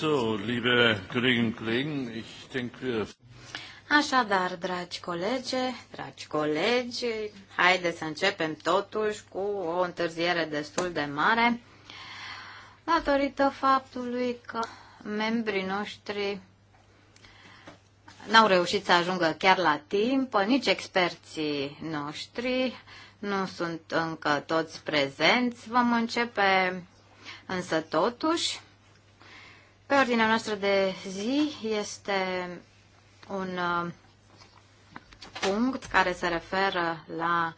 So, liebe Kolleginnen und Kollegen, ich denke... Așadar, dragi colege, dragi colegi, haideți să începem totuși cu o întârziere destul de mare, datorită faptului că membrii noștri n-au reușit să ajungă chiar la timp, nici experții noștri nu sunt încă toți prezenți. Vom începe însă totuși pe ordinea noastră de zi este un uh, punct care se referă la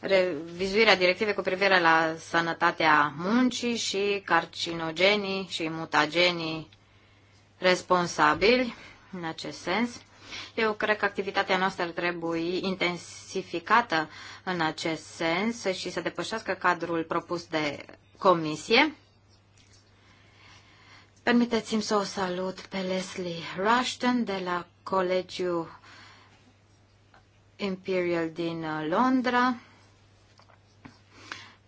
revizuirea directivei cu privire la sănătatea muncii și carcinogenii și mutagenii responsabili în acest sens. Eu cred că activitatea noastră ar trebui intensificată în acest sens și să depășească cadrul propus de comisie. Permiteți-mi să o salut pe Leslie Rushton de la Colegiul Imperial din Londra,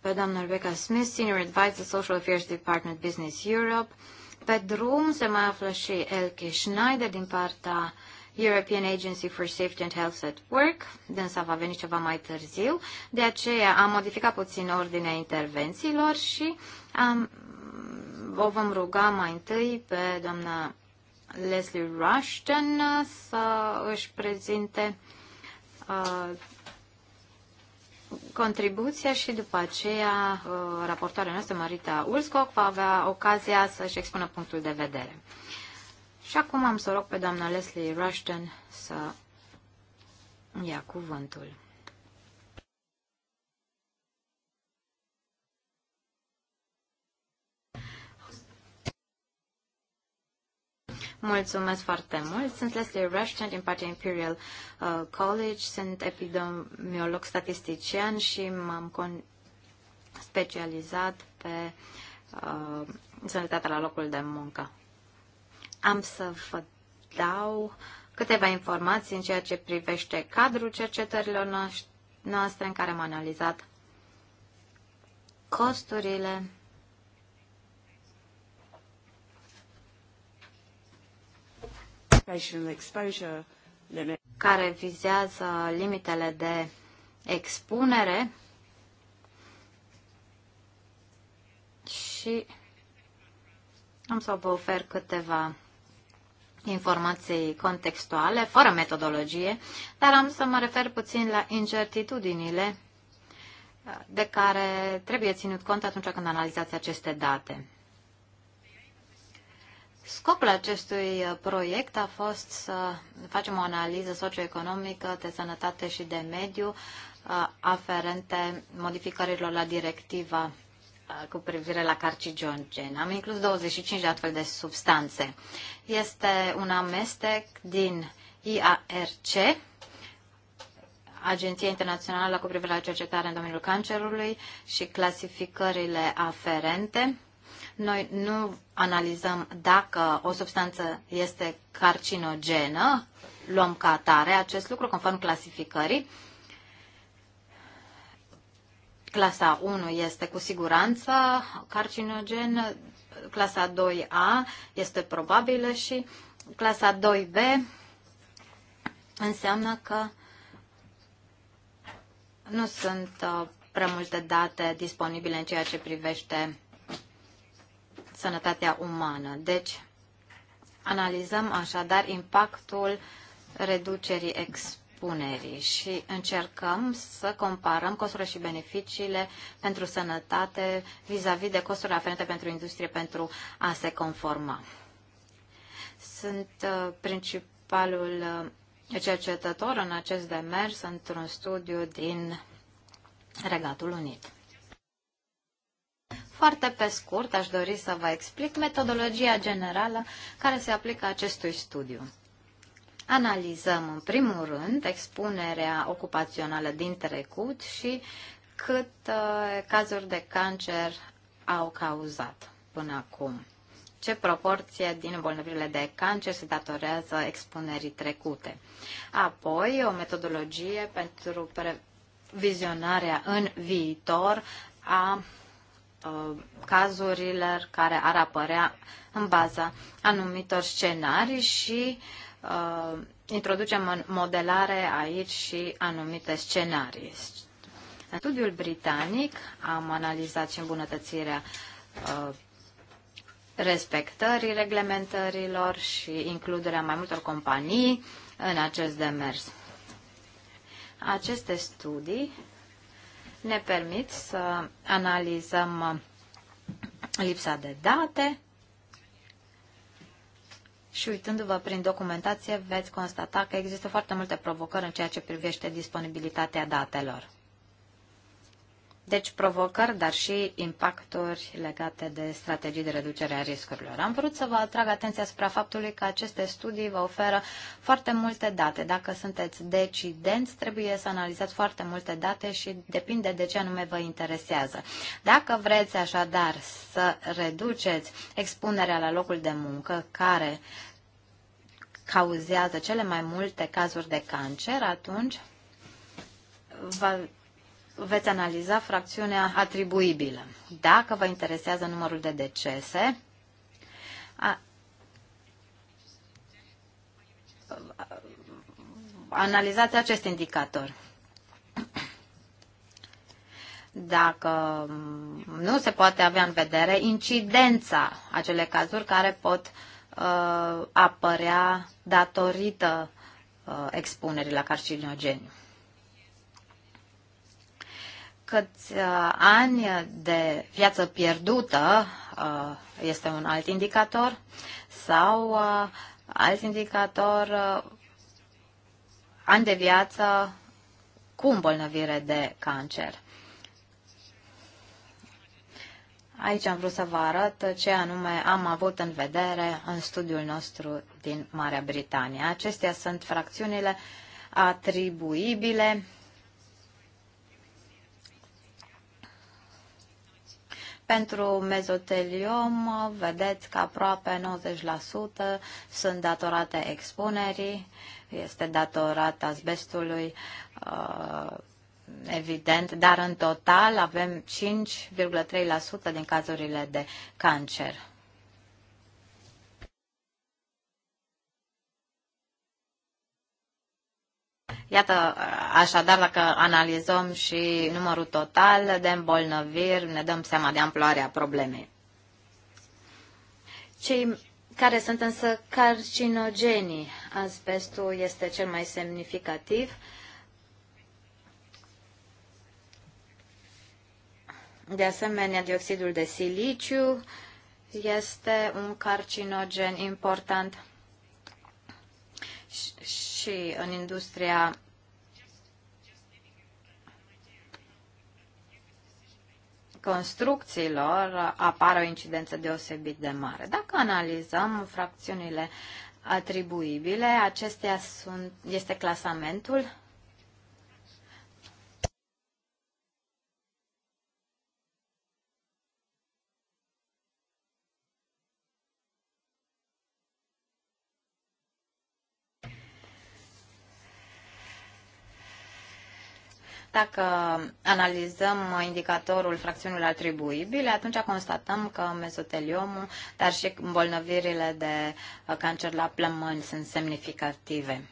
pe doamna Rebecca Smith, Senior Advisor Social Affairs Department Business Europe. Pe drum se mai află și Elke Schneider din partea European Agency for Safety and Health at Work, dânsa va veni ceva mai târziu, de aceea am modificat puțin ordinea intervențiilor și am, o vom ruga mai întâi pe doamna Leslie Rushton să își prezinte uh, contribuția și după aceea uh, raportoarea noastră, Marita Ulscoc, va avea ocazia să-și expună punctul de vedere. Și acum am să rog pe doamna Leslie Rushton să ia cuvântul. Mulțumesc foarte mult. Sunt Leslie Rushton din partea Imperial uh, College, sunt epidemiolog statistician și m-am specializat pe uh, sănătatea la locul de muncă. Am să vă dau câteva informații în ceea ce privește cadrul cercetărilor noastre în care am analizat costurile care vizează limitele de expunere și am să vă ofer câteva informații contextuale, fără metodologie, dar am să mă refer puțin la incertitudinile uh, de care trebuie ținut cont atunci când analizați aceste date. Scopul acestui uh, proiect a fost să facem o analiză socioeconomică de sănătate și de mediu uh, aferente modificărilor la directiva cu privire la carcinogen. Am inclus 25 de astfel de substanțe. Este un amestec din IARC, Agenția Internațională cu privire la cercetare în domeniul cancerului și clasificările aferente. Noi nu analizăm dacă o substanță este carcinogenă, luăm ca atare acest lucru conform clasificării, Clasa 1 este cu siguranță carcinogen, clasa 2A este probabilă și clasa 2B înseamnă că nu sunt uh, prea multe date disponibile în ceea ce privește sănătatea umană. Deci, analizăm așadar impactul reducerii expunerii punerii și încercăm să comparăm costurile și beneficiile pentru sănătate vis-a-vis -vis de costurile aferente pentru industrie pentru a se conforma. Sunt uh, principalul uh, cercetător în acest demers într-un studiu din Regatul Unit. Foarte pe scurt, aș dori să vă explic metodologia generală care se aplică acestui studiu analizăm în primul rând expunerea ocupațională din trecut și cât uh, cazuri de cancer au cauzat până acum. Ce proporție din îmbolnăvirile de cancer se datorează expunerii trecute? Apoi, o metodologie pentru previzionarea în viitor a uh, cazurilor care ar apărea în baza anumitor scenarii și uh, introducem în modelare aici și anumite scenarii. În studiul britanic am analizat și îmbunătățirea uh, respectării reglementărilor și includerea mai multor companii în acest demers. Aceste studii ne permit să analizăm lipsa de date, și uitându-vă prin documentație veți constata că există foarte multe provocări în ceea ce privește disponibilitatea datelor. Deci provocări, dar și impacturi legate de strategii de reducere a riscurilor. Am vrut să vă atrag atenția asupra faptului că aceste studii vă oferă foarte multe date. Dacă sunteți decidenți, trebuie să analizați foarte multe date și depinde de ce anume vă interesează. Dacă vreți așadar să reduceți expunerea la locul de muncă, care uh, cauzează cele mai multe cazuri de cancer, atunci va, veți analiza fracțiunea atribuibilă. Dacă vă interesează numărul de decese, a, analizați acest indicator. Dacă nu se poate avea în vedere incidența acele cazuri care pot uh, uh, apărea datorită uh, expunerii la carcinogeni. Câți uh, ani de viață pierdută uh, este un alt indicator sau uh, alt indicator uh, ani de viață cu îmbolnăvire de cancer. Aici am vrut să vă arăt ce anume am avut în vedere în studiul nostru din Marea Britanie. Acestea sunt fracțiunile atribuibile Pentru mezoteliom, vedeți că aproape 90% sunt datorate expunerii, este datorat asbestului, uh, evident, dar în total avem 5,3% din cazurile de cancer. Iată, așadar, dacă analizăm și numărul total de îmbolnăviri, ne dăm seama de amploarea problemei. Cei care sunt însă carcinogenii, asbestul este cel mai semnificativ, De asemenea, dioxidul de siliciu este un carcinogen important și în industria construcțiilor apare o incidență deosebit de mare. Dacă analizăm fracțiunile atribuibile, acestea sunt, este clasamentul Dacă analizăm indicatorul fracțiunilor atribuibile, atunci constatăm că mezoteliomul, dar și îmbolnăvirile de uh, cancer la plămâni sunt semnificative.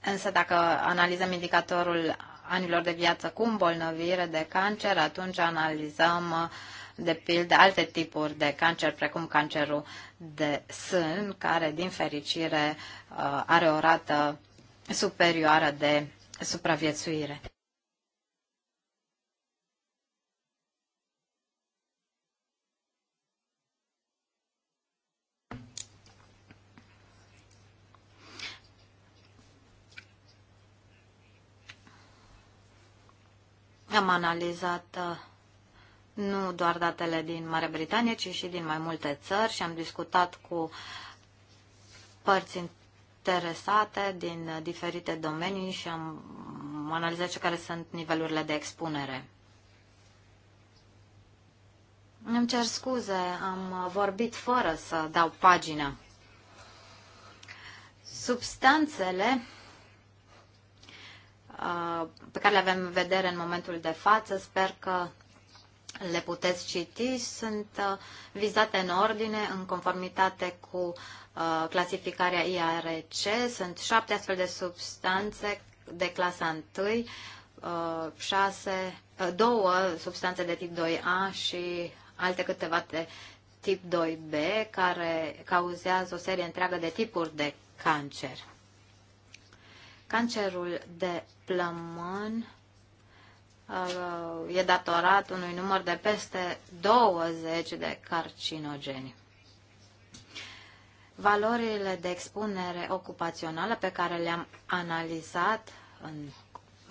Însă dacă analizăm indicatorul anilor de viață cu îmbolnăvire de cancer, atunci analizăm uh, de pildă alte tipuri de cancer, precum cancerul de sân, care, din fericire, uh, are o rată superioară de supraviețuire. Am analizat uh, nu doar datele din Marea Britanie, ci și din mai multe țări și am discutat cu părți interesate din diferite domenii și am analizat ce care sunt nivelurile de expunere. Îmi cer scuze, am vorbit fără să dau pagina. Substanțele uh, pe care le avem în vedere în momentul de față, sper că le puteți citi, sunt uh, vizate în ordine, în conformitate cu uh, clasificarea IARC. Sunt șapte astfel de substanțe de clasa 1, uh, șase, două substanțe de tip 2A și alte câteva de tip 2B, care cauzează o serie întreagă de tipuri de cancer. Cancerul de plămân Uh, e datorat unui număr de peste 20 de carcinogeni. Valorile de expunere ocupațională pe care le-am analizat în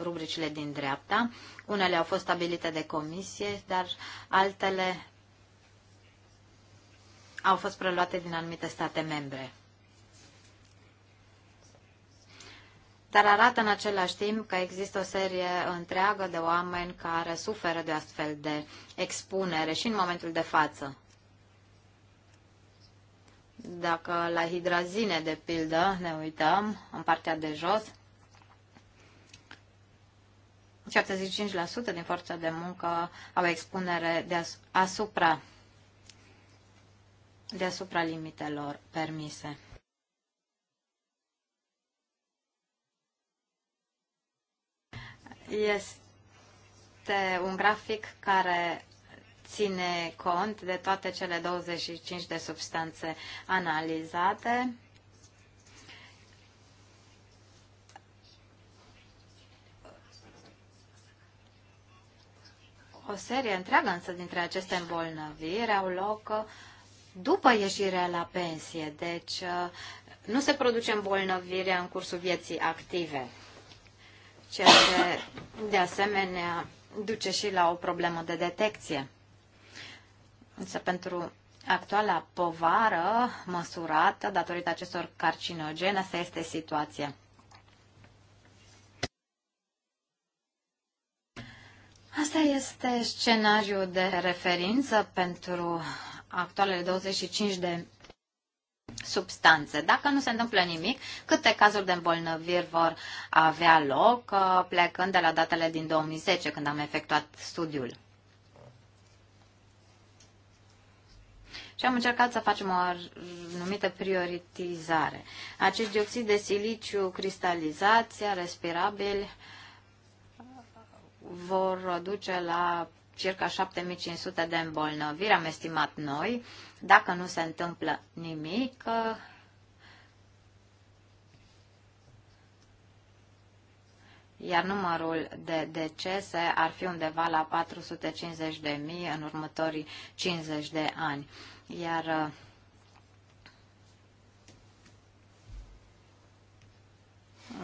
rubricile din dreapta, unele au fost stabilite de comisie, dar altele au fost preluate din anumite state membre. dar arată în același timp că există o serie întreagă de oameni care suferă de astfel de expunere și în momentul de față. Dacă la hidrazine, de pildă, ne uităm în partea de jos, 75% din forța de muncă au expunere deasupra, deasupra limitelor permise. Este un grafic care ține cont de toate cele 25 de substanțe analizate. O serie întreagă însă dintre aceste îmbolnăviri au loc uh, după ieșirea la pensie, deci uh, nu se produce îmbolnăvirea în cursul vieții active ceea ce de asemenea duce și la o problemă de detecție. Însă pentru actuala povară măsurată datorită acestor carcinogene, asta este situația. Asta este scenariul de referință pentru actualele 25 de substanțe. Dacă nu se întâmplă nimic, câte cazuri de îmbolnăviri vor avea loc uh, plecând de la datele din 2010 când am efectuat studiul? și am încercat să facem o numită prioritizare. Acest dioxid de siliciu cristalizația respirabil vor duce la circa 7500 de îmbolnăviri, am estimat noi. Dacă nu se întâmplă nimic, uh, iar numărul de decese ar fi undeva la 450.000 în următorii 50 de ani. Iar uh,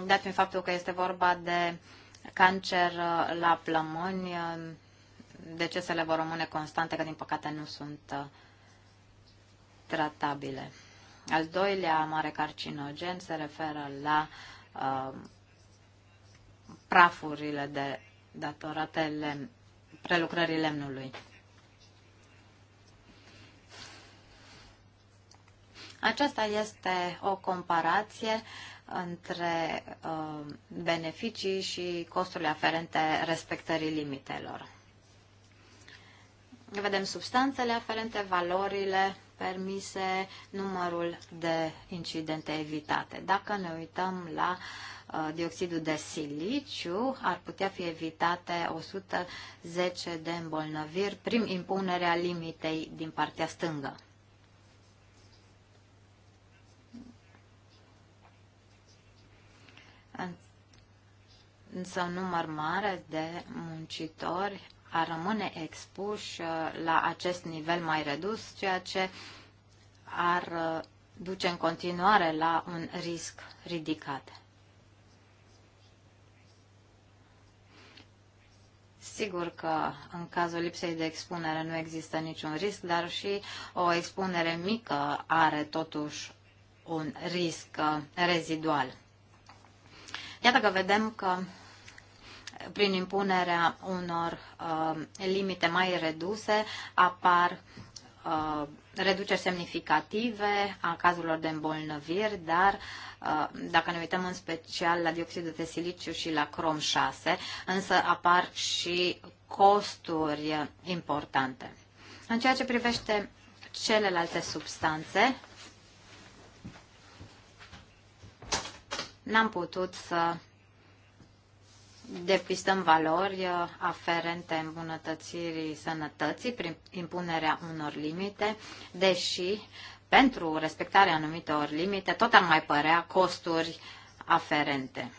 dat fiind faptul că este vorba de cancer uh, la plămâni, decesele vor rămâne constante, că din păcate nu sunt uh, tratabile. Al doilea mare carcinogen se referă la uh, prafurile de datorate lemn, prelucrării lemnului. Aceasta este o comparație între uh, beneficii și costurile aferente respectării limitelor vedem substanțele aferente, valorile permise, numărul de incidente evitate. Dacă ne uităm la uh, dioxidul de siliciu, ar putea fi evitate 110 de îmbolnăviri prin impunerea limitei din partea stângă. Însă un număr mare de muncitori a rămâne expuși uh, la acest nivel mai redus, ceea ce ar uh, duce în continuare la un risc ridicat. Sigur că în cazul lipsei de expunere nu există niciun risc, dar și o expunere mică are totuși un risc uh, rezidual. Iată că vedem că prin impunerea unor uh, limite mai reduse apar uh, reduceri semnificative a cazurilor de îmbolnăviri, dar uh, dacă ne uităm în special la dioxidul de siliciu și la crom 6, însă apar și costuri importante. În ceea ce privește celelalte substanțe, n-am putut să depistăm valori uh, aferente îmbunătățirii sănătății prin impunerea unor limite, deși pentru respectarea anumitor limite tot ar mai părea costuri aferente.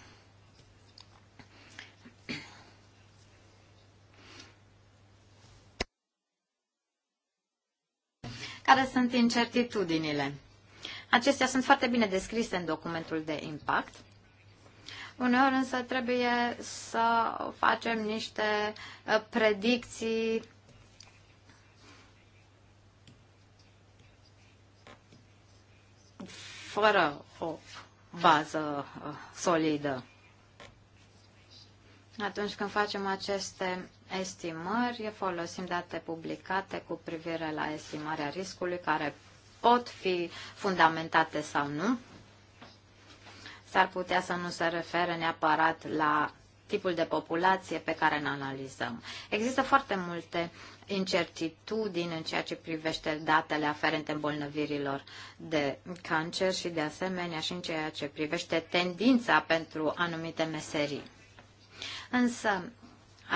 Care sunt incertitudinile? Acestea sunt foarte bine descrise în documentul de impact Uneori însă trebuie să facem niște uh, predicții fără o bază uh, solidă. Atunci când facem aceste estimări, folosim date publicate cu privire la estimarea riscului, care pot fi fundamentate sau nu s-ar putea să nu se refere neapărat la tipul de populație pe care ne analizăm. Există foarte multe incertitudini în ceea ce privește datele aferente îmbolnăvirilor de cancer și de asemenea și în ceea ce privește tendința pentru anumite meserii. Însă,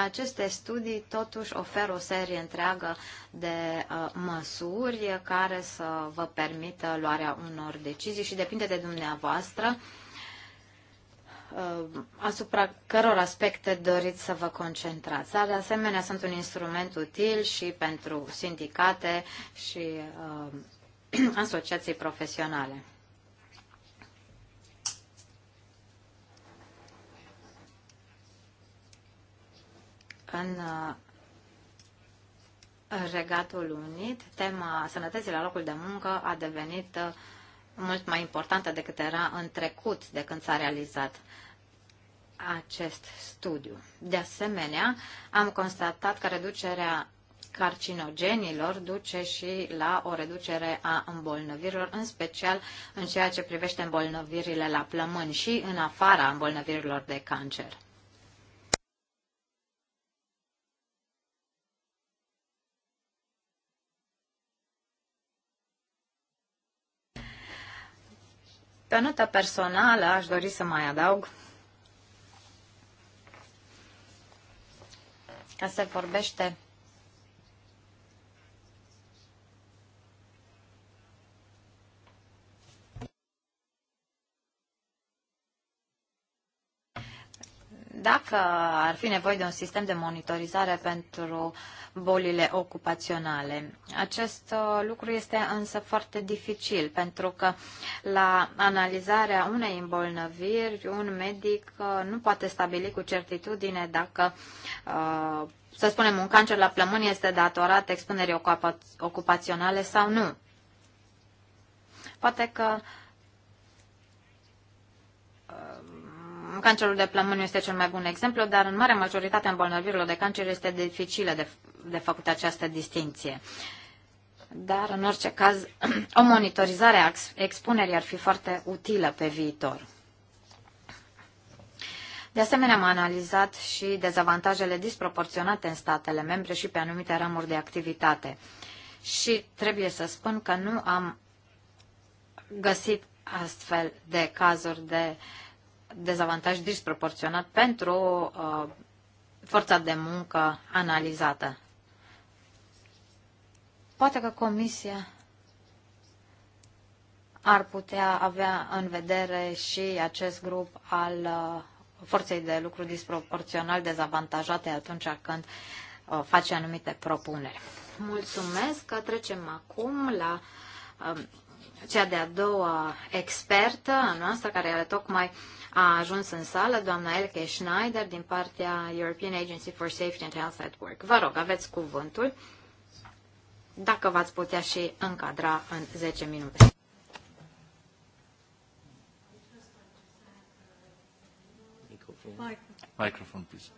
aceste studii totuși oferă o serie întreagă de uh, măsuri care să vă permită luarea unor decizii și depinde de dumneavoastră uh, Uh, asupra căror aspecte doriți să vă concentrați. Dar, de asemenea, sunt un instrument util și pentru sindicate și uh, asociații profesionale. În uh, Regatul Unit, tema sănătății la locul de muncă a devenit uh, mult mai importantă decât era în trecut de când s-a realizat acest studiu. De asemenea, am constatat că reducerea carcinogenilor duce și la o reducere a îmbolnăvirilor, în special în ceea ce privește îmbolnăvirile la plămâni și în afara îmbolnăvirilor de cancer. Pe notă personală aș dori să mai adaug că se vorbește dacă ar fi nevoie de un sistem de monitorizare pentru bolile ocupaționale. Acest uh, lucru este însă foarte dificil, pentru că la analizarea unei îmbolnăviri, un medic uh, nu poate stabili cu certitudine dacă uh, să spunem, un cancer la plămâni este datorat expunerii ocupaționale sau nu. Poate că Cancerul de plămâni este cel mai bun exemplu, dar în mare majoritate a îmbolnăvirilor de cancer este dificilă de, de făcut această distinție. Dar, în orice caz, o monitorizare a expunerii ar fi foarte utilă pe viitor. De asemenea, am analizat și dezavantajele disproporționate în statele membre și pe anumite ramuri de activitate. Și trebuie să spun că nu am găsit astfel de cazuri de uh, dezavantaj disproporționat pentru uh, forța de muncă analizată. Poate că Comisia ar putea avea în vedere și acest grup al uh, forței de lucru disproporțional dezavantajate atunci când uh, face anumite propuneri. Mulțumesc că trecem acum la uh, cea de-a doua expertă a noastră care are tocmai a ajuns în sală doamna Elke Schneider din partea European Agency for Safety and Health at Work. Vă rog, aveți cuvântul dacă v-ați putea și încadra în 10 minute. Microfon, please.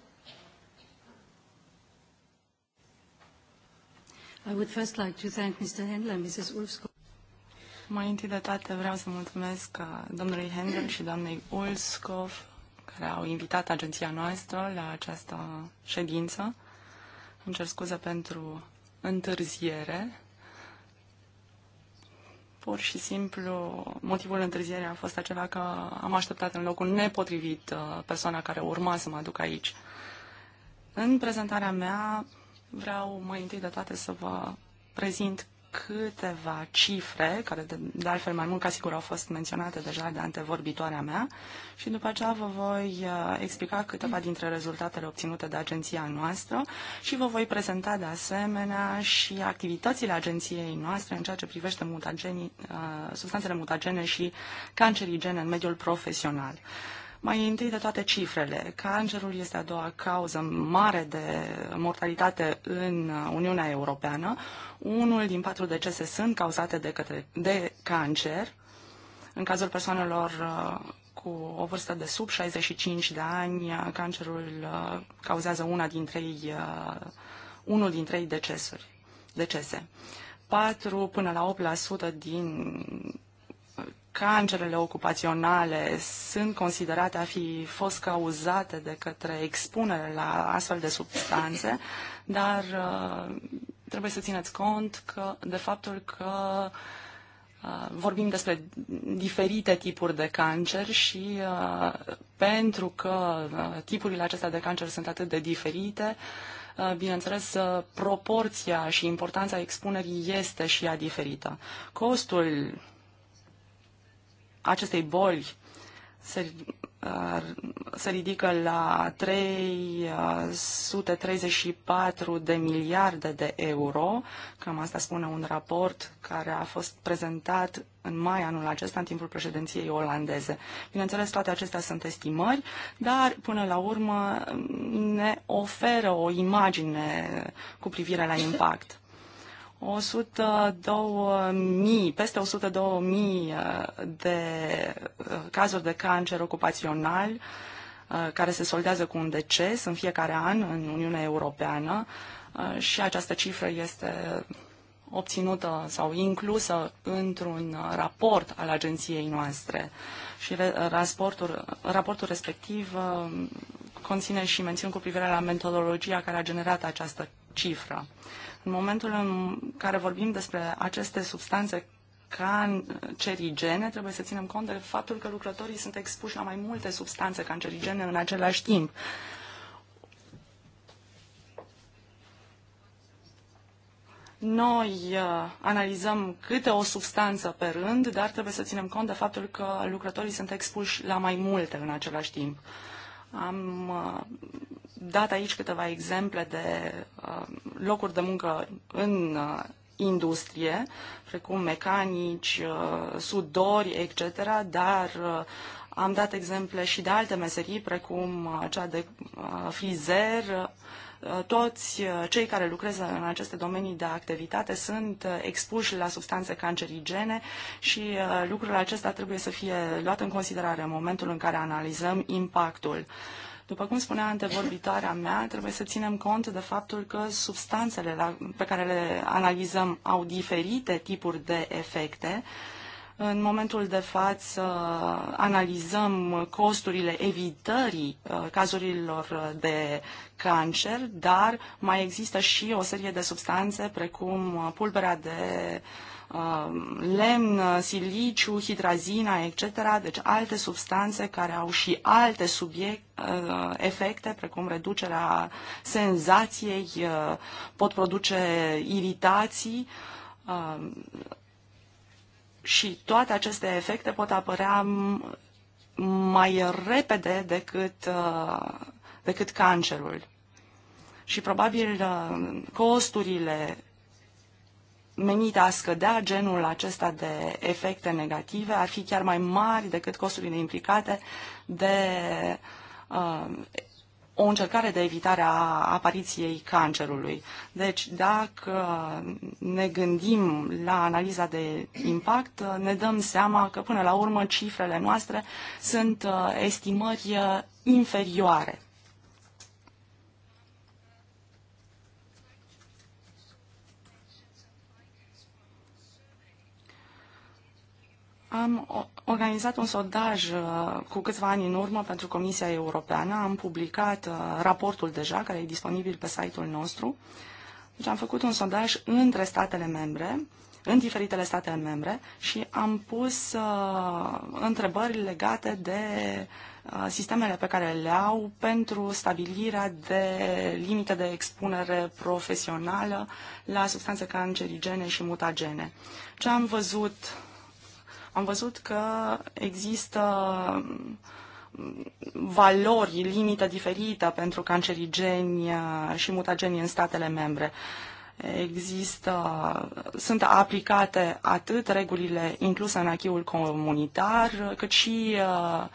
I would first like to thank Mr. Hendler and Mrs. Ulfsko. Mai întâi de toate vreau să mulțumesc uh, domnului Hendel și doamnei Ulskov care au invitat agenția noastră la această ședință. Îmi cer scuze pentru întârziere. Pur și simplu, motivul întârzierii a fost acela că am așteptat în locul nepotrivit uh, persoana care urma să mă aduc aici. În prezentarea mea vreau mai întâi de toate să vă prezint câteva cifre, care de, de altfel mai mult ca sigur au fost menționate deja de antevorbitoarea mea și după aceea vă voi uh, explica câteva dintre rezultatele obținute de agenția noastră și vă voi prezenta de asemenea și activitățile agenției noastre în ceea ce privește mutagenii, uh, substanțele mutagene și cancerigene în mediul profesional. Uh, mai întâi de toate cifrele. Cancerul este a doua cauză mare de mortalitate în Uniunea Europeană. Unul din patru decese sunt cauzate de, către, de cancer. În cazul persoanelor uh, cu o vârstă de sub 65 de ani, uh, cancerul uh, cauzează una din trei, unul din trei decesuri, decese. 4 până la 8% din cancerele ocupaționale sunt considerate a fi fost cauzate de către expunere la astfel de substanțe, dar uh, trebuie să țineți cont că, de faptul că uh, vorbim despre diferite tipuri de cancer și uh, pentru că tipurile acestea de cancer sunt atât de diferite, bineînțeles, proporția și importanța expunerii este și ea diferită. Costul acestei boli se, uh, se ridică la 334 de miliarde de euro. Cam asta spune un raport care a fost prezentat în mai anul acesta, în timpul președinției olandeze. Bineînțeles, toate acestea sunt estimări, dar până la urmă ne oferă o imagine cu privire la impact. 102.000, peste 102.000 uh, de uh, cazuri de cancer ocupațional uh, care se soldează cu un deces în fiecare an în Uniunea Europeană și această cifră este obținută sau inclusă într-un raport al agenției noastre și raportul, raportul respectiv conține și mențiuni cu privire la metodologia care a generat această cifră. În momentul în care vorbim despre aceste substanțe cancerigene, trebuie să ținem cont de faptul că lucrătorii sunt expuși la mai multe substanțe cancerigene în același timp. Noi uh, analizăm câte o substanță pe rând, dar trebuie să ținem cont de faptul că lucrătorii sunt expuși la mai multe în același timp. Am uh, dat aici câteva exemple de uh, locuri de muncă în uh, industrie, precum mecanici, uh, sudori, etc., dar am dat exemple și de alte meserii, precum cea de frizer. Toți cei care lucrează în aceste domenii de activitate sunt expuși la substanțe cancerigene și lucrul acesta trebuie să fie luat în considerare în momentul în care analizăm impactul. După cum spunea antevorbitoarea mea, trebuie să ținem cont de faptul că substanțele la, pe care le analizăm au diferite tipuri de efecte. În momentul de față analizăm costurile evitării uh, cazurilor de cancer, dar mai există și o serie de substanțe precum pulberea de uh, Uh, lemn, uh, siliciu, hidrazina, etc., deci alte substanțe care au și alte subiect, uh, efecte, precum reducerea senzației, pot produce iritații, și toate aceste efecte pot apărea mai repede decât, decât cancerul. Și probabil costurile menite a scădea genul acesta de efecte negative ar fi chiar mai mari decât costurile implicate de uh, o încercare de evitare a apariției cancerului. Deci, dacă ne gândim la analiza de impact, ne dăm seama că, până la urmă, cifrele noastre sunt uh, estimări uh, inferioare. Am organizat un sondaj uh, cu câțiva ani în urmă pentru Comisia Europeană. Am publicat uh, raportul deja, care e disponibil pe site-ul nostru. Deci am făcut un sondaj între statele membre, în diferitele state membre și am pus uh, întrebări legate de sistemele pe care le au pentru stabilirea de limite de expunere profesională la substanțe cancerigene și mutagene. Ce am văzut am văzut că există valori, limită diferită pentru cancerigeni uh, și mutageni în statele membre. Există, sunt aplicate atât regulile incluse în achiul comunitar, cât și uh,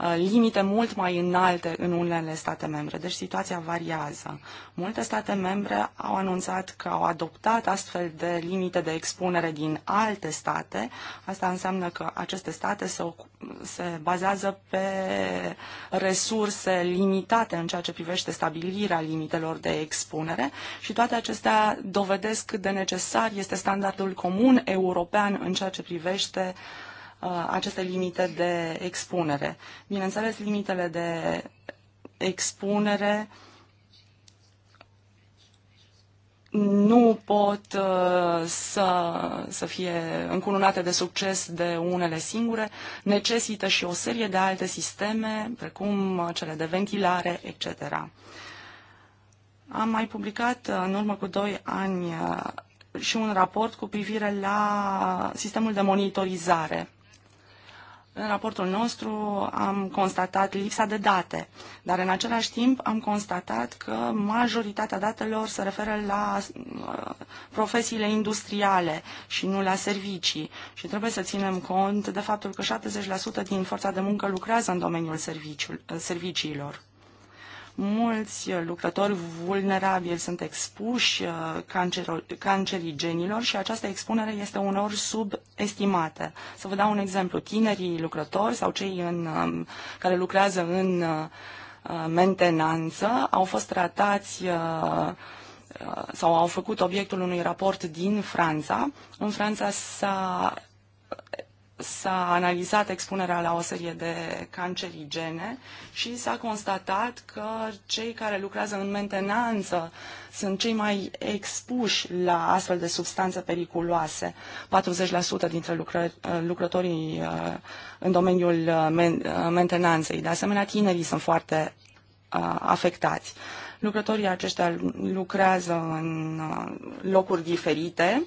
Uh, limite mult mai înalte în unele state membre, deci situația variază. Multe state membre au anunțat că au adoptat astfel de limite de expunere din alte state. Asta înseamnă că aceste state se, se bazează pe resurse limitate în ceea ce privește stabilirea limitelor de expunere și toate acestea dovedesc cât de necesar este standardul comun european în ceea ce privește uh, Uh, aceste limite de expunere. Bineînțeles, limitele de expunere nu pot uh, să, să fie încununate de succes de unele singure, necesită și o serie de alte sisteme, precum uh, cele de ventilare, etc. Am mai publicat în urmă cu doi ani și un raport cu privire la sistemul de monitorizare în raportul nostru am constatat lipsa de date, dar în același timp am constatat că majoritatea datelor se referă la uh, profesiile industriale și nu la servicii. Și trebuie să ținem cont de faptul că 70% din forța de muncă lucrează în domeniul uh, serviciilor. Mulți uh, lucrători vulnerabili sunt expuși uh, cancerigenilor și această expunere este uneori subestimată. Să vă dau un exemplu. Tinerii lucrători sau cei în, um, care lucrează în uh, mentenanță au fost tratați sau au făcut obiectul unui raport din Franța. În Franța s-a s-a analizat expunerea la o serie de cancerigene și s-a constatat că cei care lucrează în mentenanță sunt cei mai expuși la astfel de substanțe periculoase. 40% dintre lucră, lucrătorii uh, în domeniul uh, men, uh, mentenanței. De asemenea, tinerii sunt foarte afectați. Lucrătorii aceștia lucrează în locuri diferite,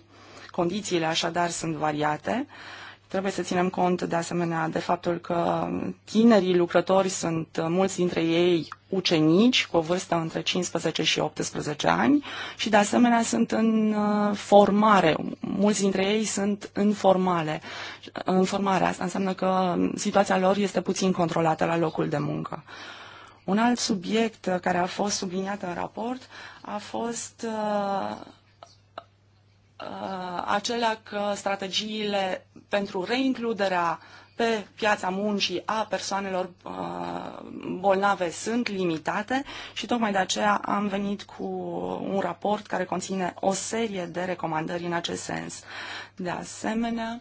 condițiile așadar sunt variate. Uh, Trebuie să ținem cont de asemenea de faptul că tinerii lucrători sunt uh, mulți dintre ei ucenici cu o vârstă între 15 și 18 ani și de asemenea sunt în uh, formare. Mulți dintre ei sunt în formale. În formare asta înseamnă că situația lor este puțin controlată la locul de muncă. Un alt subiect uh, care a fost subliniat în raport a fost uh, uh, acela că strategiile pentru reincluderea pe piața muncii a persoanelor uh, bolnave sunt limitate și tocmai de aceea am venit cu un raport care conține o serie de recomandări în acest sens. De asemenea,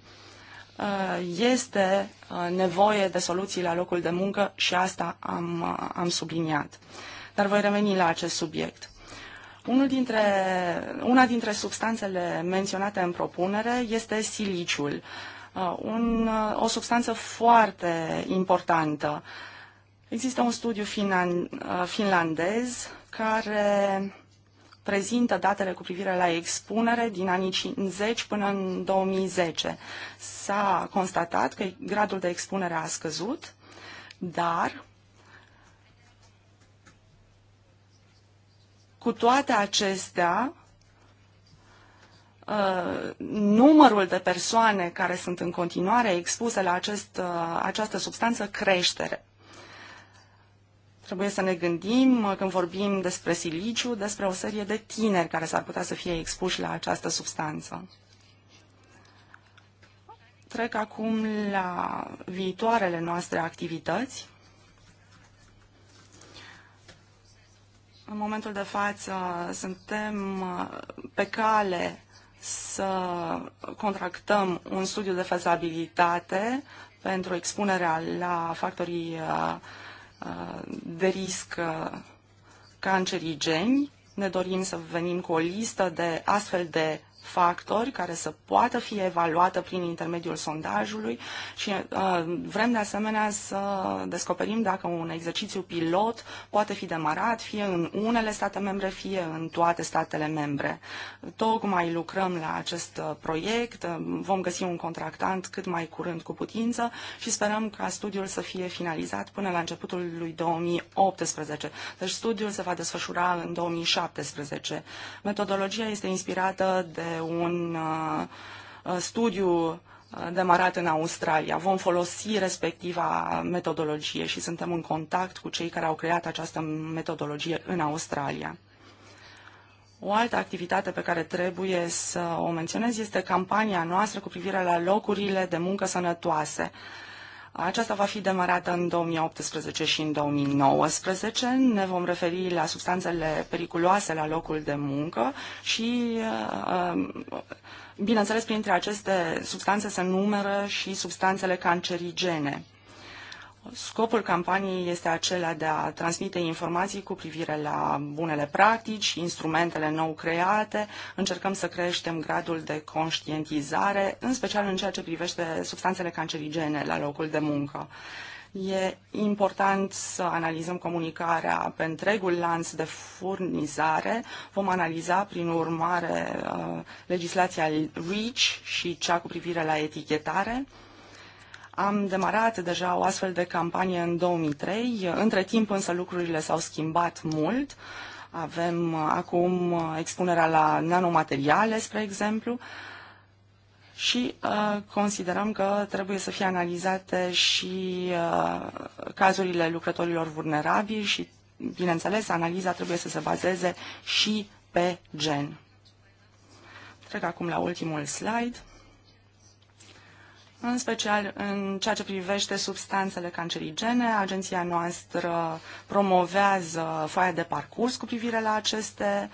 uh, este uh, nevoie de soluții la locul de muncă și asta am, am subliniat. Dar voi reveni la acest subiect. Unul dintre, una dintre substanțele menționate în propunere este siliciul. Uh, Uh, un, uh, o substanță foarte importantă. Există un studiu finan, uh, finlandez care prezintă datele cu privire la expunere din anii 50 până în 2010. S-a constatat că gradul de expunere a scăzut, dar cu toate acestea, uh, numărul de persoane care sunt în continuare expuse la acest, uh, această substanță crește. Trebuie să ne gândim uh, când vorbim despre siliciu, despre o serie de tineri care s-ar putea să fie expuși la această substanță. Trec acum la viitoarele noastre activități. În momentul de față suntem uh, pe cale să contractăm un studiu de fezabilitate pentru expunerea la factorii uh, uh, de risc uh, cancerigeni. Ne dorim să venim cu o listă de astfel de factori care să poată fi evaluată prin intermediul sondajului și uh, vrem de asemenea să descoperim dacă un exercițiu pilot poate fi demarat fie în unele state membre, fie în toate statele membre. Tocmai lucrăm la acest uh, proiect, uh, vom găsi un contractant cât mai curând cu putință și sperăm ca studiul să fie finalizat până la începutul lui 2018. Deci studiul se va desfășura în 2017. Metodologia este inspirată de un uh, studiu uh, demarat în Australia. Vom folosi respectiva metodologie și suntem în contact cu cei care au creat această metodologie în Australia. O altă activitate pe care trebuie să o menționez este campania noastră cu privire la locurile de muncă sănătoase. Uh, aceasta va fi demarată în 2018 și în 2019. Ne vom referi la substanțele periculoase la locul de muncă și, uh, uh, bineînțeles, printre aceste substanțe se numără și substanțele cancerigene. Scopul campaniei este acela de a transmite informații cu privire la bunele practici, instrumentele nou create. Încercăm să creștem gradul de conștientizare, în special în ceea ce privește substanțele cancerigene la locul de muncă. E important să analizăm comunicarea pe întregul lanț de furnizare. Vom analiza, prin urmare, uh, legislația REACH și cea cu privire la etichetare. Am demarat deja o astfel de campanie în 2003. Între timp însă lucrurile s-au schimbat mult. Avem uh, acum uh, expunerea la nanomateriale, spre exemplu, și uh, considerăm că trebuie să fie analizate și uh, cazurile lucrătorilor vulnerabili și, bineînțeles, analiza trebuie să se bazeze și pe gen. Trec acum la ultimul slide. În special în ceea ce privește substanțele cancerigene, agenția noastră promovează foaia de parcurs cu privire la aceste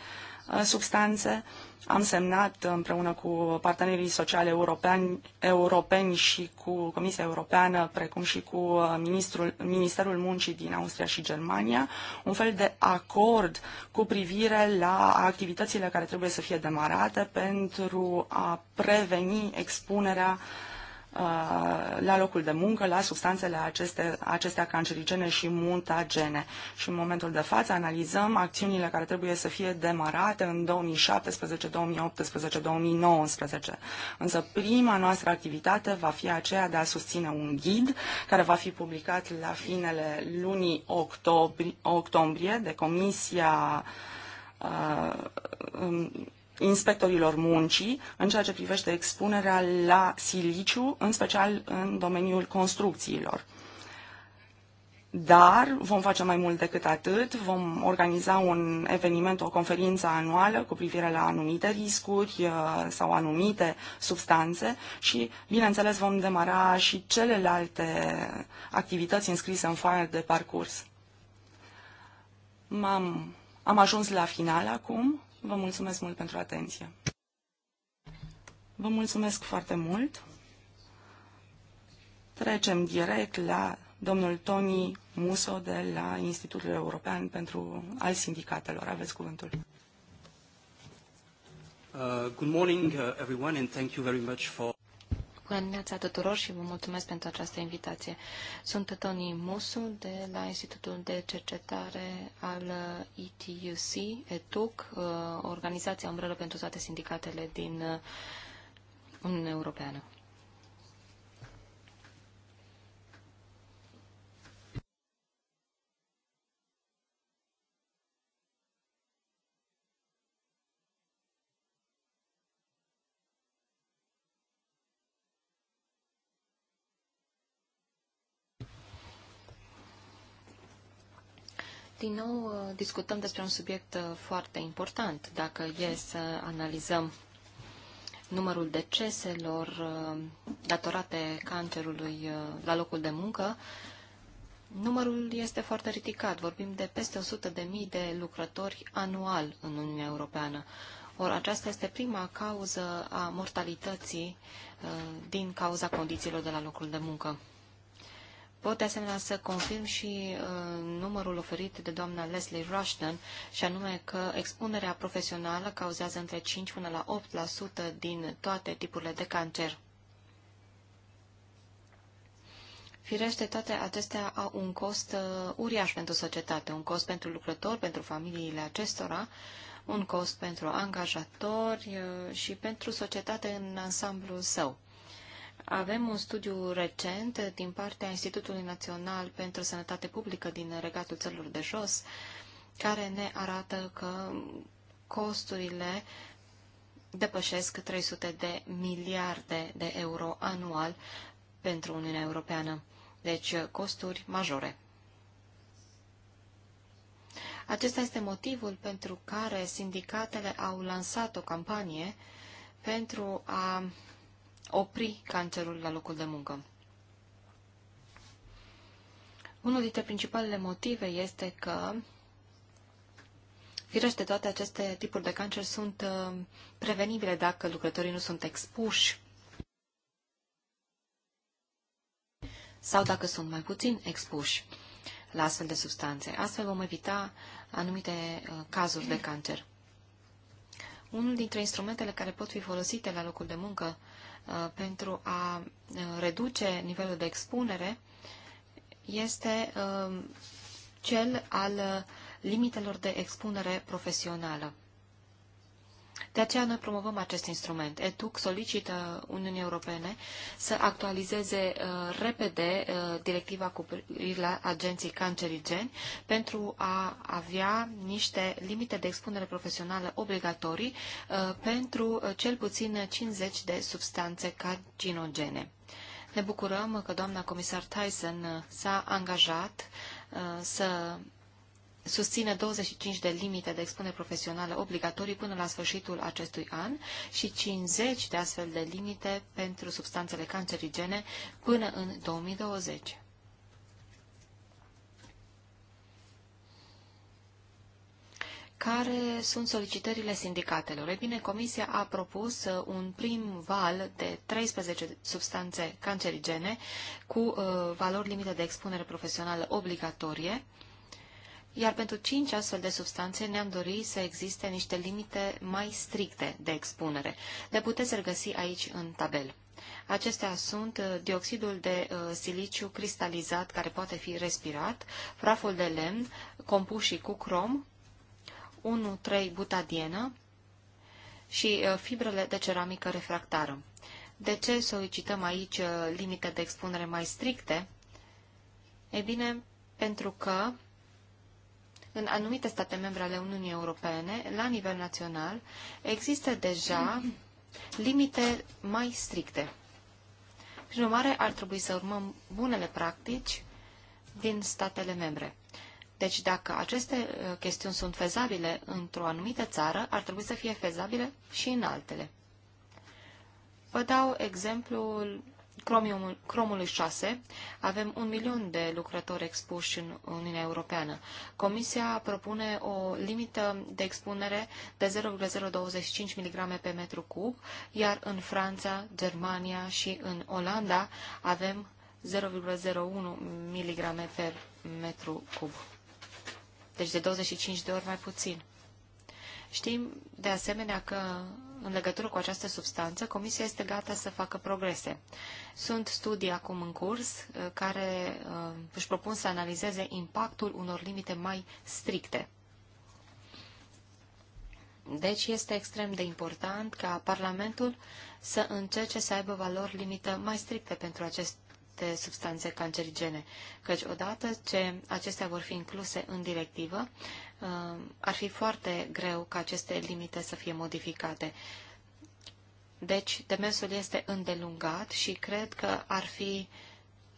uh, substanțe. Am semnat împreună cu partenerii sociale europeni, europeni și cu Comisia Europeană, precum și cu uh, Ministrul, Ministerul Muncii din Austria și Germania, un fel de acord cu privire la activitățile care trebuie să fie demarate pentru a preveni expunerea uh, Uh, la locul de muncă la substanțele aceste, acestea cancerigene și mutagene. Și în momentul de față analizăm acțiunile care trebuie să fie demarate în 2017, 2018, 2019. Însă prima noastră activitate va fi aceea de a susține un ghid care va fi publicat la finele lunii octombrie, octombrie de Comisia uh, inspectorilor muncii în ceea ce privește expunerea la siliciu, în special în domeniul construcțiilor. Dar vom face mai mult decât atât, vom organiza un eveniment, o conferință anuală cu privire la anumite riscuri uh, sau anumite substanțe și, bineînțeles, vom demara și celelalte activități înscrise în foaia de parcurs. am am ajuns la final acum. Vă mulțumesc mult pentru atenție. Vă mulțumesc foarte mult. Trecem direct la domnul Tony Muso de la Institutul European pentru al sindicatelor. Aveți cuvântul. Uh, good morning, uh, everyone, and thank you very much for Bună dimineața tuturor și vă mulțumesc pentru această invitație. Sunt Tony Musu de la Institutul de Cercetare al ETUC, ETUC, uh, Organizația Umbrelă pentru toate sindicatele din uh, Uniunea Europeană. din nou uh, discutăm despre un subiect uh, foarte important. Dacă e să analizăm numărul deceselor uh, datorate cancerului la locul de muncă, numărul este foarte ridicat. Vorbim de peste 100.000 de lucrători anual în Uniunea Europeană. Or, aceasta este prima cauză a mortalității din cauza condițiilor de la locul de muncă. Pot de asemenea să confirm și uh, numărul oferit de doamna Leslie Rushton, și anume că expunerea profesională cauzează între 5 până la 8% din toate tipurile de cancer. Firește, toate acestea au un cost uh, uriaș pentru societate, un cost pentru lucrători, pentru familiile acestora, un cost pentru angajatori uh, și pentru societate în ansamblul său. Avem un studiu recent din partea Institutului Național pentru Sănătate Publică din Regatul Țărilor de Jos, care ne arată că costurile depășesc 300 de miliarde de euro anual pentru Uniunea Europeană. Deci costuri majore. Acesta este motivul pentru care sindicatele au lansat o campanie pentru a opri cancerul la locul de muncă. Unul dintre principalele motive este că Firește, toate aceste tipuri de cancer sunt uh, prevenibile dacă lucrătorii nu sunt expuși sau dacă sunt mai puțin expuși la astfel de substanțe. Astfel vom evita anumite uh, cazuri de cancer. Unul dintre instrumentele care pot fi folosite la locul de muncă Uh, pentru a uh, reduce nivelul de expunere este uh, cel al limitelor de expunere profesională. De aceea noi promovăm acest instrument. ETUC solicită Uniunii Europene să actualizeze uh, repede uh, directiva cu la agenții cancerigeni pentru a avea niște limite de expunere profesională obligatorii uh, pentru uh, cel puțin 50 de substanțe carcinogene. Ne bucurăm că doamna comisar Tyson uh, s-a angajat uh, să susține 25 de limite de expunere profesională obligatorii până la sfârșitul acestui an și 50 de astfel de limite pentru substanțele cancerigene până în 2020. Care sunt solicitările sindicatelor? Ei bine, Comisia a propus uh, un prim val de 13 substanțe cancerigene cu uh, valori limite de expunere profesională obligatorie, iar pentru cinci astfel de substanțe ne-am dorit să existe niște limite mai stricte de expunere. Le puteți regăsi aici în tabel. Acestea sunt uh, dioxidul de uh, siliciu cristalizat care poate fi respirat, praful de lemn, compușii cu crom, 1-3 butadienă și uh, fibrele de ceramică refractară. De ce solicităm aici limite de expunere mai stricte? Ei bine, pentru că în anumite state membre ale Uniunii Europene, la nivel național, există deja limite mai stricte. Prin urmare, ar trebui să urmăm bunele practici din statele membre. Deci, dacă aceste uh, chestiuni sunt fezabile într-o anumită țară, ar trebui să fie fezabile și în altele. Vă dau exemplul cromiumul, cromului 6, avem un milion de lucrători expuși în Uniunea Europeană. Comisia propune o limită de expunere de 0,025 mg pe metru cub, iar în Franța, Germania și în Olanda avem 0,01 mg pe metru cub. Deci de 25 de ori mai puțin. Știm, de asemenea, că în legătură cu această substanță, Comisia este gata să facă progrese. Sunt studii acum în curs uh, care uh, își propun să analizeze impactul unor limite mai stricte. Deci este extrem de important ca Parlamentul să încerce să aibă valori limită mai stricte pentru aceste substanțe cancerigene, căci odată ce acestea vor fi incluse în directivă, Um, ar fi foarte greu ca aceste limite să fie modificate. Deci, demersul este îndelungat și cred că ar fi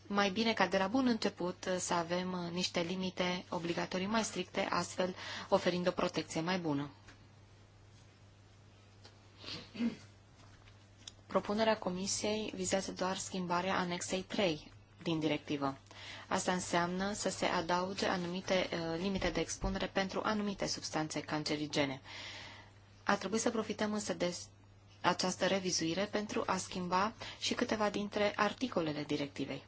mai bine ca de la bun început să avem uh, niște limite obligatorii mai stricte, astfel oferind o protecție mai bună. Propunerea Comisiei vizează doar schimbarea anexei 3 din directivă. Asta înseamnă să se adauge anumite uh, limite de expunere pentru anumite substanțe cancerigene. A trebuit să profităm însă de această revizuire pentru a schimba și câteva dintre articolele directivei.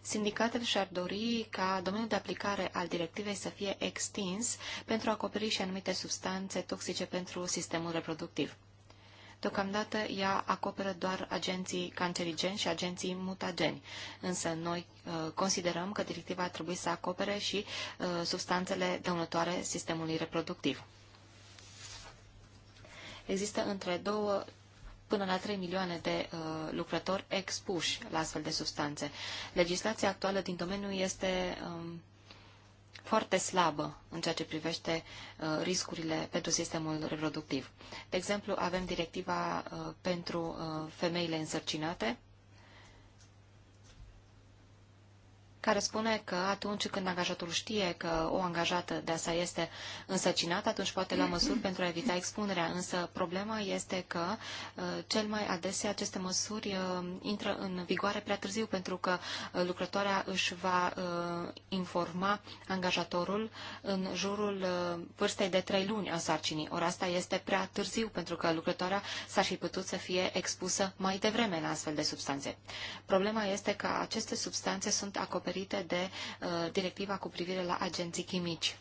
Sindicatele și-ar dori ca domeniul de aplicare al directivei să fie extins pentru a acoperi și anumite substanțe toxice pentru sistemul reproductiv. Deocamdată ea acoperă doar agenții cancerigeni și agenții mutageni, însă noi uh, considerăm că directiva ar trebui să acopere și uh, substanțele dăunătoare sistemului reproductiv. Există între două până la 3 milioane de uh, lucrători expuși la astfel de substanțe. Legislația actuală din domeniu este Uh, foarte slabă în ceea ce privește uh, riscurile pentru sistemul reproductiv. De exemplu, avem directiva uh, pentru uh, femeile însărcinate, care spune că atunci când angajatorul știe că o angajată de-a sa este însăcinată, atunci poate lua măsuri pentru a evita expunerea. Însă problema este că uh, cel mai adesea aceste măsuri uh, intră în vigoare prea târziu, pentru că uh, lucrătoarea își va informa angajatorul în jurul vârstei de trei luni a sarcinii. Ori asta este prea târziu, pentru că lucrătoarea s-ar fi putut să fie expusă mai devreme la astfel de substanțe. Problema este că aceste substanțe sunt acoperite acoperite de uh, directiva cu privire la agenții chimici.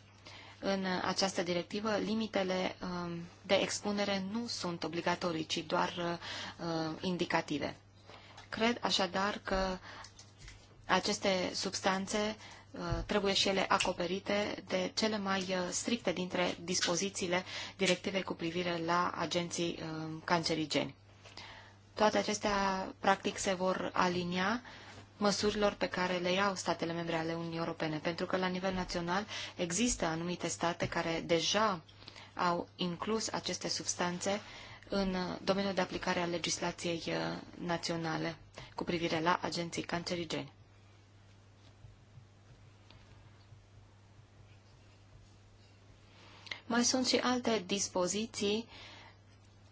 În această directivă, limitele um, de expunere nu sunt obligatorii, ci doar uh, uh, indicative. Cred așadar că aceste substanțe trebuie și ele acoperite de cele mai stricte dintre dispozițiile directivei cu privire la agenții um, cancerigeni. Toate acestea, practic, se vor alinia măsurilor pe care le iau statele membre ale Uniunii Europene, pentru că la nivel național există anumite state care deja au inclus aceste substanțe în domeniul de aplicare a legislației uh, naționale cu privire la agenții cancerigeni. Mai sunt și alte dispoziții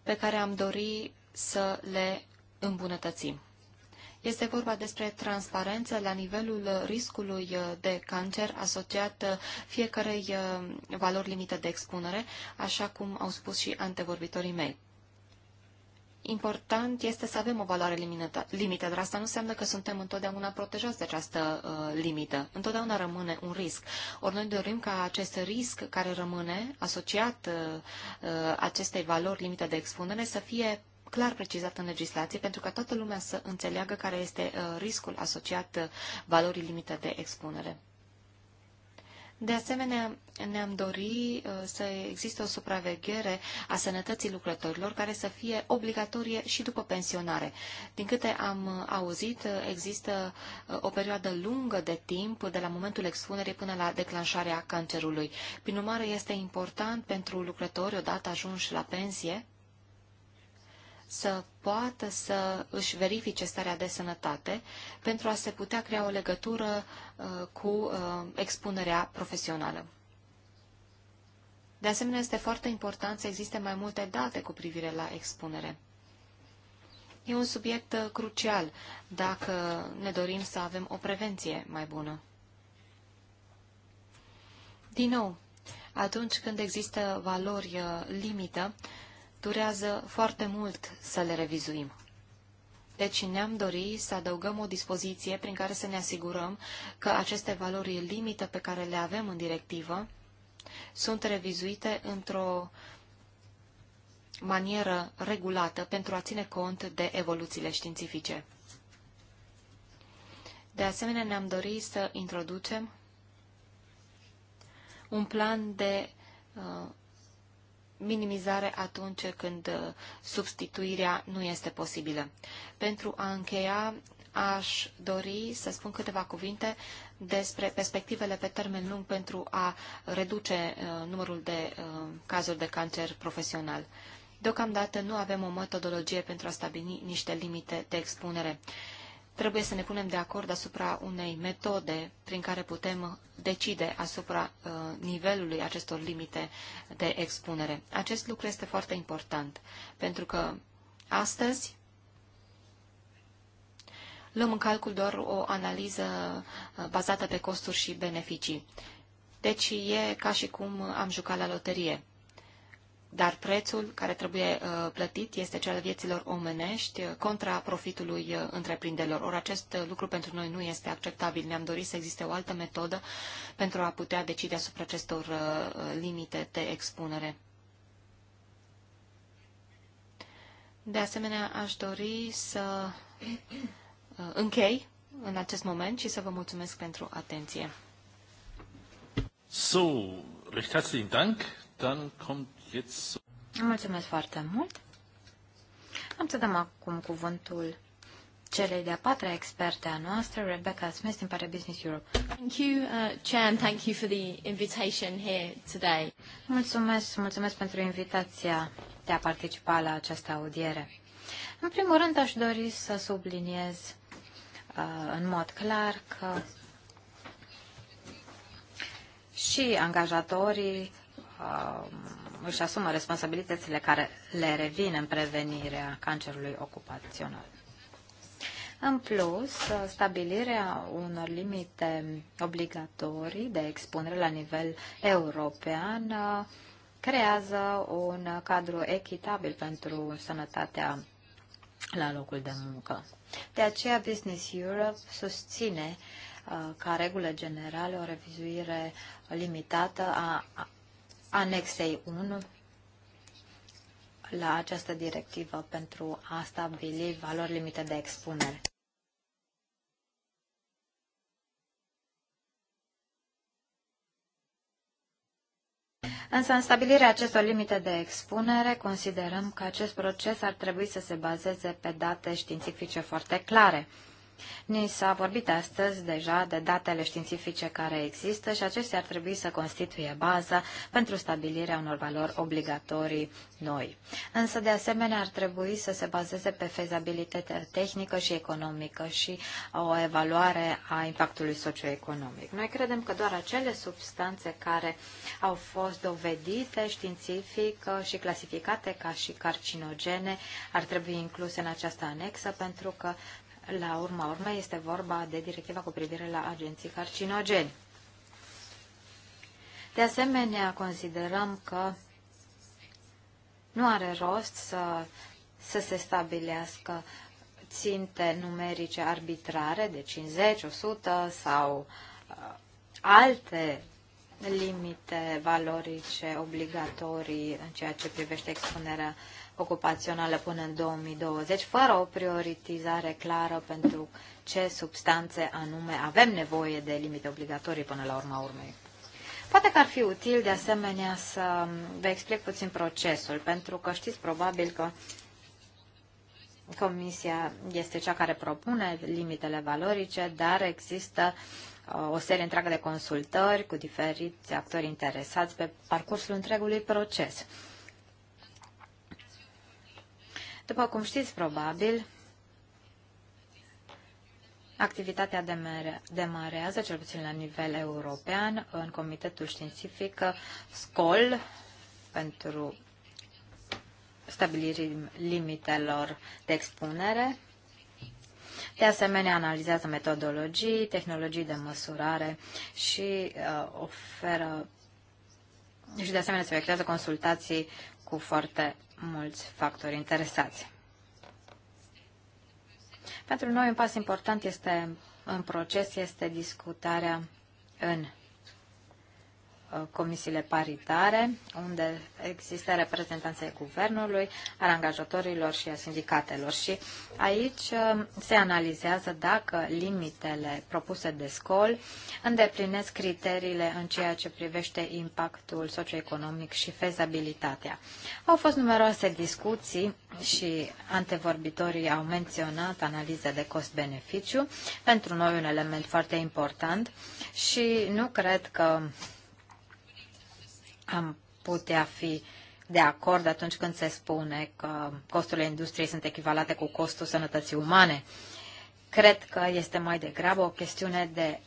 pe care am dori să le îmbunătățim. Este vorba despre transparență la nivelul riscului de cancer asociat fiecarei uh, valori limită de expunere, așa cum au spus și antevorbitorii mei. Important este să avem o valoare limită, limită, dar asta nu înseamnă că suntem întotdeauna protejați de această uh, limită. Întotdeauna rămâne un risc. Ori noi dorim ca acest risc care rămâne asociat uh, uh acestei valori limite de expunere să fie clar precizat în legislație pentru ca toată lumea să înțeleagă care este uh, riscul asociat uh, valorii limită de expunere. De asemenea, ne-am dori uh, să existe o supraveghere a sănătății lucrătorilor care să fie obligatorie și după pensionare. Din câte am auzit, există o perioadă lungă de timp de la momentul expunerii până la declanșarea cancerului. Prin urmare, este important pentru lucrători, odată ajunși la pensie, să poată să își verifice starea de sănătate pentru a se putea crea o legătură uh, cu uh, expunerea profesională. De asemenea, este foarte important să existe mai multe date cu privire la expunere. E un subiect uh, crucial dacă ne dorim să avem o prevenție mai bună. Din nou, atunci când există valori limită, durează foarte mult să le revizuim. Deci ne-am dori să adăugăm o dispoziție prin care să ne asigurăm că aceste valori limită pe care le avem în directivă sunt revizuite într-o manieră regulată pentru a ține cont de evoluțiile științifice. De asemenea, ne-am dorit să introducem un plan de uh, minimizare atunci când uh, substituirea nu este posibilă. Pentru a încheia, aș dori să spun câteva cuvinte despre perspectivele pe termen lung pentru a reduce uh, numărul de uh, cazuri de cancer profesional. Deocamdată nu avem o metodologie pentru a stabili niște limite de expunere trebuie să ne punem de acord asupra unei metode prin care putem decide asupra uh, nivelului acestor limite de expunere. Acest lucru este foarte important, pentru că astăzi luăm în calcul doar o analiză uh, bazată pe costuri și beneficii. Deci e ca și cum am jucat la loterie. Dar prețul care trebuie uh, plătit este cel al vieților omenești uh, contra profitului uh, întreprinderilor. Ori acest lucru pentru noi nu este acceptabil. Ne-am dorit să existe o altă metodă pentru a putea decide asupra acestor limite de expunere. De asemenea, aș dori să închei în acest moment și să vă mulțumesc pentru atenție. So, recht herzlichen Dank. Dann kommt Mulțumesc foarte mult. Am să dăm acum cuvântul celei de-a patra experte a noastră, Rebecca Smith, din Pare Business Europe. Thank you, uh, Chan. thank you for the invitation here today. Mulțumesc, mulțumesc pentru invitația de a participa la această audiere. În primul rând, aș dori să subliniez uh, în mod clar că și angajatorii uh, își asumă responsabilitățile care le revin în prevenirea cancerului ocupațional. În plus, stabilirea unor limite obligatorii de expunere la nivel european uh, creează un cadru echitabil pentru sănătatea la locul de muncă. De aceea, Business Europe susține uh, ca regulă generală o revizuire limitată a anexei 1 la această directivă pentru a stabili valori limite de expunere. Însă, în stabilirea acestor limite de expunere, considerăm că acest proces ar trebui să se bazeze pe date științifice foarte clare. Ni s-a vorbit astăzi deja de datele științifice care există și acestea ar trebui să constituie baza pentru stabilirea unor valori obligatorii noi. Însă, de asemenea, ar trebui să se bazeze pe fezabilitatea tehnică și economică și o evaluare a impactului socioeconomic. Noi credem că doar acele substanțe care au fost dovedite științific și clasificate ca și carcinogene ar trebui incluse în această anexă pentru că la urma urmei este vorba de directiva cu privire la agenții carcinogeni. De asemenea, considerăm că nu are rost să, să se stabilească ținte numerice arbitrare de 50, 100 sau uh, alte limite valorice obligatorii în ceea ce privește expunerea ocupaționale până în 2020, fără o prioritizare clară pentru ce substanțe anume avem nevoie de limite obligatorii până la urma urmei. Poate că ar fi util de asemenea să vă explic puțin procesul, pentru că știți probabil că Comisia este cea care propune limitele valorice, dar există uh, o serie întreagă de consultări cu diferiți actori interesați pe parcursul întregului proces. După cum știți, probabil, Activitatea demarează, cel puțin la nivel european, în Comitetul Științific SCOL pentru stabilirii limitelor de expunere. De asemenea, analizează metodologii, tehnologii de măsurare și uh, oferă și de asemenea se efectuează consultații cu foarte mulți factori interesați. Pentru noi un pas important este în proces este discutarea în Uh, comisiile paritare, unde există reprezentanței guvernului, al angajatorilor și a sindicatelor. Și aici uh, se analizează dacă limitele propuse de SCOL îndeplinesc criteriile în ceea ce privește impactul socioeconomic și fezabilitatea. Au fost numeroase discuții și antevorbitorii au menționat analize de cost-beneficiu, pentru noi un element foarte important și nu cred că am putea fi de acord atunci când se spune că costurile industriei sunt echivalate cu costul sănătății umane. Cred că este mai degrabă o chestiune de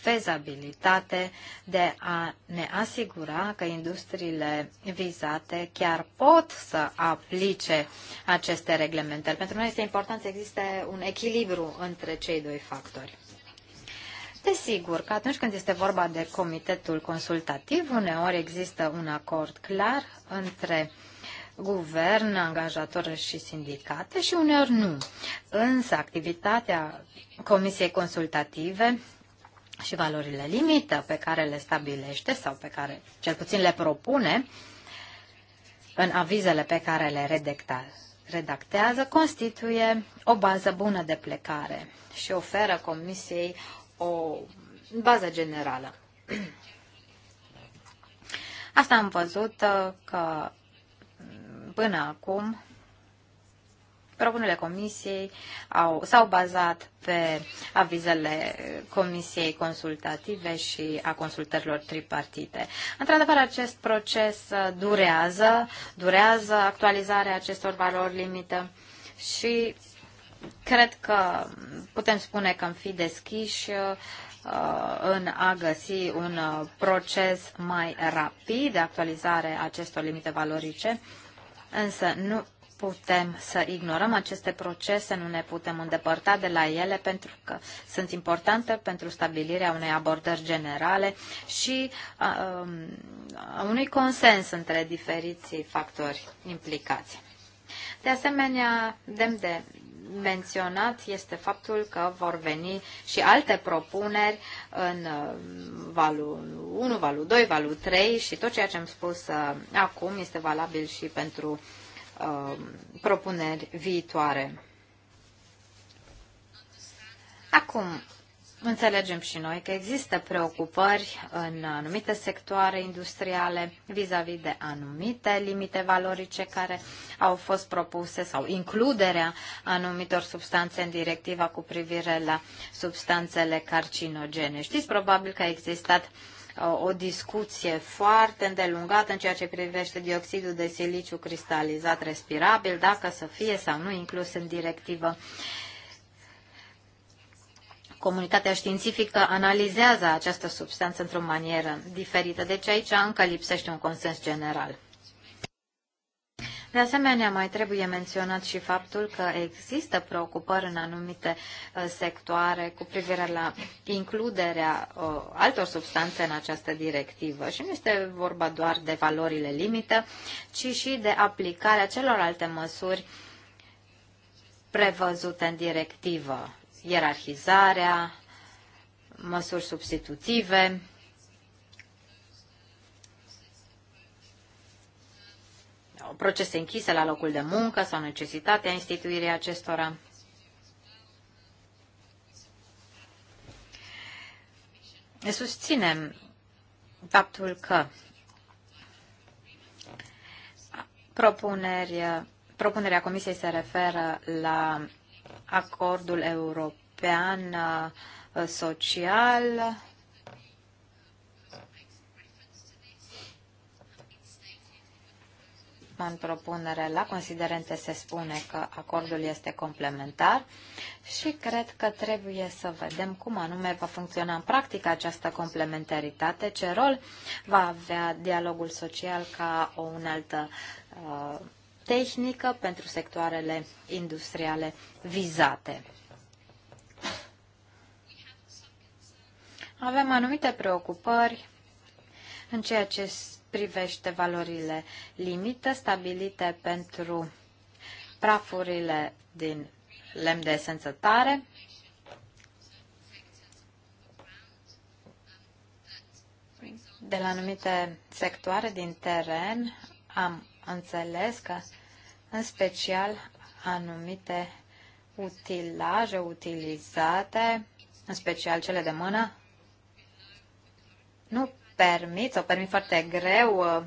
fezabilitate de a ne asigura că industriile vizate chiar pot să aplice aceste reglementări. Pentru noi este important să existe un echilibru între cei doi factori. Desigur că atunci când este vorba de comitetul consultativ, uneori există un acord clar între guvern, angajator și sindicate și uneori nu. Însă activitatea comisiei consultative și valorile limită pe care le stabilește sau pe care cel puțin le propune în avizele pe care le redactează redactează constituie o bază bună de plecare și oferă Comisiei o bază generală. Asta am văzut uh, că până acum propunerile comisiei au, s-au bazat pe avizele comisiei consultative și a consultărilor tripartite. Într-adevăr, acest proces uh, durează, durează actualizarea acestor valori limită și cred că putem spune că am fi deschiși uh, în a găsi un uh, proces mai rapid de actualizare a acestor limite valorice, însă nu putem să ignorăm aceste procese, nu ne putem îndepărta de la ele pentru că sunt importante pentru stabilirea unei abordări generale și a, a, a unui consens între diferiții factori implicați. De asemenea, demn de menționat este faptul că vor veni și alte propuneri în uh, valul 1, valul 2, valul 3 și tot ceea ce am spus uh, acum este valabil și pentru uh, propuneri viitoare. Acum, Înțelegem și noi că există preocupări în anumite sectoare industriale vis-a-vis -vis de anumite limite valorice care au fost propuse sau includerea anumitor substanțe în directiva cu privire la substanțele carcinogene. Știți probabil că a existat o discuție foarte îndelungată în ceea ce privește dioxidul de siliciu cristalizat respirabil, dacă să fie sau nu inclus în directivă comunitatea științifică analizează această substanță într-o manieră diferită. Deci aici încă lipsește un consens general. De asemenea, mai trebuie menționat și faptul că există preocupări în anumite uh, sectoare cu privire la includerea uh, altor substanțe în această directivă. Și nu este vorba doar de valorile limită, ci și de aplicarea celor alte măsuri prevăzute în directivă ierarhizarea, măsuri substitutive. procese închise la locul de muncă sau necesitatea instituirii acestora. Ne susținem faptul că propunerea Comisiei se referă la acordul european uh, social. În propunere la considerente se spune că acordul este complementar și cred că trebuie să vedem cum anume va funcționa în practică această complementaritate, ce rol va avea dialogul social ca o unaltă uh, tehnică pentru sectoarele industriale vizate. Avem anumite preocupări în ceea ce privește valorile limită stabilite pentru prafurile din lemn de esență tare, de la anumite sectoare din teren am înțeles că în special anumite utilaje utilizate, în special cele de mână, nu permit sau permit foarte greu uh,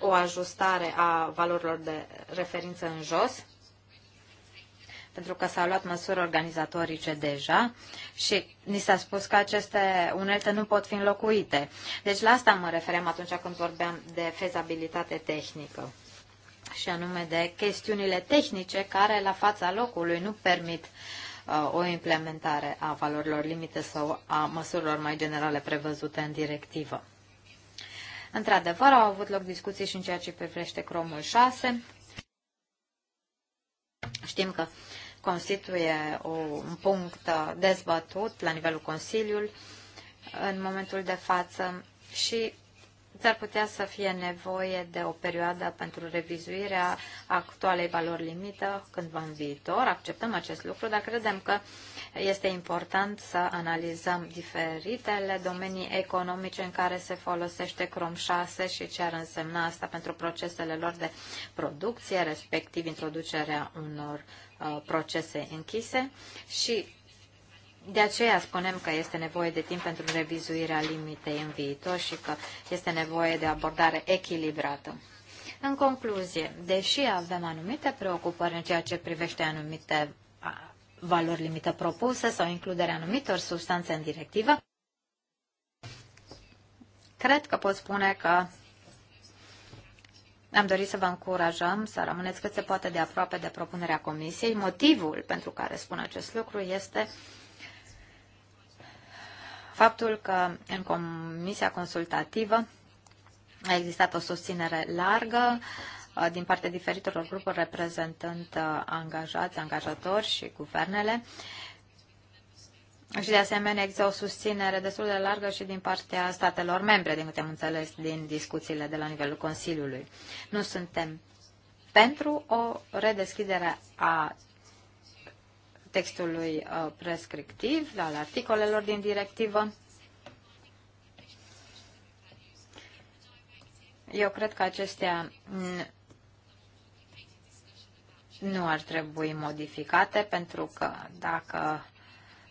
o ajustare a valorilor de referință în jos pentru că s-au luat măsuri organizatorice deja și ni s-a spus că aceste unelte nu pot fi înlocuite. Deci la asta mă referem atunci când vorbeam de fezabilitate tehnică și anume de chestiunile tehnice care la fața locului nu permit uh, o implementare a valorilor limite sau a măsurilor mai generale prevăzute în directivă. Într-adevăr, au avut loc discuții și în ceea ce privește cromul 6. Știm că constituie o, un punct dezbătut la nivelul Consiliului în momentul de față și s-ar putea să fie nevoie de o perioadă pentru revizuirea actualei valori limită cândva în viitor. Acceptăm acest lucru, dar credem că este important să analizăm diferitele domenii economice în care se folosește Crom 6 și ce ar însemna asta pentru procesele lor de producție, respectiv introducerea unor uh, procese închise și de aceea spunem că este nevoie de timp pentru revizuirea limitei în viitor și că este nevoie de abordare echilibrată. În concluzie, deși avem anumite preocupări în ceea ce privește anumite valori limită propuse sau includerea anumitor substanțe în directivă, cred că pot spune că am dorit să vă încurajăm să rămâneți cât se poate de aproape de propunerea Comisiei. Motivul pentru care spun acest lucru este faptul că în comisia consultativă a existat o susținere largă uh, din partea diferitelor grupuri reprezentând uh, angajați, angajatori și guvernele. Și de asemenea există o susținere destul de largă și din partea statelor membre, din câte am înțeles din discuțiile de la nivelul Consiliului. Nu suntem pentru o redeschidere a textului uh, prescriptiv, al articolelor din directivă. Eu cred că acestea nu ar trebui modificate, pentru că dacă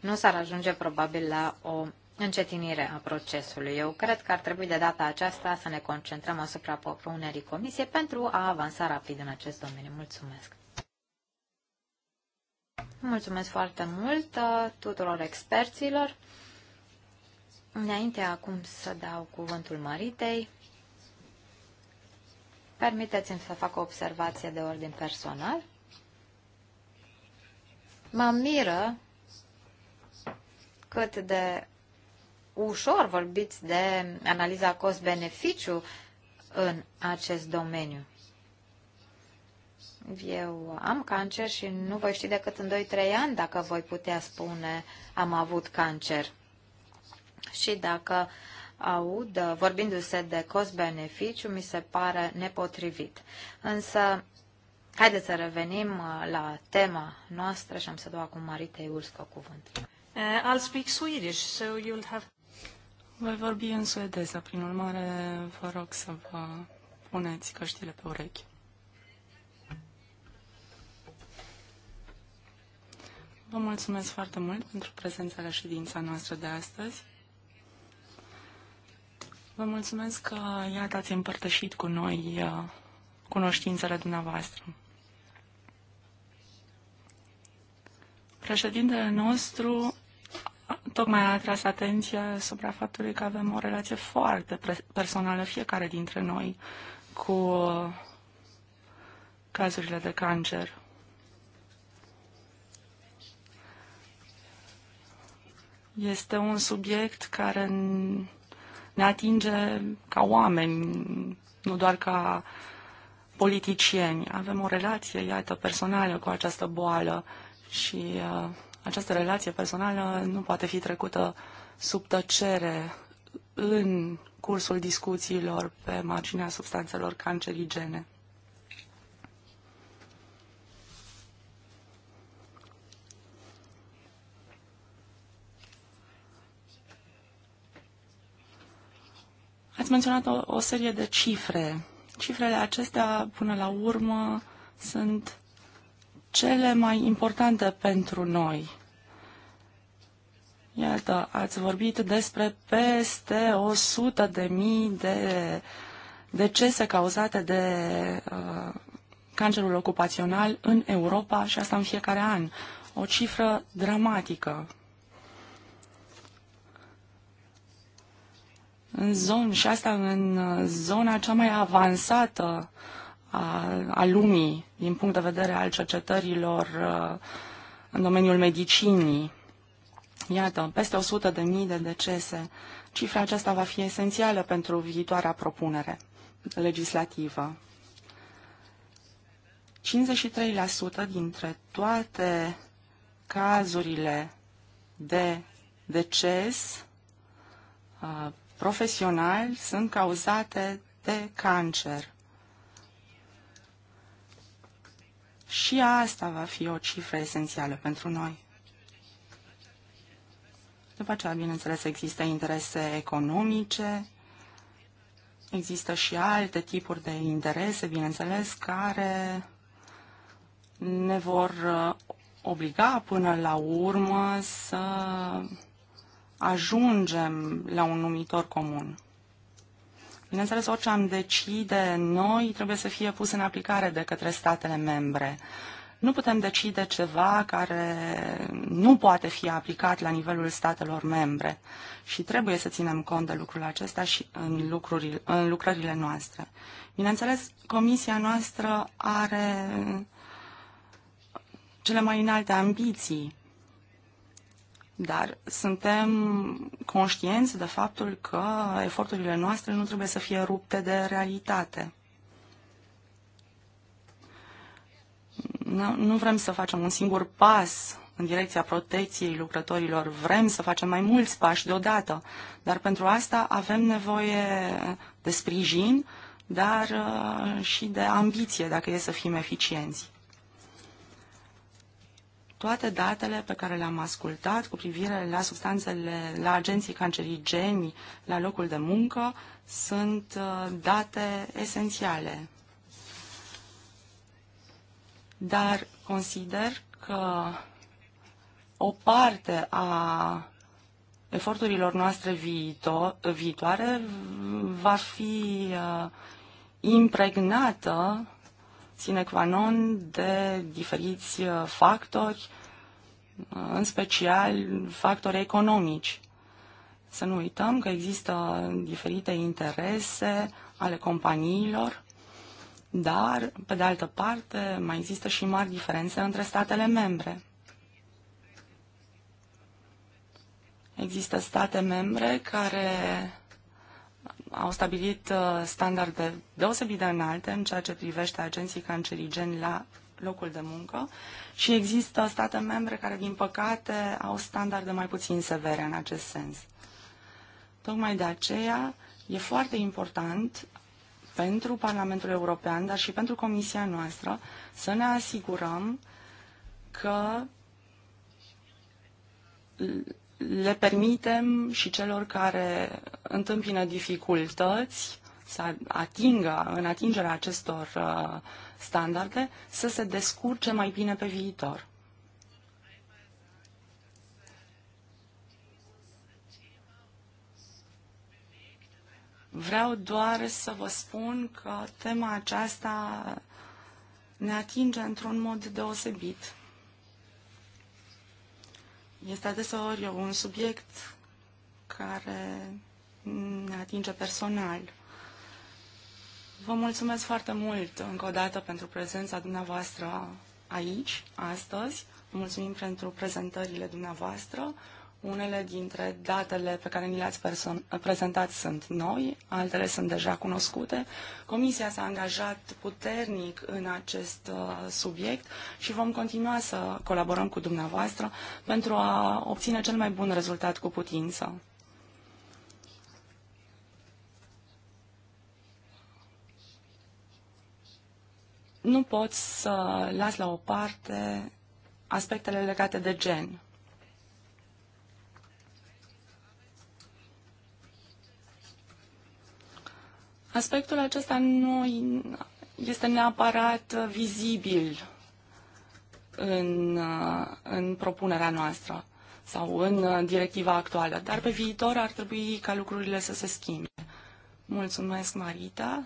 nu s-ar ajunge probabil la o încetinire a procesului. Eu cred că ar trebui de data aceasta să ne concentrăm asupra propunerii comisiei pentru a avansa rapid în acest domeniu. Mulțumesc! Mulțumesc foarte mult uh, tuturor experților. Înainte acum să dau cuvântul Maritei, permiteți-mi să fac o observație de ordin personal. Mă miră cât de ușor vorbiți de analiza cost-beneficiu în acest domeniu. Eu am cancer și nu voi ști decât în 2-3 ani dacă voi putea spune am avut cancer. Și dacă aud, vorbindu-se de cost-beneficiu, mi se pare nepotrivit. Însă, haideți să revenim uh, la tema noastră și am să dau acum Maritei Ulscă cuvânt. Uh, I'll speak Swedish, so you'll have... Voi vorbi în suedeză, prin urmare vă rog să vă puneți căștile pe urechi. Vă mulțumesc foarte mult pentru prezența la ședința noastră de astăzi. Vă mulțumesc că, iată, ați împărtășit cu noi uh, cunoștințele dumneavoastră. Președintele nostru tocmai a atras atenția asupra faptului că avem o relație foarte personală fiecare dintre noi cu uh, cazurile de cancer. Este un subiect care ne atinge ca oameni, nu doar ca politicieni. Avem o relație, iată, personală cu această boală și uh, această relație personală nu poate fi trecută sub tăcere în cursul discuțiilor pe marginea substanțelor cancerigene. Ați menționat o, o serie de cifre. Cifrele acestea, până la urmă, sunt cele mai importante pentru noi. Iată, ați vorbit despre peste 100 de mii de decese cauzate de uh, cancerul ocupațional în Europa și asta în fiecare an. O cifră dramatică. în zonă și asta în uh, zona cea mai avansată a, a lumii din punct de vedere al cercetărilor uh, în domeniul medicinii. Iată, peste 100 de mii de decese. Cifra aceasta va fi esențială pentru viitoarea propunere legislativă. 53% dintre toate cazurile de deces uh, profesionali sunt cauzate de cancer. Și asta va fi o cifră esențială pentru noi. După aceea, bineînțeles, există interese economice, există și alte tipuri de interese, bineînțeles, care ne vor uh, obliga până la urmă să ajungem la un numitor comun. Bineînțeles, orice am decide noi trebuie să fie pus în aplicare de către statele membre. Nu putem decide ceva care nu poate fi aplicat la nivelul statelor membre și trebuie să ținem cont de lucrul acesta și în, lucrurile, în lucrările noastre. Bineînțeles, comisia noastră are cele mai înalte ambiții dar suntem conștienți de faptul că eforturile noastre nu trebuie să fie rupte de realitate. Nu vrem să facem un singur pas în direcția protecției lucrătorilor. Vrem să facem mai mulți pași deodată, dar pentru asta avem nevoie de sprijin, dar uh, și de ambiție, dacă e să fim eficienți toate datele pe care le-am ascultat cu privire la substanțele, la agenții cancerigeni, la locul de muncă, sunt uh, date esențiale. Dar consider că o parte a eforturilor noastre viito- viitoare va fi uh, impregnată sine qua non de diferiți uh, factori, uh, în special factori economici. Să nu uităm că există diferite interese ale companiilor, dar, pe de altă parte, mai există și mari diferențe între statele membre. Există state membre care au stabilit uh, standarde deosebit de înalte în ceea ce privește agenții cancerigeni la locul de muncă și există state membre care, din păcate, au standarde mai puțin severe în acest sens. Tocmai de aceea e foarte important pentru Parlamentul European, dar și pentru Comisia noastră, să ne asigurăm că le permitem și celor care întâmpină dificultăți să atingă, în atingerea acestor uh, standarde, să se descurce mai bine pe viitor. Vreau doar să vă spun că tema aceasta ne atinge într-un mod deosebit. Este adeseori un subiect care ne atinge personal. Vă mulțumesc foarte mult încă o dată pentru prezența dumneavoastră aici, astăzi. Vă mulțumim pentru prezentările dumneavoastră. Unele dintre datele pe care ni le-ați prezentat sunt noi, altele sunt deja cunoscute. Comisia s-a angajat puternic în acest uh, subiect și vom continua să colaborăm cu dumneavoastră pentru a obține cel mai bun rezultat cu putință. Nu pot să las la o parte aspectele legate de gen Aspectul acesta nu este neapărat vizibil în, în propunerea noastră sau în directiva actuală, dar pe viitor ar trebui ca lucrurile să se schimbe. Mulțumesc, Marita.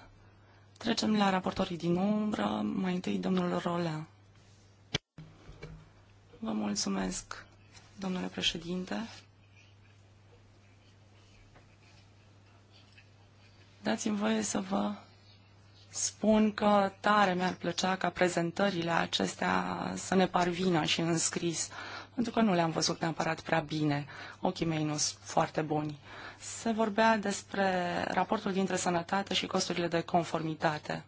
Trecem la raportorii din umbră, mai întâi domnul Rolea. Vă mulțumesc, domnule președinte. Dați-mi voie să vă spun că tare mi-ar plăcea ca prezentările acestea să ne parvină și în scris, pentru că nu le-am văzut neapărat prea bine. Ochii mei nu sunt foarte buni. Se vorbea despre raportul dintre sănătate și costurile de conformitate.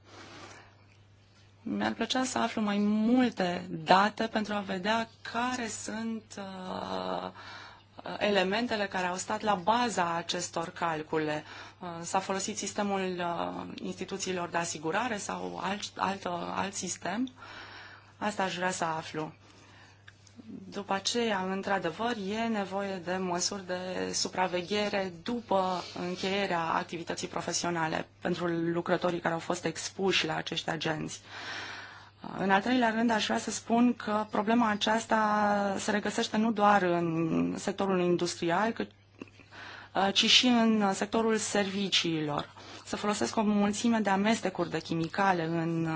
Mi-ar plăcea să aflu mai multe date pentru a vedea care sunt uh, Uh, elementele care au stat la baza acestor calcule. Uh, s-a folosit sistemul uh, instituțiilor de asigurare sau alt, alt, alt sistem? Asta aș vrea să aflu. După aceea, într-adevăr, e nevoie de măsuri de supraveghere după încheierea activității profesionale pentru lucrătorii care au fost expuși la acești agenți. Uh, în al treilea rând, aș vrea să spun că problema aceasta se regăsește nu doar în sectorul industrial, ci și în sectorul serviciilor. Să folosesc o mulțime de amestecuri de chimicale în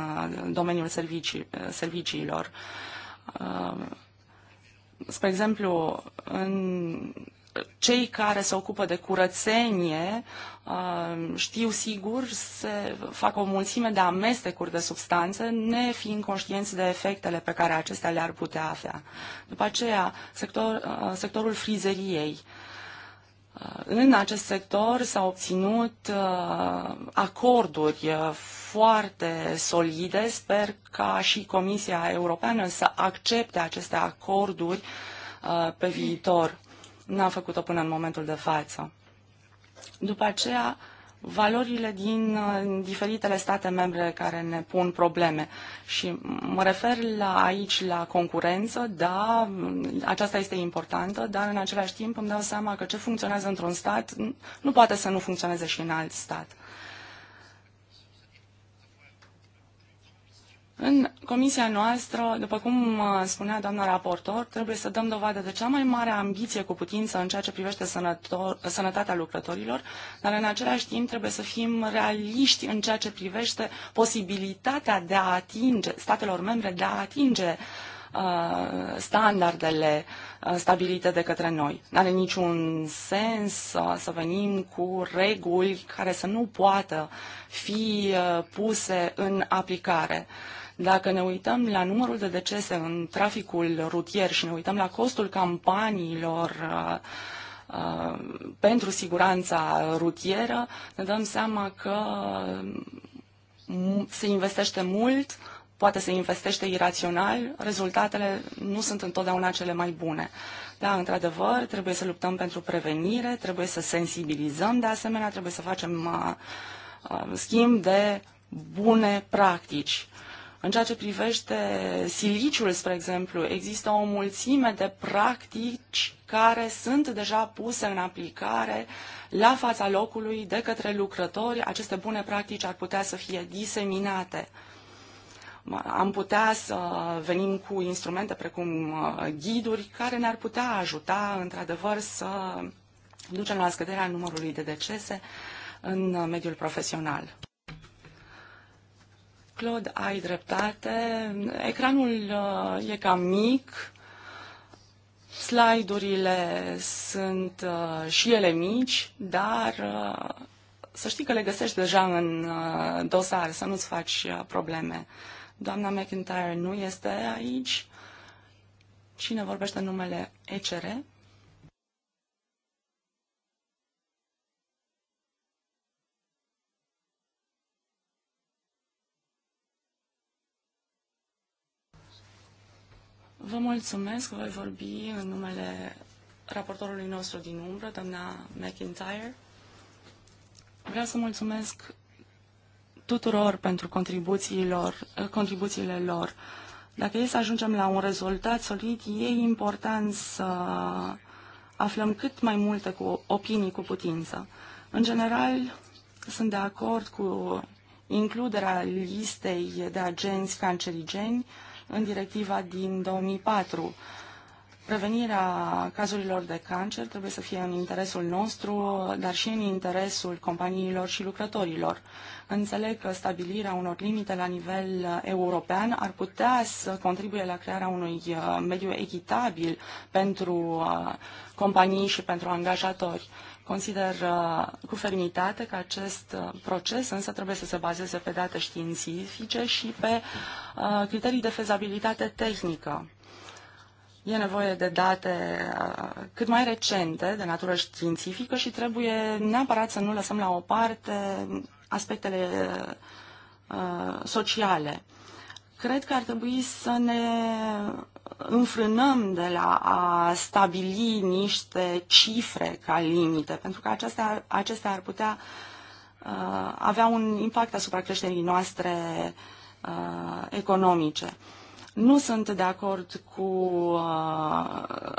domeniul servicii, serviciilor. Spre exemplu, în cei care se ocupă de curățenie uh, știu sigur se fac o mulțime de amestecuri de substanțe, ne fiind conștienți de efectele pe care acestea le-ar putea avea. După aceea, sector, uh, sectorul frizeriei. Uh, în acest sector s-au obținut acorduri foarte solide. Sper ca și Comisia Europeană să accepte aceste acorduri pe viitor n am făcut-o până în momentul de față. După aceea, valorile din uh, diferitele state membre care ne pun probleme. Și mă refer la aici la concurență, da, aceasta este importantă, dar în același timp îmi dau seama că ce funcționează într-un stat nu poate să nu funcționeze și în alt stat. În comisia noastră, după cum uh, spunea doamna raportor, trebuie să dăm dovadă de cea mai mare ambiție cu putință în ceea ce privește sănător, sănătatea lucrătorilor, dar în același timp trebuie să fim realiști în ceea ce privește posibilitatea de a atinge, statelor membre de a atinge uh, standardele uh, stabilite de către noi. Nu are niciun sens să venim cu reguli care să nu poată fi puse în aplicare. Dacă ne uităm la numărul de decese în traficul rutier și ne uităm la costul campaniilor uh, uh, pentru siguranța rutieră, ne dăm seama că mm, se investește mult, poate se investește irațional, rezultatele nu sunt întotdeauna cele mai bune. Da, într-adevăr, trebuie să luptăm pentru prevenire, trebuie să sensibilizăm de asemenea, trebuie să facem uh, uh schimb de bune practici. În ceea ce privește siliciul, spre exemplu, există o mulțime de practici care sunt deja puse în aplicare la fața locului de către lucrători. Aceste bune practici ar putea să fie diseminate. Am putea să venim cu instrumente precum uh, ghiduri care ne-ar putea ajuta, într-adevăr, să ducem la scăderea numărului de decese în uh, mediul profesional. Claude, ai dreptate. Ecranul uh, e cam mic, slide-urile sunt uh, și ele mici, dar uh, să știi că le găsești deja în dosar, să nu-ți faci probleme. Doamna McIntyre nu este aici. Cine vorbește numele ECR? Vă mulțumesc, voi vorbi în numele raportorului nostru din umbră, doamna McIntyre. Vreau să mulțumesc tuturor pentru contribuțiilor, contribuțiile lor. Dacă e să ajungem la un rezultat solid, e important să aflăm cât mai multe cu opinii cu putință. În general, sunt de acord cu includerea listei de agenți cancerigeni, uh, în directiva din 2004. Prevenirea cazurilor de cancer trebuie să fie în interesul nostru, dar și în interesul companiilor și lucrătorilor. Înțeleg că stabilirea unor limite la nivel uh, european ar putea să contribuie la crearea unui uh, mediu echitabil pentru uh, companii și pentru angajatori. Consider uh, cu fermitate că acest uh, proces însă trebuie să se bazeze pe date științifice și pe uh, criterii de fezabilitate tehnică. E nevoie de date cât mai recente, de natură științifică și trebuie neapărat să nu lăsăm la o parte aspectele sociale. Cred că ar trebui să ne înfrânăm de la a stabili niște cifre ca limite, pentru că acestea, acestea ar putea uh, avea un impact asupra creșterii noastre uh, economice. Nu sunt de acord cu uh,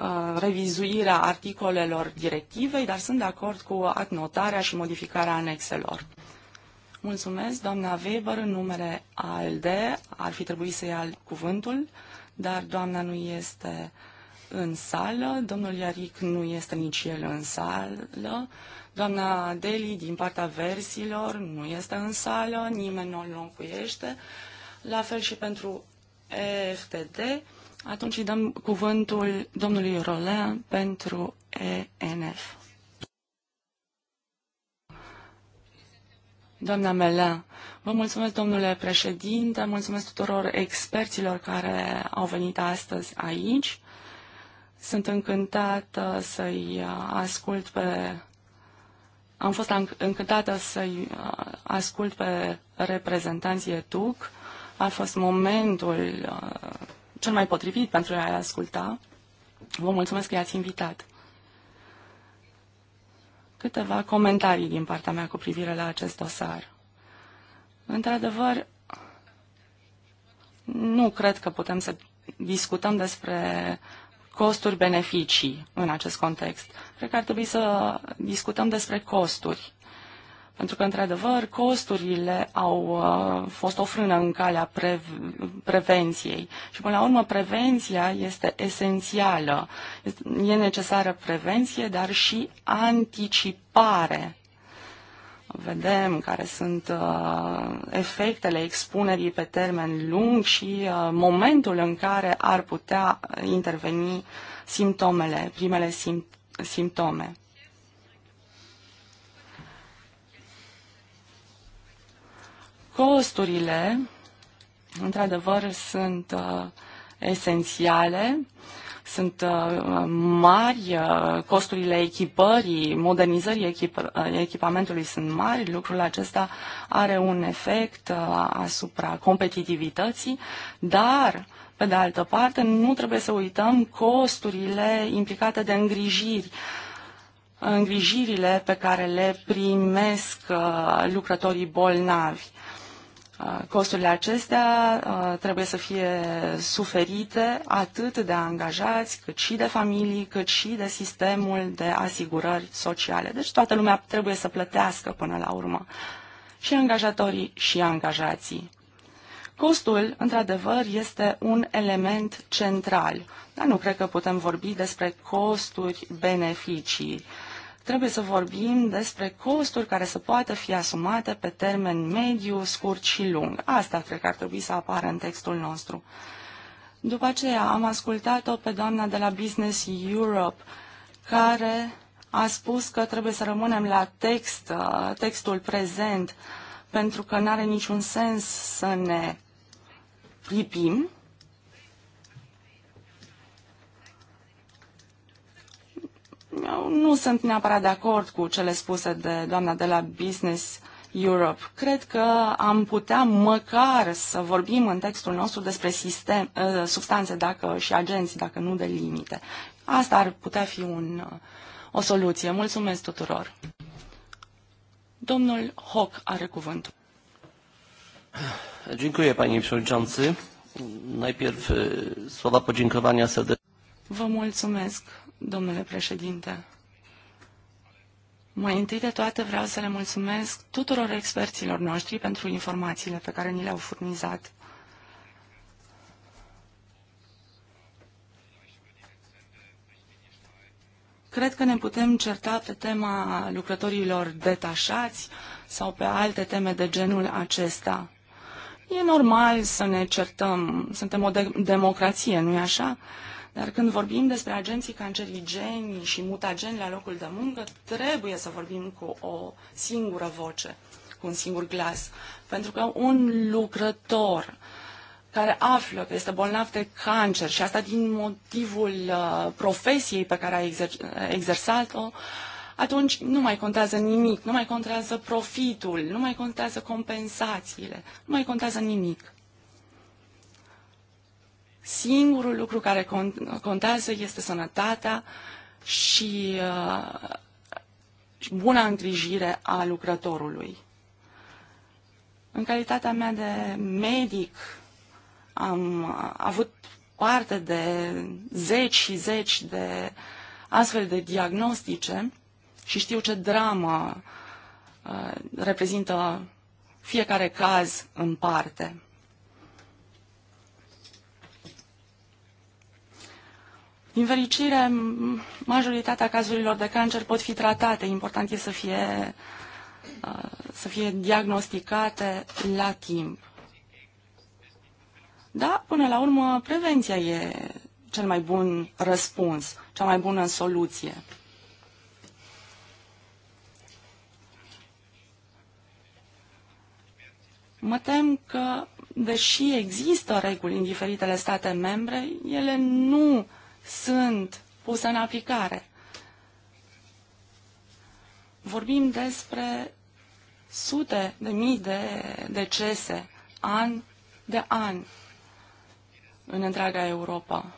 uh, revizuirea articolelor directivei, dar sunt de acord cu adnotarea și modificarea anexelor. Mulțumesc, doamna Weber, în numele ALDE. Ar fi trebuit să ia cuvântul, dar doamna nu este în sală, domnul Iaric nu este nici el în sală, doamna Deli din partea versilor nu este în sală, nimeni nu o locuiește, la fel și pentru EFTD. Atunci îi dăm cuvântul domnului Rolea pentru ENF. Doamna Melin, vă mulțumesc, domnule președinte, mulțumesc tuturor experților care au venit astăzi aici. Sunt încântată să-i uh, ascult pe... Am fost încântată să-i uh, ascult pe reprezentanții ETUC. A fost momentul uh, cel mai potrivit pentru a-i asculta. Vă mulțumesc că i-ați invitat câteva comentarii din partea mea cu privire la acest dosar. Într-adevăr, nu cred că putem să discutăm despre costuri-beneficii în acest context. Cred că ar trebui să discutăm despre costuri. Pentru că, într-adevăr, costurile au uh, fost o frână în calea pre- prevenției. Și, până la urmă, prevenția este esențială. E necesară prevenție, dar și anticipare. Vedem care sunt uh, efectele expunerii pe termen lung și uh, momentul în care ar putea interveni simptomele, primele sim- simptome. Costurile, într-adevăr, sunt uh, esențiale. Sunt uh, mari, uh, costurile echipării, modernizării echip- uh, echipamentului sunt mari. Lucrul acesta are un efect uh, asupra competitivității, dar, pe de altă parte, nu trebuie să uităm costurile implicate de îngrijiri îngrijirile pe care le primesc uh, lucrătorii bolnavi. Uh, costurile acestea uh, trebuie să fie suferite atât de angajați, cât și de familii, cât și de sistemul de asigurări sociale. Deci toată lumea trebuie să plătească până la urmă. Și angajatorii și angajații. Costul, într-adevăr, este un element central, dar nu cred că putem vorbi despre costuri-beneficii. Uh, Trebuie să vorbim despre costuri care să poată fi asumate pe termen mediu, scurt și lung. Asta cred că ar trebui să apară în textul nostru. După aceea am ascultat-o pe doamna de la Business Europe, care a spus că trebuie să rămânem la text, uh, textul prezent, pentru că nu are niciun sens să ne pripim Eu nu sunt neapărat de acord cu cele spuse de doamna de la Business Europe. Cred că am putea măcar să vorbim în textul nostru despre sistem, ă, substanțe dacă, și agenți, dacă nu de limite. Asta ar putea fi un, ă, o soluție. Mulțumesc tuturor. Domnul Hoc are cuvântul. Dziękuję panie przewodniczący. Najpierw słowa podziękowania serdecznie. Vă mulțumesc, domnule președinte. Mai întâi de toate vreau să le mulțumesc tuturor experților noștri pentru informațiile pe care ni le-au furnizat. Cred că ne putem certa pe tema lucrătorilor detașați sau pe alte teme de genul acesta. E normal să ne certăm, suntem o de- democrație, nu-i așa? Uh, dar când vorbim despre agenții cancerigeni și mutageni la locul de muncă, trebuie să vorbim cu o singură voce, cu un singur glas. Pentru că un lucrător care află că este bolnav de cancer și asta din motivul uh, profesiei pe care a exer- exersat-o, atunci nu mai contează nimic, nu mai contează profitul, nu mai contează compensațiile, nu mai contează nimic. Singurul lucru care contează este sănătatea și uh, buna îngrijire a lucrătorului. În calitatea mea de medic am uh, avut parte de zeci și zeci de astfel de diagnostice și știu ce dramă uh, reprezintă fiecare caz în parte. Din fericire, majoritatea cazurilor de cancer pot fi tratate. Important e să fie, uh, să fie diagnosticate la timp. Da, până la urmă, prevenția e cel mai bun răspuns, cea mai bună soluție. Mă tem că, deși există reguli în diferitele state membre, ele nu sunt puse în aplicare. Vorbim despre sute de mii de decese an de an în întreaga Europa.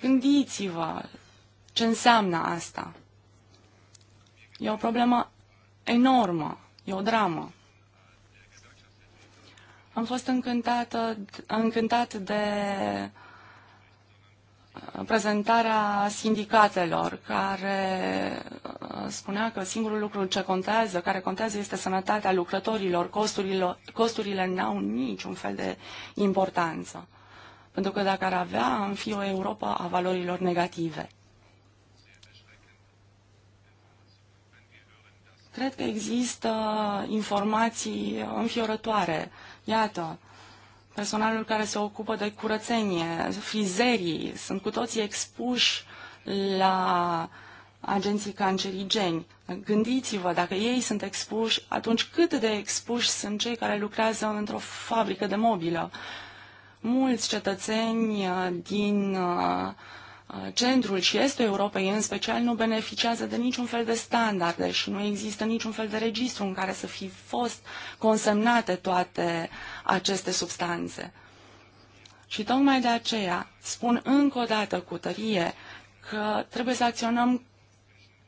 Gândiți-vă ce înseamnă asta. E o problemă enormă, e o dramă. Am fost încântată, încântat de prezentarea sindicatelor, care uh, spunea că singurul lucru ce contează, care contează este sănătatea lucrătorilor, costurile, costurile n-au niciun fel de importanță. Pentru că dacă ar avea, am fi o Europa a valorilor negative. Cred că există informații înfiorătoare. Iată, personalul care se ocupă de curățenie, frizerii, sunt cu toții expuși la agenții cancerigeni. Gândiți-vă, dacă ei sunt expuși, atunci cât de expuși sunt cei care lucrează într-o fabrică de mobilă? Mulți cetățeni uh, din uh, Uh, centrul și estul Europei în special nu beneficiază de niciun fel de standarde și nu există niciun fel de registru în care să fi fost consemnate toate aceste substanțe. Și tocmai de aceea spun încă o dată cu tărie că trebuie să acționăm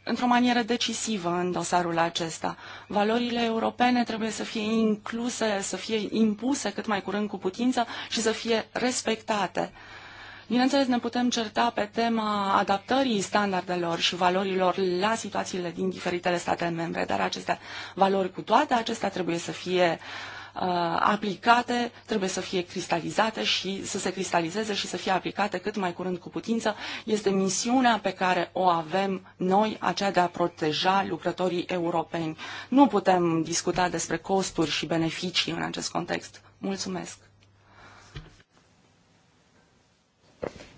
într-o manieră decisivă în dosarul acesta. Valorile europene trebuie să fie incluse, să fie impuse cât mai curând cu putință și să fie respectate. Uh, Bineînțeles, ne putem certa pe tema adaptării standardelor și valorilor la situațiile din diferitele state membre, dar aceste valori cu toate acestea trebuie să fie uh, aplicate, trebuie să fie cristalizate și să se cristalizeze și să fie aplicate cât mai curând cu putință. Este misiunea pe care o avem noi, aceea de a proteja lucrătorii europeni. Nu putem discuta despre costuri și beneficii în acest context. Mulțumesc!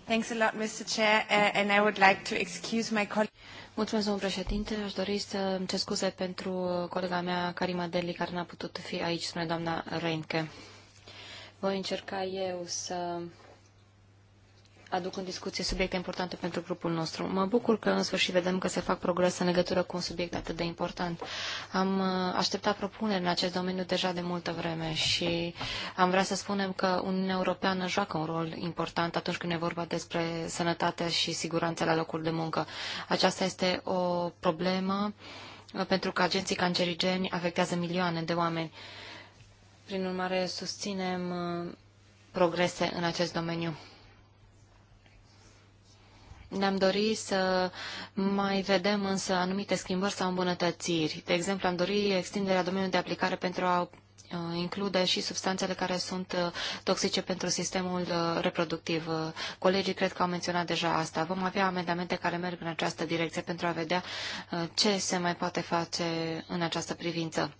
Thanks a lot, Mr. Chair, and I would like to excuse my colleague. Mulțumesc, domnul președinte. Aș dori să îmi cer scuze pentru colega mea, Karima Deli, care n-a putut fi aici, spune doamna Reinke. Voi încerca eu să aduc în discuție subiecte importante pentru grupul nostru. Mă bucur că în sfârșit vedem că se fac progrese în legătură cu un subiect atât de important. Am uh, așteptat propuneri în acest domeniu deja de multă vreme și am vrea să spunem că Uniunea Europeană joacă un rol important atunci când e vorba despre sănătatea și siguranța la locul de muncă. Aceasta este o problemă uh, pentru că agenții cancerigeni afectează milioane de oameni. Prin urmare, susținem uh, progrese în acest domeniu. Ne-am dorit să mai vedem însă anumite schimbări sau îmbunătățiri. De exemplu, am dorit extinderea domeniului de aplicare pentru a uh, include și substanțele care sunt uh, toxice pentru sistemul uh, reproductiv. Colegii cred că au menționat deja asta. Vom avea amendamente care merg în această direcție pentru a vedea ce se mai poate face în această privință.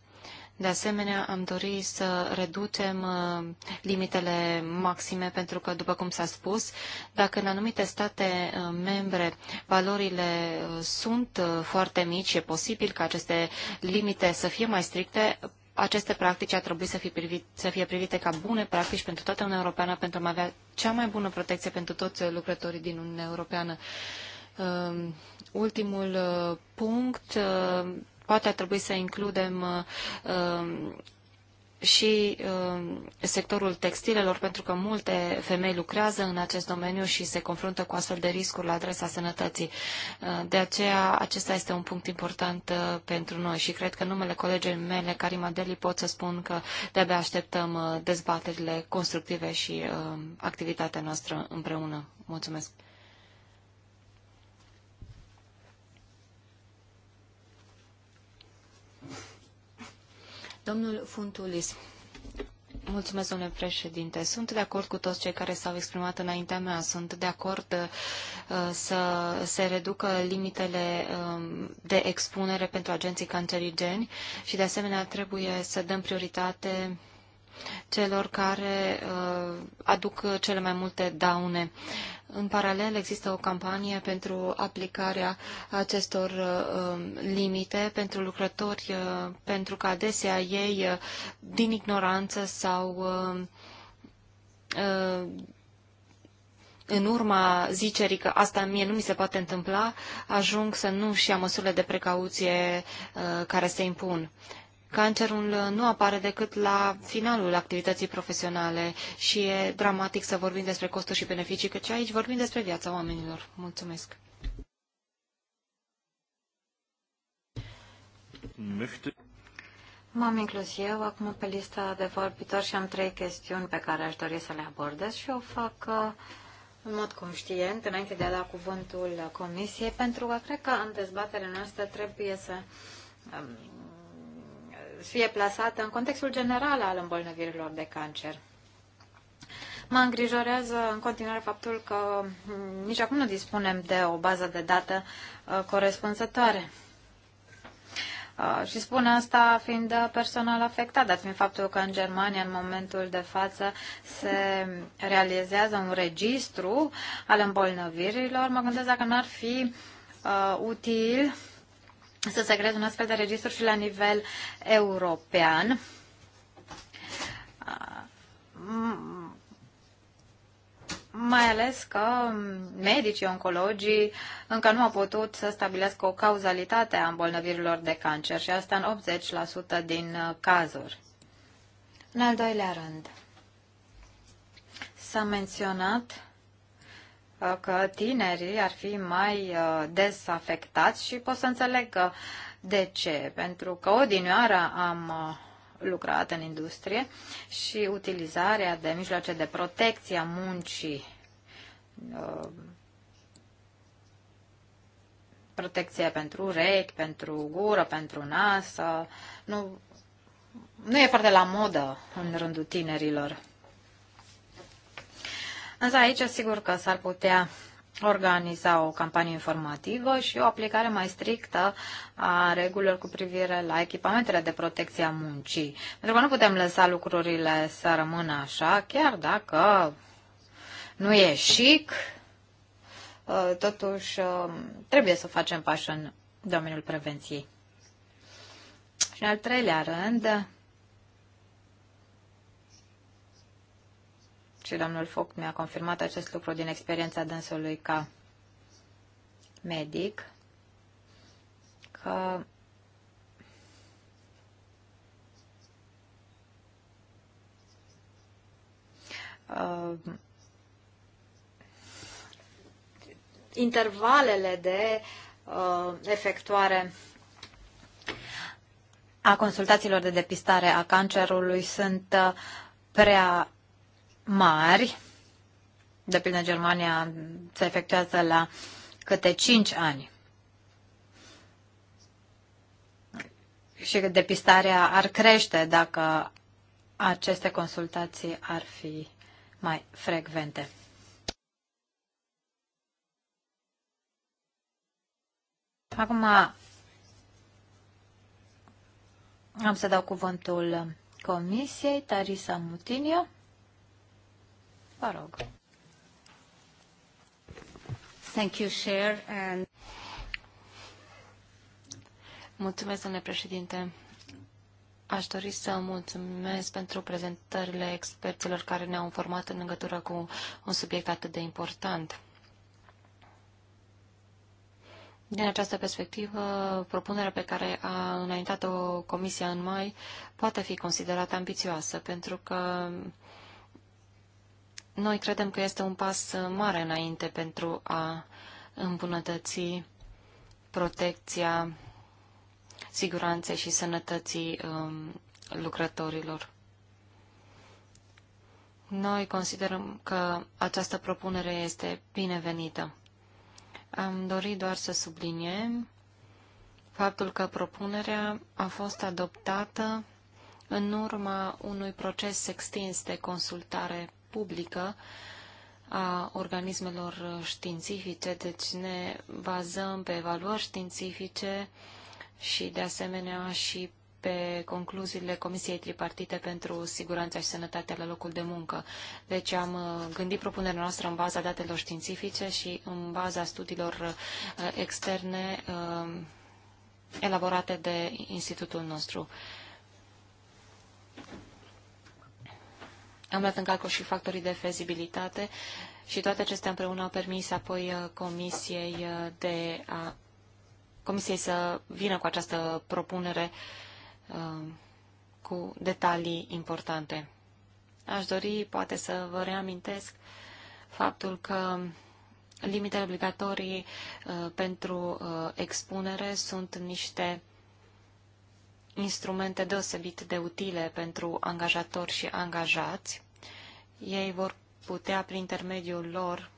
De asemenea, am dorit să reducem uh, limitele maxime, pentru că, după cum s-a spus, dacă în anumite state uh, membre valorile uh, sunt foarte mici, e posibil ca aceste limite să fie mai stricte, aceste practici ar trebui să fie, privit, să fie privite ca bune practici pentru toată Uniunea Europeană, pentru a avea cea mai bună protecție pentru toți lucrătorii din Uniunea Europeană. Ultimul punct Poate ar trebui să includem uh, uh, și uh, sectorul textilelor, pentru că multe femei lucrează în acest domeniu și se confruntă cu astfel de riscuri la adresa sănătății. De aceea, acesta este un punct important pentru noi și cred că numele colegii mele, Karima Deli, pot să spun că de-abia așteptăm dezbaterile constructive și activitatea noastră împreună. Mulțumesc! Domnul Funtulis. Mulțumesc, domnule președinte. Sunt de acord cu toți cei care s-au exprimat înaintea mea. Sunt de acord uh, să se reducă limitele um, de expunere pentru agenții cancerigeni și, de asemenea, trebuie să dăm prioritate celor care uh, aduc cele mai multe daune. În paralel există o campanie pentru aplicarea acestor uh, um, limite pentru lucrători, uh, pentru că adesea ei, din ignoranță sau în urma zicerii că asta mie nu mi se poate întâmpla, ajung să nu și ia măsurile de precauție care se impun. Cancerul nu apare decât la finalul activității profesionale și e dramatic să vorbim despre costuri și beneficii, căci aici vorbim despre viața oamenilor. Mulțumesc! M-am inclus eu acum pe lista de vorbitori și am trei chestiuni pe care aș dori să le abordez și o fac uh, în mod conștient înainte de a da cuvântul comisiei, pentru că cred că în dezbaterea noastră trebuie să um, fie plasată în contextul general al îmbolnăvirilor de cancer. Mă îngrijorează în continuare faptul că mm, nici acum nu dispunem de o bază de dată uh, corespunzătoare. Uh, și spun asta fiind personal afectat, dat fiind faptul că în Germania, în momentul de față, se realizează un registru al îmbolnăvirilor, mă gândesc dacă n-ar fi uh, util uh, să se creeze un astfel de registru și la nivel european. Mai ales că medicii oncologii încă nu au putut să stabilească o cauzalitate a îmbolnăvirilor de cancer și asta în 80% din uh, cazuri. În al doilea rând, s-a menționat Uh, că tinerii ar fi mai uh, desafectați și pot să înțeleg uh, de ce. Pentru că odinioară am lucrat în industrie și utilizarea de mijloace de protecție a muncii, protecție pentru urechi, pentru gură, pentru nas, nu, nu e foarte la modă în rândul tinerilor. Însă aici, sigur că s-ar putea organiza o campanie informativă și o aplicare mai strictă a regulilor cu privire la echipamentele de protecție a muncii. Pentru că nu putem lăsa lucrurile să rămână așa, chiar dacă nu e chic, uh, totuși uh, trebuie să facem pași în domeniul prevenției. Și în al treilea rând, și domnul Foc mi-a confirmat acest lucru din experiența dânsului ca medic, că uh, intervalele de uh, efectuare a consultațiilor de depistare a cancerului sunt uh, prea mari, de pildă în Germania se efectuează la câte 5 ani. Și depistarea ar crește dacă aceste consultații ar fi mai frecvente. Acum am să dau cuvântul Comisiei Tarisa Mutinio. Vă rog. Thank you, Chair. And... Mulțumesc, domnule președinte. Aș dori să mulțumesc pentru prezentările experților care ne-au informat în legătură cu un subiect atât de important. Din această perspectivă, propunerea pe care a înaintat-o Comisia în mai poate fi considerată ambițioasă, pentru că noi credem că este un pas uh, mare înainte pentru a îmbunătăți protecția siguranței și sănătății um, lucrătorilor. Noi considerăm că această propunere este binevenită. Am dorit doar să subliniem faptul că propunerea a fost adoptată în urma unui proces extins de consultare publică a organismelor științifice, deci ne bazăm pe evaluări științifice și de asemenea și pe concluziile Comisiei Tripartite pentru Siguranța și Sănătatea la locul de muncă. Deci am uh, gândit propunerea noastră în baza datelor științifice și în baza studiilor uh, externe uh, elaborate de institutul nostru. Am luat în calcul și factorii de fezibilitate și toate acestea împreună au permis apoi uh, comisiei, uh, de a, comisiei să vină cu această propunere uh, cu detalii importante. Aș dori poate să vă reamintesc faptul că limitele obligatorii pentru expunere sunt niște instrumente deosebit de utile pentru angajatori și angajați. Ei vor putea, prin intermediul lor,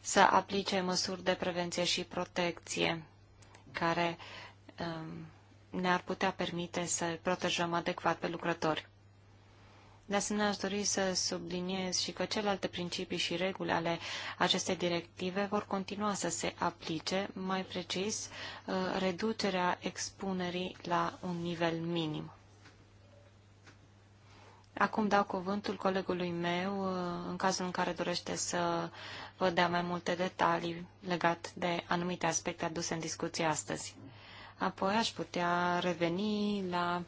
să aplice măsuri de prevenție și protecție care um, ne-ar putea permite să protejăm adecvat pe lucrători. De asemenea, aș dori să subliniez și că celelalte principii și reguli ale acestei directive vor continua să se aplice, mai precis, uh, reducerea expunerii la un nivel minim. Acum dau cuvântul colegului meu uh, în cazul în care dorește să vă dea mai multe detalii legat de anumite aspecte aduse în discuție astăzi. Apoi aș putea reveni la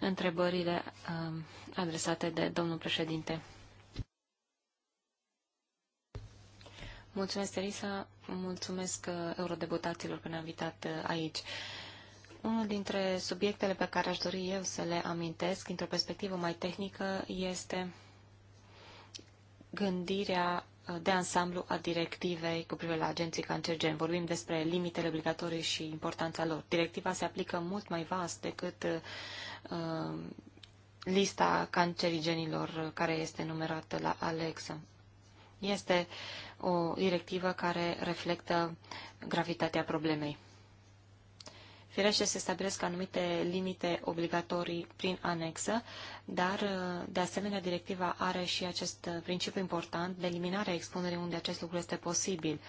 întrebările um, adresate de domnul președinte. Mulțumesc, Elisa. Mulțumesc uh, eurodeputaților că ne-au invitat uh, aici. Unul dintre subiectele pe care aș dori eu să le amintesc, într-o perspectivă mai tehnică, este gândirea uh, de ansamblu a directivei cu privire la agenții cancergeni. Vorbim despre limitele obligatorii și importanța lor. Directiva se aplică mult mai vast decât Uh, lista cancerigenilor care este numerată la Alexa. Este o directivă care reflectă gravitatea problemei. Firește, se stabilesc anumite limite obligatorii prin anexă, dar, uh, de asemenea, directiva are și acest principiu important de eliminare a expunerii unde acest lucru este posibil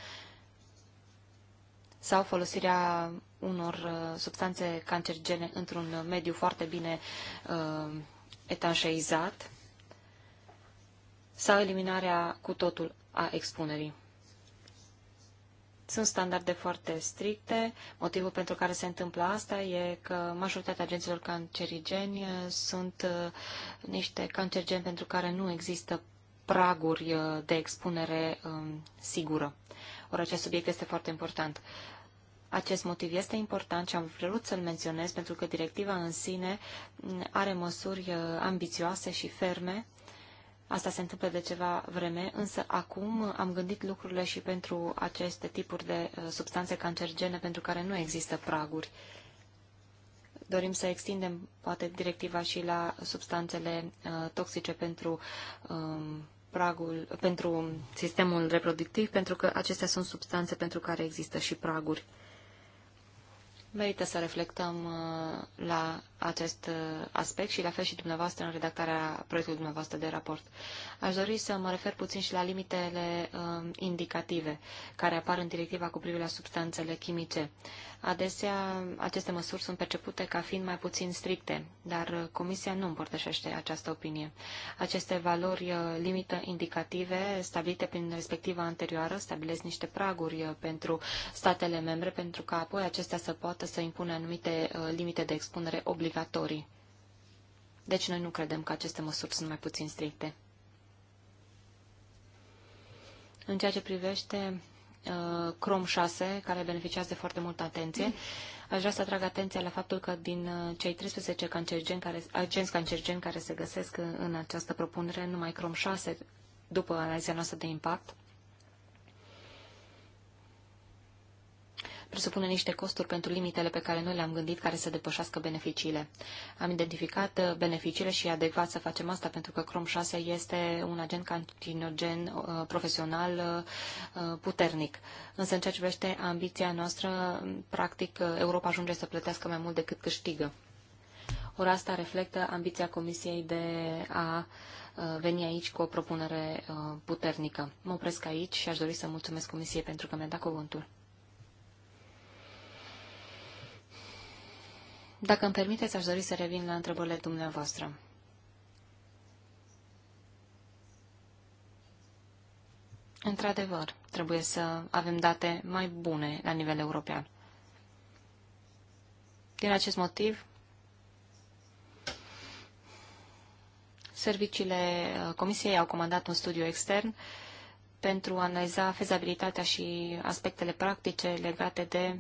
sau folosirea unor uh, substanțe cancerigene într-un mediu foarte bine uh, etanșeizat sau eliminarea cu totul a expunerii. Sunt standarde foarte stricte. Motivul pentru care se întâmplă asta e că majoritatea agenților cancerigeni uh, sunt uh, niște cancerigeni pentru care nu există praguri de expunere um, sigură. Ori acest subiect este foarte important. Acest motiv este important și am vrut să-l menționez pentru că directiva în sine are măsuri uh, ambițioase și ferme. Asta se întâmplă de ceva vreme, însă acum am gândit lucrurile și pentru aceste tipuri de uh, substanțe cancerigene pentru care nu există praguri. Dorim să extindem poate directiva și la substanțele uh, toxice pentru uh, pragul, pentru sistemul reproductiv, pentru că acestea sunt substanțe pentru care există și praguri. Merită să reflectăm uh, la acest uh, aspect și la fel și dumneavoastră în redactarea proiectului dumneavoastră de raport. Aș dori să mă refer puțin și la limitele uh, indicative care apar în directiva cu privire la substanțele chimice. Adesea, aceste măsuri sunt percepute ca fiind mai puțin stricte, dar Comisia nu împărtășește această opinie. Aceste valori limită indicative stabilite prin respectiva anterioară stabilesc niște praguri pentru statele membre pentru ca apoi acestea să poată poată să impună anumite uh, limite de expunere obligatorii. Deci noi nu credem că aceste măsuri sunt mai puțin stricte. În ceea ce privește uh, Chrome 6, care beneficiază de foarte multă atenție, aș vrea să atrag atenția la faptul că din uh, cei 13 cancergeni care, agenți cancergeni care se găsesc în această propunere, numai Chrome 6, după analiza noastră de impact, presupune niște costuri pentru limitele pe care noi le-am gândit care să depășească beneficiile. Am identificat uh, beneficiile și e adecvat să facem asta pentru că Chrome 6 este un agent carcinogen uh, profesional uh, puternic. Însă în ceea ce privește ambiția noastră, practic Europa ajunge să plătească mai mult decât câștigă. Ori asta reflectă ambiția Comisiei de a veni aici cu o propunere puternică. Mă opresc aici și aș dori să mulțumesc Comisiei pentru că mi-a dat cuvântul. Dacă îmi permiteți, aș dori să revin la întrebările dumneavoastră. Într-adevăr, trebuie să avem date mai bune la nivel european. Din acest motiv, serviciile uh, Comisiei au comandat un studiu extern pentru a analiza fezabilitatea și aspectele practice legate de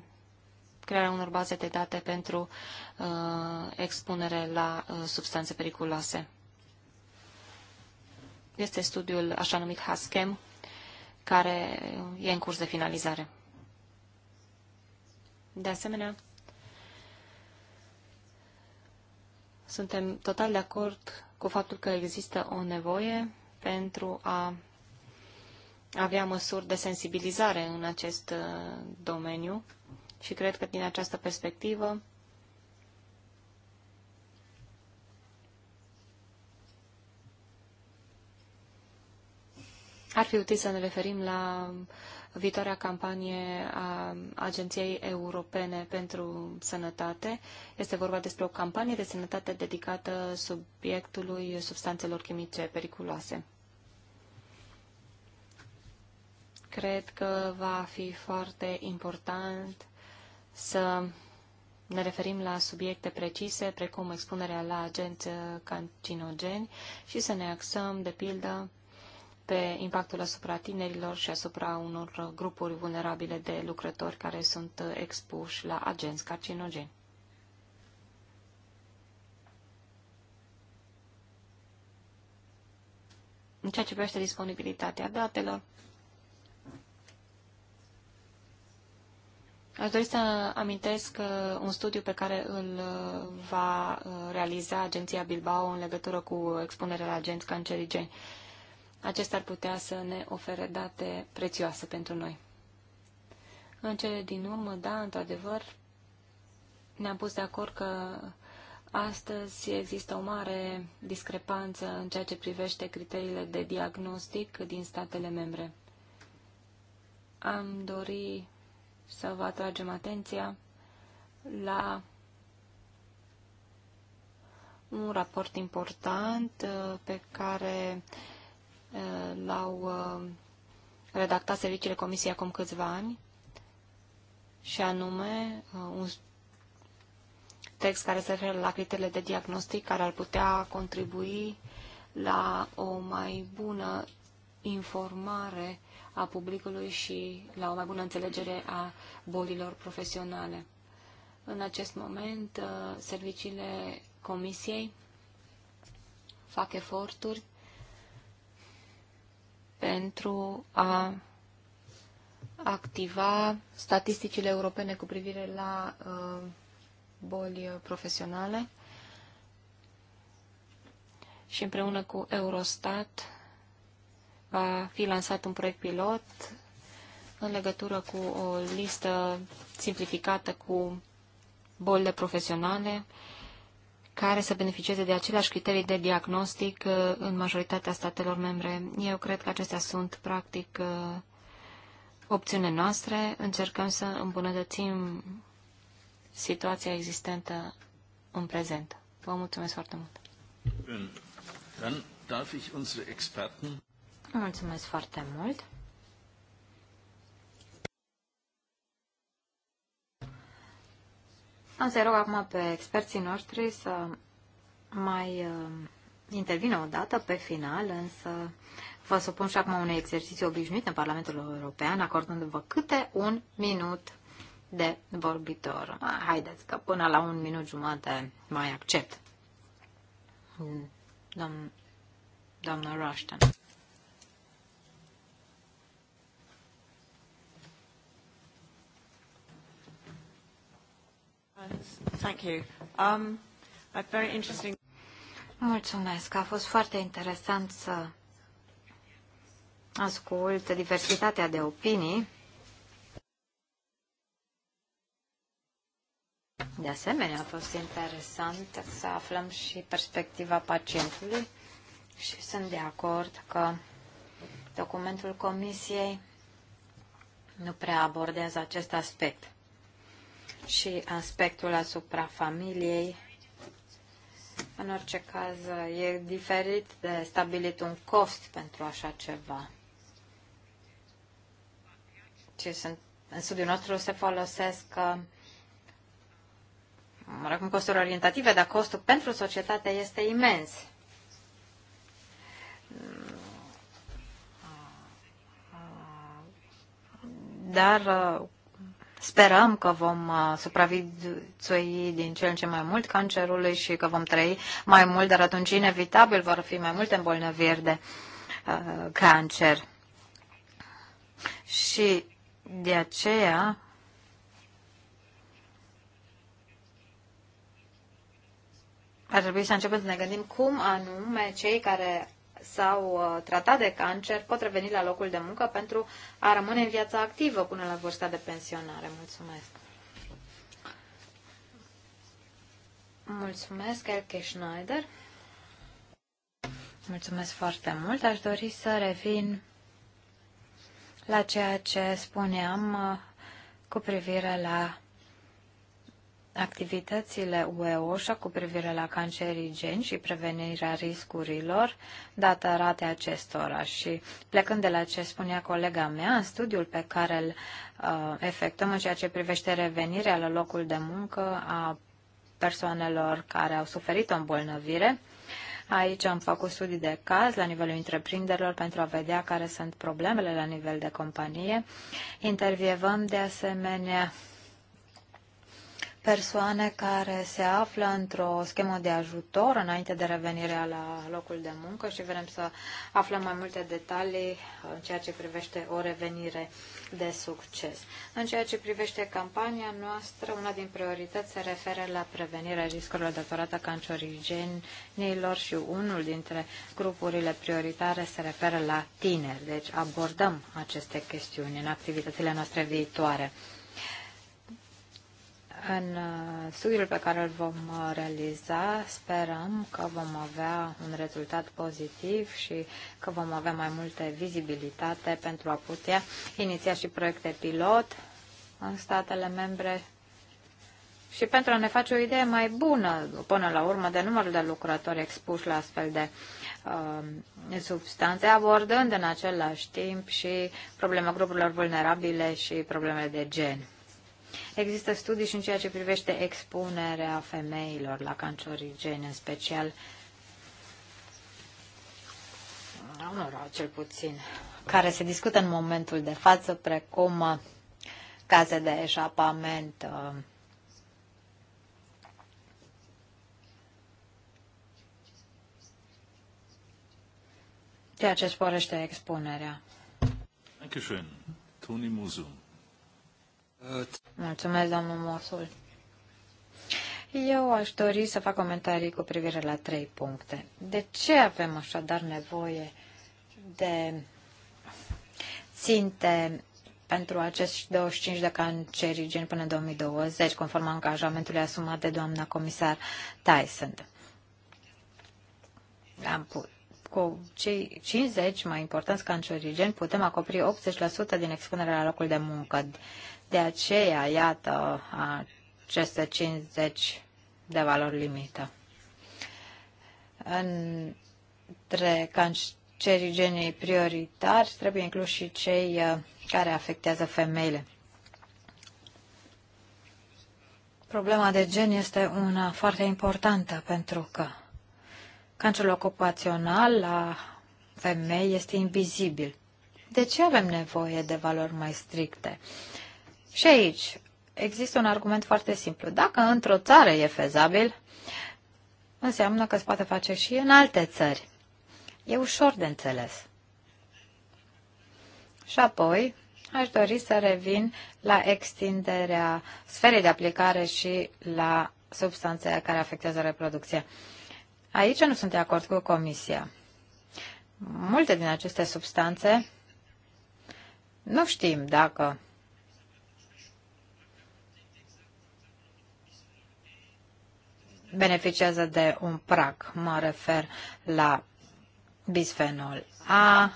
crearea unor baze de date pentru uh, expunere la uh, substanțe periculoase. Este studiul așa numit HASCHEM, care e în curs de finalizare. De asemenea, suntem total de acord cu faptul că există o nevoie pentru a avea măsuri de sensibilizare în acest uh, domeniu și cred că din această perspectivă ar fi util să ne referim la viitoarea campanie a Agenției Europene pentru Sănătate. Este vorba despre o campanie de sănătate dedicată subiectului substanțelor chimice periculoase. Cred că va fi foarte important să ne referim la subiecte precise, precum expunerea la agenți cancinogeni și să ne axăm, de pildă, pe impactul asupra tinerilor și asupra unor grupuri vulnerabile de lucrători care sunt expuși la agenți carcinogeni. În ceea ce privește disponibilitatea datelor, Aș dori să amintesc uh, un studiu pe care îl uh, va uh, realiza agenția Bilbao în legătură cu expunerea la agenți cancerigeni. Acesta ar putea să ne ofere date prețioase pentru noi. În cele din urmă, da, într-adevăr, ne-am pus de acord că astăzi există o mare discrepanță în ceea ce privește criteriile de diagnostic din statele membre. Am dori să vă atragem atenția la un raport important uh, pe care uh, l-au uh, redactat serviciile Comisiei acum câțiva ani, și anume un text care se referă la criteriile de diagnostic care ar putea contribui la o mai bună informare a publicului și la o mai bună înțelegere a bolilor profesionale. În acest moment, uh, serviciile Comisiei fac eforturi pentru a activa statisticile europene cu privire la uh, boli profesionale și împreună cu Eurostat va fi lansat un proiect pilot în legătură cu o listă simplificată cu bolile profesionale care să beneficieze de aceleași criterii de diagnostic uh, în majoritatea statelor membre. Eu cred că acestea sunt, practic, uh, opțiune noastre. Încercăm să îmbunătățim situația existentă în prezent. Vă mulțumesc foarte mult! Dann darf ich unsere Experten Mulțumesc foarte mult. Am să rog acum pe experții noștri să mai uh, intervină o dată pe final, însă vă supun și acum unui exercițiu obișnuit în Parlamentul European, acordându-vă câte un minut de vorbitor. Haideți că până la un minut jumate mai accept. Doamna Rushton. Thank you. Um, a very interesting... Mulțumesc. A fost foarte interesant să ascult diversitatea de opinii. De asemenea, a fost interesant să aflăm și perspectiva pacientului și sunt de acord că documentul comisiei nu prea abordează acest aspect și aspectul asupra familiei. În orice caz, e diferit de stabilit un cost pentru așa ceva. Ce sunt, în studiul nostru se folosesc uh, mă rog, costuri orientative, dar costul pentru societate este imens. Dar uh, Sperăm că vom uh, supraviețui din ce în ce mai mult cancerului și că vom trăi mai mult, dar atunci inevitabil vor fi mai multe îmbolnăviri de uh, cancer. Și de aceea ar trebui să începem să ne gândim cum anume cei care sau uh, tratat de cancer pot reveni la locul de muncă pentru a rămâne în viața activă până la vârsta de pensionare. Mulțumesc! Mulțumesc, Elke Schneider. Mulțumesc foarte mult. Aș dori să revin la ceea ce spuneam uh, cu privire la activitățile UE OSHA cu privire la gen și prevenirea riscurilor, datorate acestora. Și plecând de la ce spunea colega mea, în studiul pe care îl uh, efectuăm în ceea ce privește revenirea la locul de muncă a persoanelor care au suferit o îmbolnăvire, Aici am făcut studii de caz la nivelul întreprinderilor pentru a vedea care sunt problemele la nivel de companie. Intervievăm de asemenea persoane care se află într-o schemă de ajutor înainte de revenirea la locul de muncă și vrem să aflăm mai multe detalii în ceea ce privește o revenire de succes. În ceea ce privește campania noastră, una din priorități se referă la prevenirea riscurilor datorată cancerigenilor și unul dintre grupurile prioritare se referă la tineri. Deci abordăm aceste chestiuni în activitățile noastre viitoare. În uh, studiul pe care îl vom uh, realiza, sperăm că vom avea un rezultat pozitiv și că vom avea mai multă vizibilitate pentru a putea iniția și proiecte pilot în statele membre și pentru a ne face o idee mai bună, până la urmă, de numărul de lucrători expuși la astfel de uh, substanțe, abordând în același timp și problema grupurilor vulnerabile și problemele de gen. Există studii și în ceea ce privește expunerea femeilor la cancerigene, în special Unor cel puțin, care se discută în momentul de față, precum uh, caze de eșapament, uh, ceea ce sporește expunerea. Dankeschön. Tony Muzum. Mulțumesc, domnul Mosul. Eu aș dori să fac comentarii cu privire la trei puncte. De ce avem așadar nevoie de ținte pentru acești 25 de cancerigeni până în 2020, conform angajamentului asumat de doamna comisar Tyson? Am put cu cei 50 mai importanți cancerigeni putem acoperi 80% din expunerea la locul de muncă de aceea, iată, aceste 50 de valori limită. Între cancerigenii prioritari trebuie inclus și cei uh, care afectează femeile. Problema de gen este una foarte importantă pentru că cancerul ocupațional la femei este invizibil. De ce avem nevoie de valori mai stricte? Uh, și aici există un argument foarte simplu. Dacă într-o țară e fezabil, înseamnă că se poate face și în alte țări. E ușor de înțeles. Și apoi aș dori să revin la extinderea sferei de aplicare și la substanțe care afectează reproducția. Aici nu sunt de acord cu Comisia. Multe din aceste substanțe nu știm dacă beneficiază de un prag. Mă refer la bisfenol A.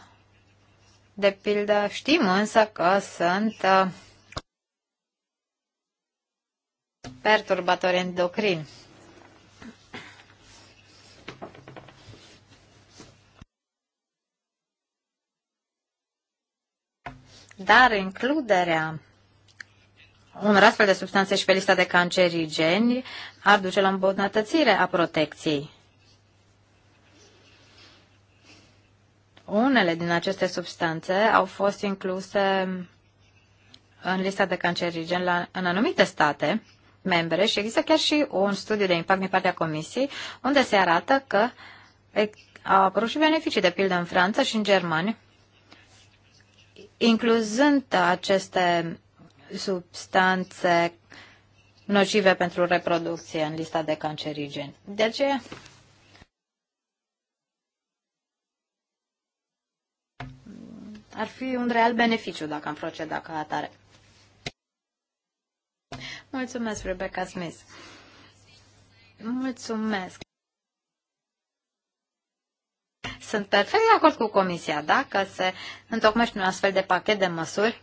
De pildă, știm însă că sunt uh, perturbatori endocrini. Dar includerea unor astfel de substanțe și pe lista de cancerigeni ar duce la îmbunătățire a protecției. Unele din aceste substanțe au fost incluse în lista de cancerigeni la, în anumite state membre și există chiar și un studiu de impact din partea Comisiei unde se arată că au apărut și beneficii, de pildă în Franța și în Germania, incluzând aceste substanțe nocive pentru reproducție în lista de cancerigeni. De aceea, ar fi un real beneficiu dacă am proceda ca atare. Mulțumesc, Rebecca Smith. Mulțumesc. Sunt perfect de acord cu Comisia. Dacă se întocmește un astfel de pachet de măsuri,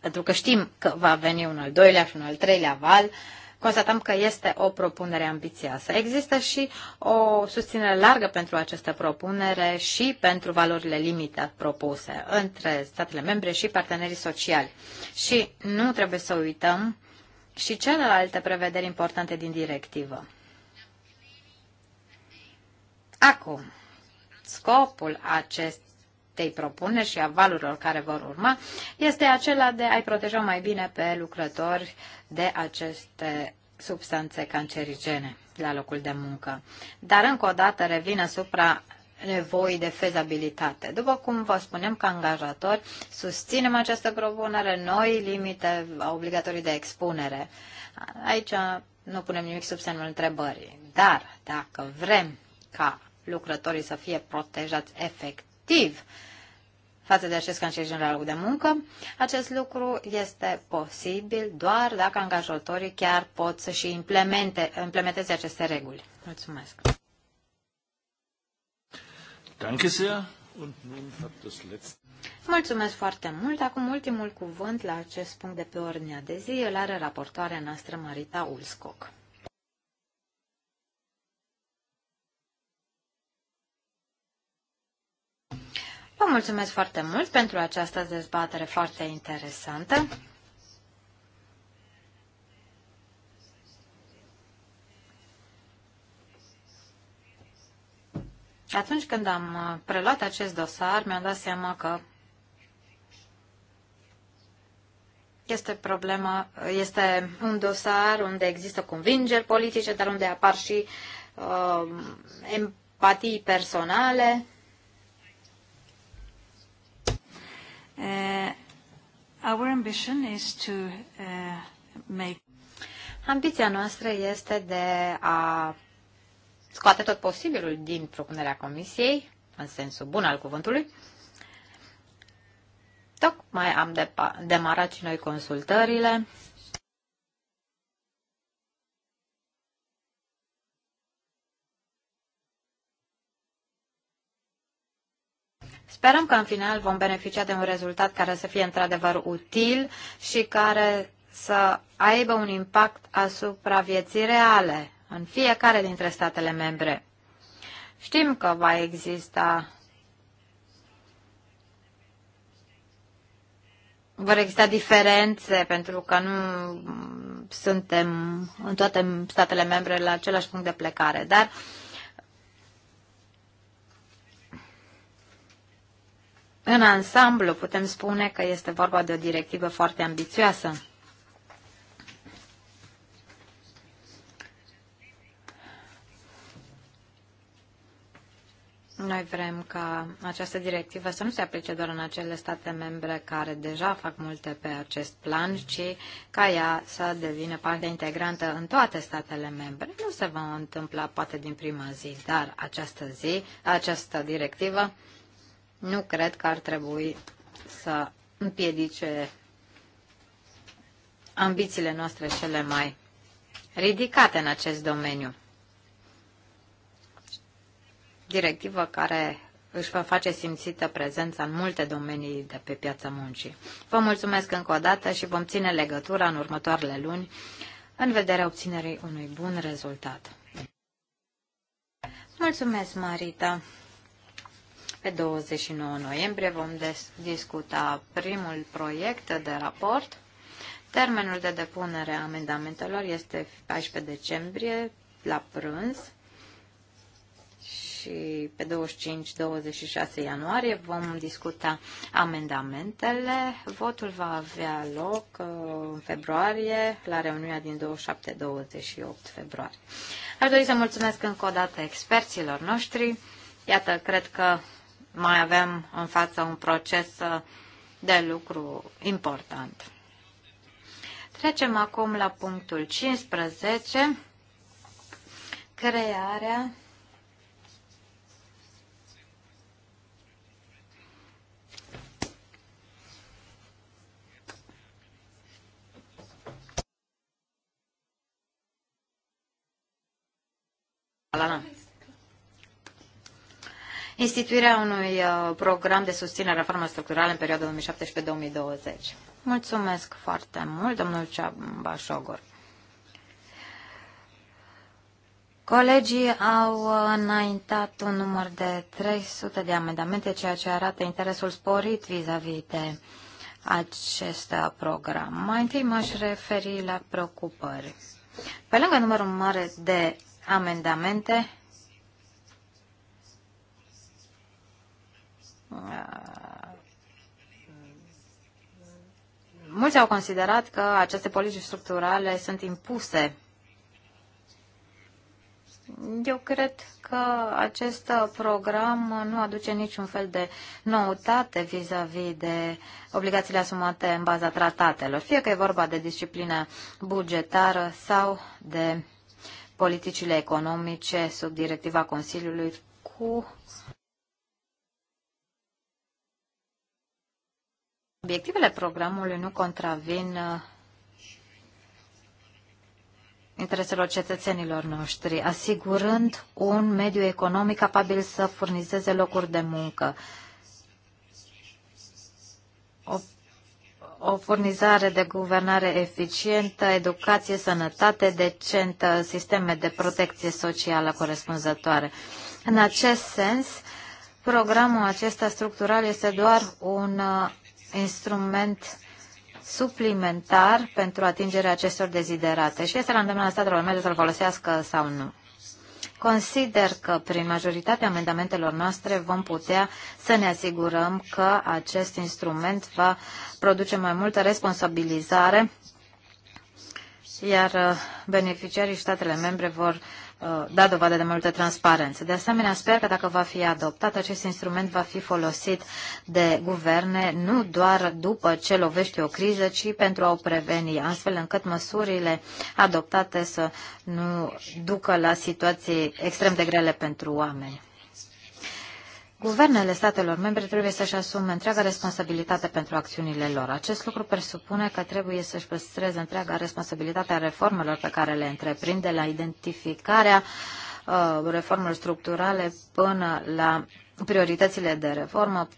pentru că știm că va veni un al doilea și un al treilea val, constatăm că este o propunere ambițioasă. Există și o susținere largă pentru această propunere și pentru valorile limită propuse între statele membre și partenerii sociali. Și nu trebuie să uităm și celelalte prevederi importante din directivă. Acum, scopul acest acestei propuneri și a valurilor care vor urma este acela de a-i proteja mai bine pe lucrători de aceste substanțe cancerigene la locul de muncă. Dar încă o dată revin asupra nevoi de fezabilitate. După cum vă spunem ca angajatori, susținem această propunere, noi limite obligatorii de expunere. Aici nu punem nimic sub semnul întrebării, dar dacă vrem ca lucrătorii să fie protejați efectiv față de acest cancer general de muncă. Acest lucru este posibil doar dacă angajatorii chiar pot să și implemente, implementeze aceste reguli. Mulțumesc! Danke sehr. Und nun hat das letzte... Mulțumesc foarte mult. Acum ultimul cuvânt la acest punct de pe ordinea de zi îl are raportoarea noastră Marita Ulscoc. Vă mulțumesc foarte mult pentru această dezbatere foarte interesantă. Atunci când am preluat acest dosar, mi-am dat seama că este problema, este un dosar unde există convingeri politice, dar unde apar și uh, empatii personale. Uh, our ambition is to uh, make Ambiția noastră este de a scoate tot posibilul din propunerea comisiei, în sensul bun al cuvântului. Tocmai am demarat și noi consultările Sperăm că în final vom beneficia de un rezultat care să fie într-adevăr util și care să aibă un impact asupra vieții reale în fiecare dintre statele membre. Știm că va exista vor exista diferențe pentru că nu suntem în toate statele membre la același punct de plecare, dar uh, În ansamblu putem spune că este vorba de o directivă foarte ambițioasă. Noi vrem ca această directivă să nu se aplice doar în acele state membre care deja fac multe pe acest plan, ci ca ea să devină parte integrantă în toate statele membre. Nu se va întâmpla poate din prima zi, dar această zi, această directivă nu cred că ar trebui să împiedice ambițiile noastre cele mai ridicate în acest domeniu. Directivă care își va face simțită prezența în multe domenii de pe piața muncii. Vă mulțumesc încă o dată și vom ține legătura în următoarele luni în vederea obținerii unui bun rezultat. Mulțumesc, Marita! Pe 29 noiembrie vom discuta primul proiect de raport. Termenul de depunere a amendamentelor este 14 decembrie la prânz și pe 25-26 ianuarie vom discuta amendamentele. Votul va avea loc uh, în februarie, la reuniunea din 27-28 februarie. Aș dori să mulțumesc încă o dată experților noștri. Iată, cred că mai avem în față un proces uh, de lucru important. Trecem acum la punctul 15, crearea la instituirea unui uh, program de susținere a reformei structurale în perioada 2017-2020. Mulțumesc foarte mult, domnul Ceabașogor. Colegii au înaintat un număr de 300 de amendamente, ceea ce arată interesul sporit vis-a-vis -vis de acest program. Mai întâi m-aș referi la preocupări. Pe lângă numărul mare de amendamente, Uh, mulți au considerat că aceste politici structurale sunt impuse. Eu cred că acest program nu aduce niciun fel de noutate vis-a-vis -vis de obligațiile asumate în baza tratatelor, fie că e vorba de disciplina bugetară sau de politicile economice sub directiva Consiliului cu Obiectivele programului nu contravin uh, intereselor cetățenilor noștri, asigurând un mediu economic capabil să furnizeze locuri de muncă, o, o furnizare de guvernare eficientă, educație, sănătate decentă, sisteme de protecție socială corespunzătoare. În acest sens, programul acesta structural este doar un uh, instrument suplimentar pentru atingerea acestor deziderate și este la îndemnarea statelor mele să-l folosească sau nu. Consider că prin majoritatea amendamentelor noastre vom putea să ne asigurăm că acest instrument va produce mai multă responsabilizare, iar uh, beneficiarii și statele membre vor da dovadă de multă transparență. De asemenea, sper că dacă va fi adoptat, acest instrument va fi folosit de guverne nu doar după ce lovește o criză, ci pentru a o preveni, astfel încât măsurile adoptate să nu ducă la situații extrem de grele pentru oameni. Guvernele statelor membre trebuie să-și asume întreaga responsabilitate pentru acțiunile lor. Acest lucru presupune că trebuie să-și păstreze întreaga responsabilitate a reformelor pe care le întreprinde, la identificarea uh, reformelor structurale până la prioritățile de reformă,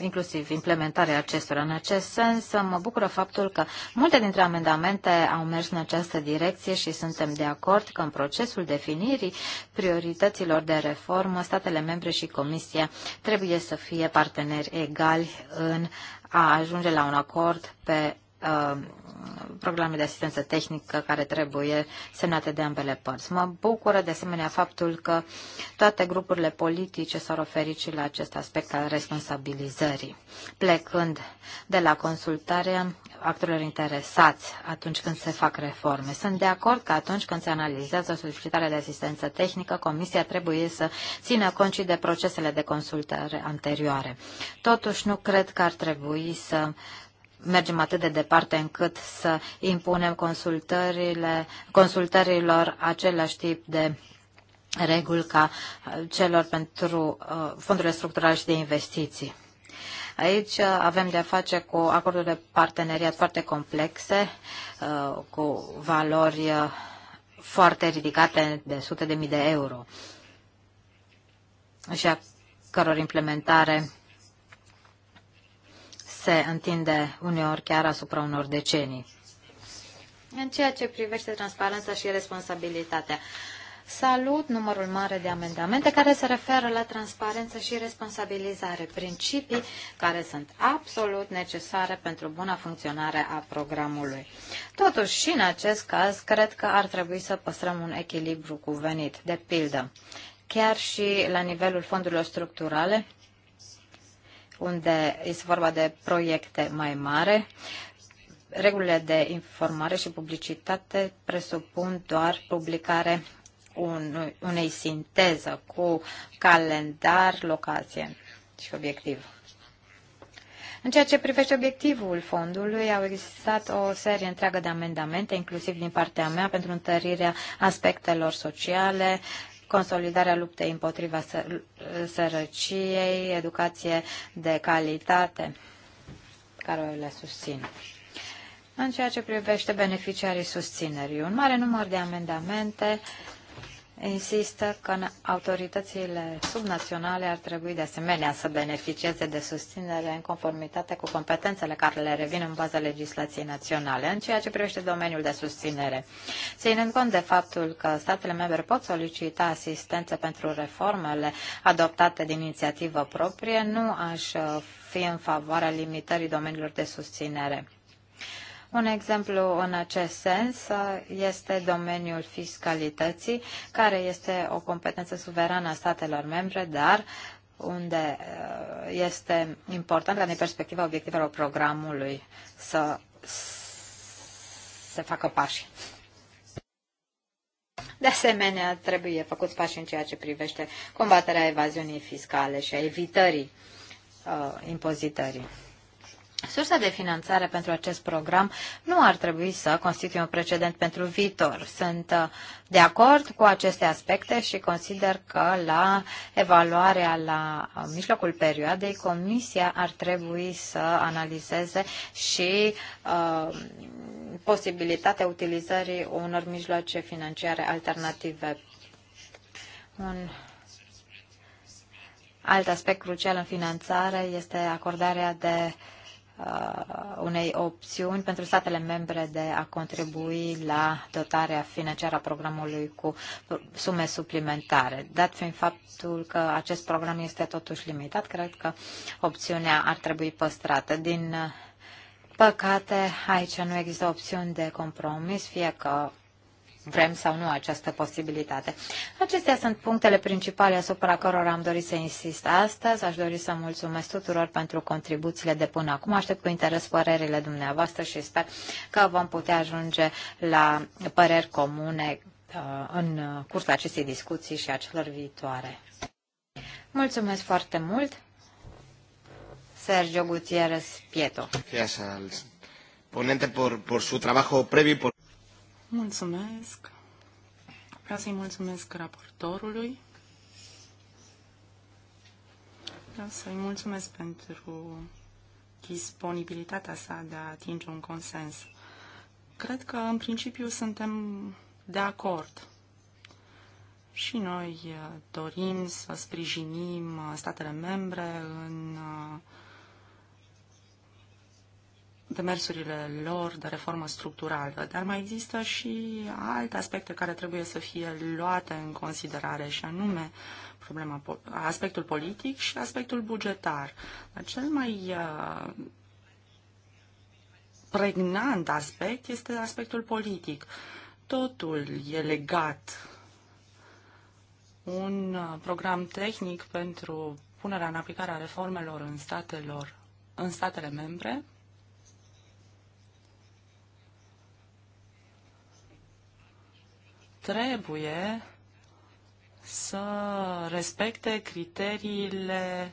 inclusiv implementarea acestora. În acest sens, mă bucură faptul că multe dintre amendamente au mers în această direcție și suntem de acord că în procesul definirii priorităților de reformă, statele membre și Comisia trebuie să fie parteneri egali în a ajunge la un acord pe Um, programe de asistență tehnică care trebuie semnate de ambele părți. Mă bucură de asemenea faptul că toate grupurile politice s-au oferit și la acest aspect al responsabilizării, plecând de la consultarea actorilor interesați atunci când se fac reforme. Sunt de acord că atunci când se analizează solicitarea de asistență tehnică, Comisia trebuie să țină cont și de procesele de consultare anterioare. Totuși, nu cred că ar trebui să mergem atât de departe încât să impunem consultările, consultărilor același tip de reguli ca uh, celor pentru uh, fondurile structurale și de investiții. Aici uh, avem de-a face cu acorduri de parteneriat foarte complexe, cu valori foarte ridicate de sute de mii de euro și a căror implementare se întinde uneori chiar asupra unor decenii. În ceea ce privește transparența și responsabilitatea, salut numărul mare de amendamente care se referă la transparență și responsabilizare, principii care sunt absolut necesare pentru buna funcționare a programului. Totuși, și în acest caz, cred că ar trebui să păstrăm un echilibru cuvenit, de pildă. Chiar și la nivelul fondurilor structurale, unde este vorba de proiecte mai mari, regulile de informare și publicitate presupun doar publicare un, unei sinteză cu calendar, locație și obiectiv. În ceea ce privește obiectivul fondului, au existat o serie întreagă de amendamente, inclusiv din partea mea, pentru întărirea aspectelor sociale, consolidarea luptei împotriva sărăciei, educație de calitate, care le susțin. În ceea ce privește beneficiarii susținerii, un mare număr de amendamente insistă că autoritățile subnaționale ar trebui de asemenea să beneficieze de susținere în conformitate cu competențele care le revin în baza legislației naționale, în ceea ce privește domeniul de susținere. Ținând cont de faptul că statele membre pot solicita asistență pentru reformele adoptate din inițiativă proprie, nu aș fi în favoarea limitării domeniilor de susținere. Un exemplu în acest sens este domeniul fiscalității, care este o competență suverană a statelor membre, dar unde uh, este important la din perspectiva obiectivelor programului să se facă pași. De asemenea, trebuie făcut pași în ceea ce privește combaterea evaziunii fiscale și a evitării uh, impozitării. Sursa de finanțare pentru acest program nu ar trebui să constituie un precedent pentru viitor. Sunt uh, de acord cu aceste aspecte și consider că la evaluarea la uh, mijlocul perioadei, Comisia ar trebui să analizeze și uh, posibilitatea utilizării unor mijloace financiare alternative. Un alt aspect crucial în finanțare este acordarea de uh, Uh, unei opțiuni pentru statele membre de a contribui la dotarea financiară a programului cu sume suplimentare. Dat fiind faptul că acest program este totuși limitat, cred că opțiunea ar trebui păstrată. Din păcate, aici nu există opțiuni de compromis, fie că vrem sau nu această posibilitate. Acestea sunt punctele principale asupra cărora am dorit să insist astăzi. Aș dori să mulțumesc tuturor pentru contribuțiile de până acum. Aștept cu interes părerile dumneavoastră și sper că vom putea ajunge la păreri comune uh, în cursul acestei discuții și a celor viitoare. Mulțumesc foarte mult! Sergio Gutiérrez Pieto. Gracias al ponente por, por su trabajo previo por... Mulțumesc. Vreau să-i mulțumesc raportorului. Vreau să-i mulțumesc pentru disponibilitatea sa de a atinge un consens. Cred că, în principiu, suntem de acord. Și noi eh, dorim să sprijinim eh, statele membre în uh, demersurile lor de reformă structurală, dar mai există și alte aspecte care trebuie să fie luate în considerare, și anume problema, aspectul politic și aspectul bugetar. Dar cel mai uh, pregnant aspect este aspectul politic. Totul e legat. Un uh, program tehnic pentru punerea în aplicare a reformelor în, statelor, în statele membre trebuie să respecte criteriile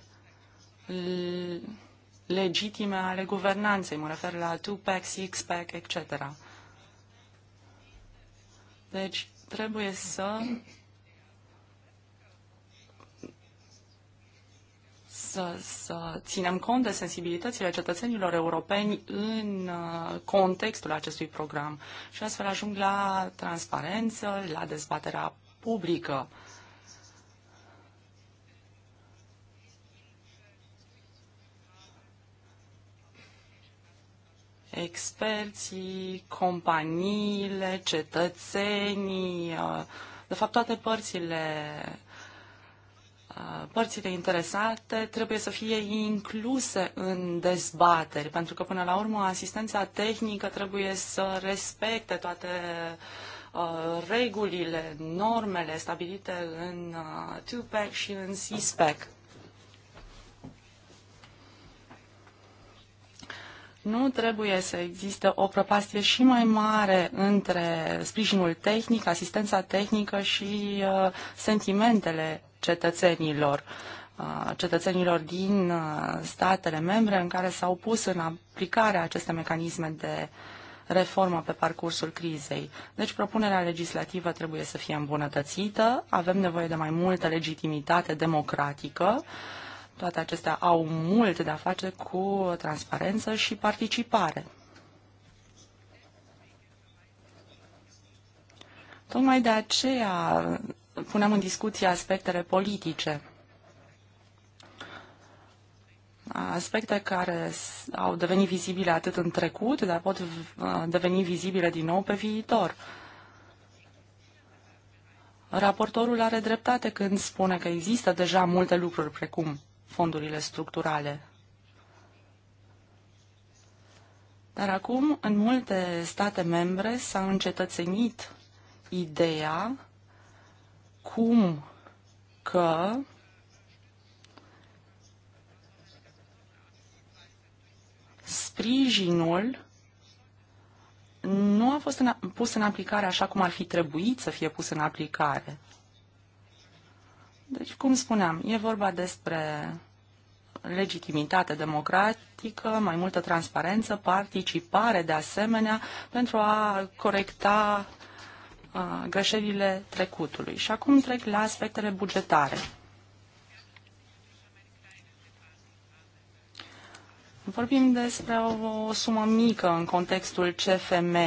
legitime ale guvernanței. Mă refer la two-pack, six-pack, etc. Deci trebuie să să ținem cont de sensibilitățile cetățenilor europeni în uh, contextul acestui program și astfel ajung la transparență, la dezbaterea publică. Experții, companiile, cetățenii, uh, de fapt toate părțile părțile interesate trebuie să fie incluse în dezbateri, pentru că până la urmă asistența tehnică trebuie să respecte toate uh, regulile, normele stabilite în uh, TUPEC și în SISPEC. Nu trebuie să existe o prăpastie și mai mare între sprijinul tehnic, asistența tehnică și uh, sentimentele cetățenilor uh, cetățenilor din uh, statele membre în care s-au pus în aplicare aceste mecanisme de reformă pe parcursul crizei. Deci propunerea legislativă trebuie să fie îmbunătățită, avem nevoie de mai multă legitimitate democratică, toate acestea au mult de a face cu transparență și participare. Tocmai de aceea punem în discuție aspectele politice. Aspecte care au devenit vizibile atât în trecut, dar pot uh, deveni vizibile din nou pe viitor. Raportorul are dreptate când spune că există deja multe lucruri precum fondurile structurale. Dar acum, în multe state membre, s-a încetățenit ideea cum că sprijinul nu a fost în, pus în aplicare așa cum ar fi trebuit să fie pus în aplicare. Deci, cum spuneam, e vorba despre legitimitate democratică, mai multă transparență, participare de asemenea pentru a corecta greșelile trecutului. Și acum trec la aspectele bugetare. Vorbim despre o sumă mică în contextul CFM.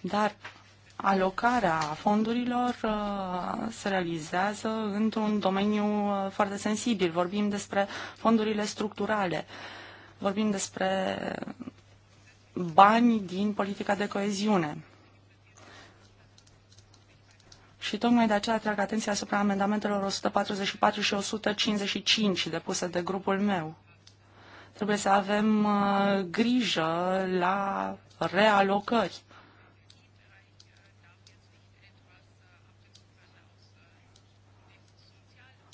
Dar alocarea fondurilor se realizează într-un domeniu foarte sensibil. Vorbim despre fondurile structurale vorbim despre bani din politica de coeziune. Și tocmai de aceea atrag atenția asupra amendamentelor 144 și 155 depuse de grupul meu. Trebuie să avem uh, grijă la realocări.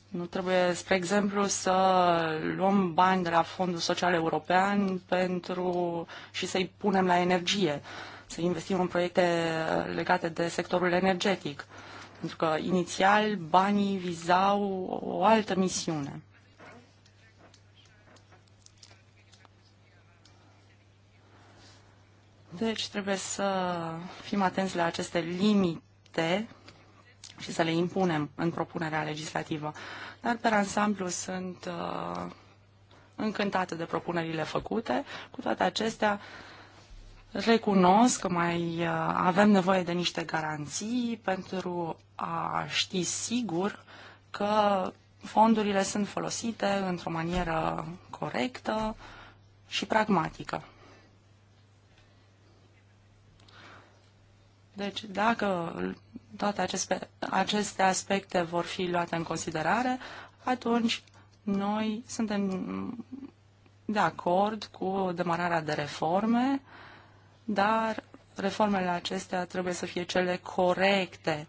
Nu trebuie, spre exemplu, să luăm bani de la Fondul Social European pentru și să-i punem la energie, să investim în proiecte legate de sectorul energetic. Pentru că inițial banii vizau o altă misiune. Deci trebuie să fim atenți la aceste limite și să le impunem în propunerea legislativă. Dar, pe ansamblu, sunt uh, încântată de propunerile făcute. Cu toate acestea, recunosc că mai uh, avem nevoie de niște garanții pentru a ști sigur că fondurile sunt folosite într-o manieră corectă și pragmatică. Deci, dacă toate aceste, aceste aspecte vor fi luate în considerare, atunci noi suntem de acord cu demararea de reforme, dar reformele acestea trebuie să fie cele corecte.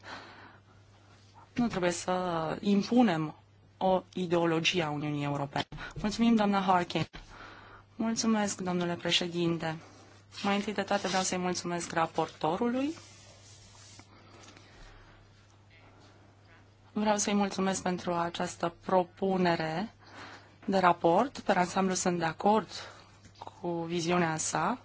Nu trebuie să impunem o ideologie a Uniunii Europene. Mulțumim, doamna Harkin. Mulțumesc, domnule președinte. Mai întâi de toate vreau să-i mulțumesc raportorului Vreau să-i mulțumesc pentru această propunere de raport. Pe ansamblu sunt de acord cu viziunea sa.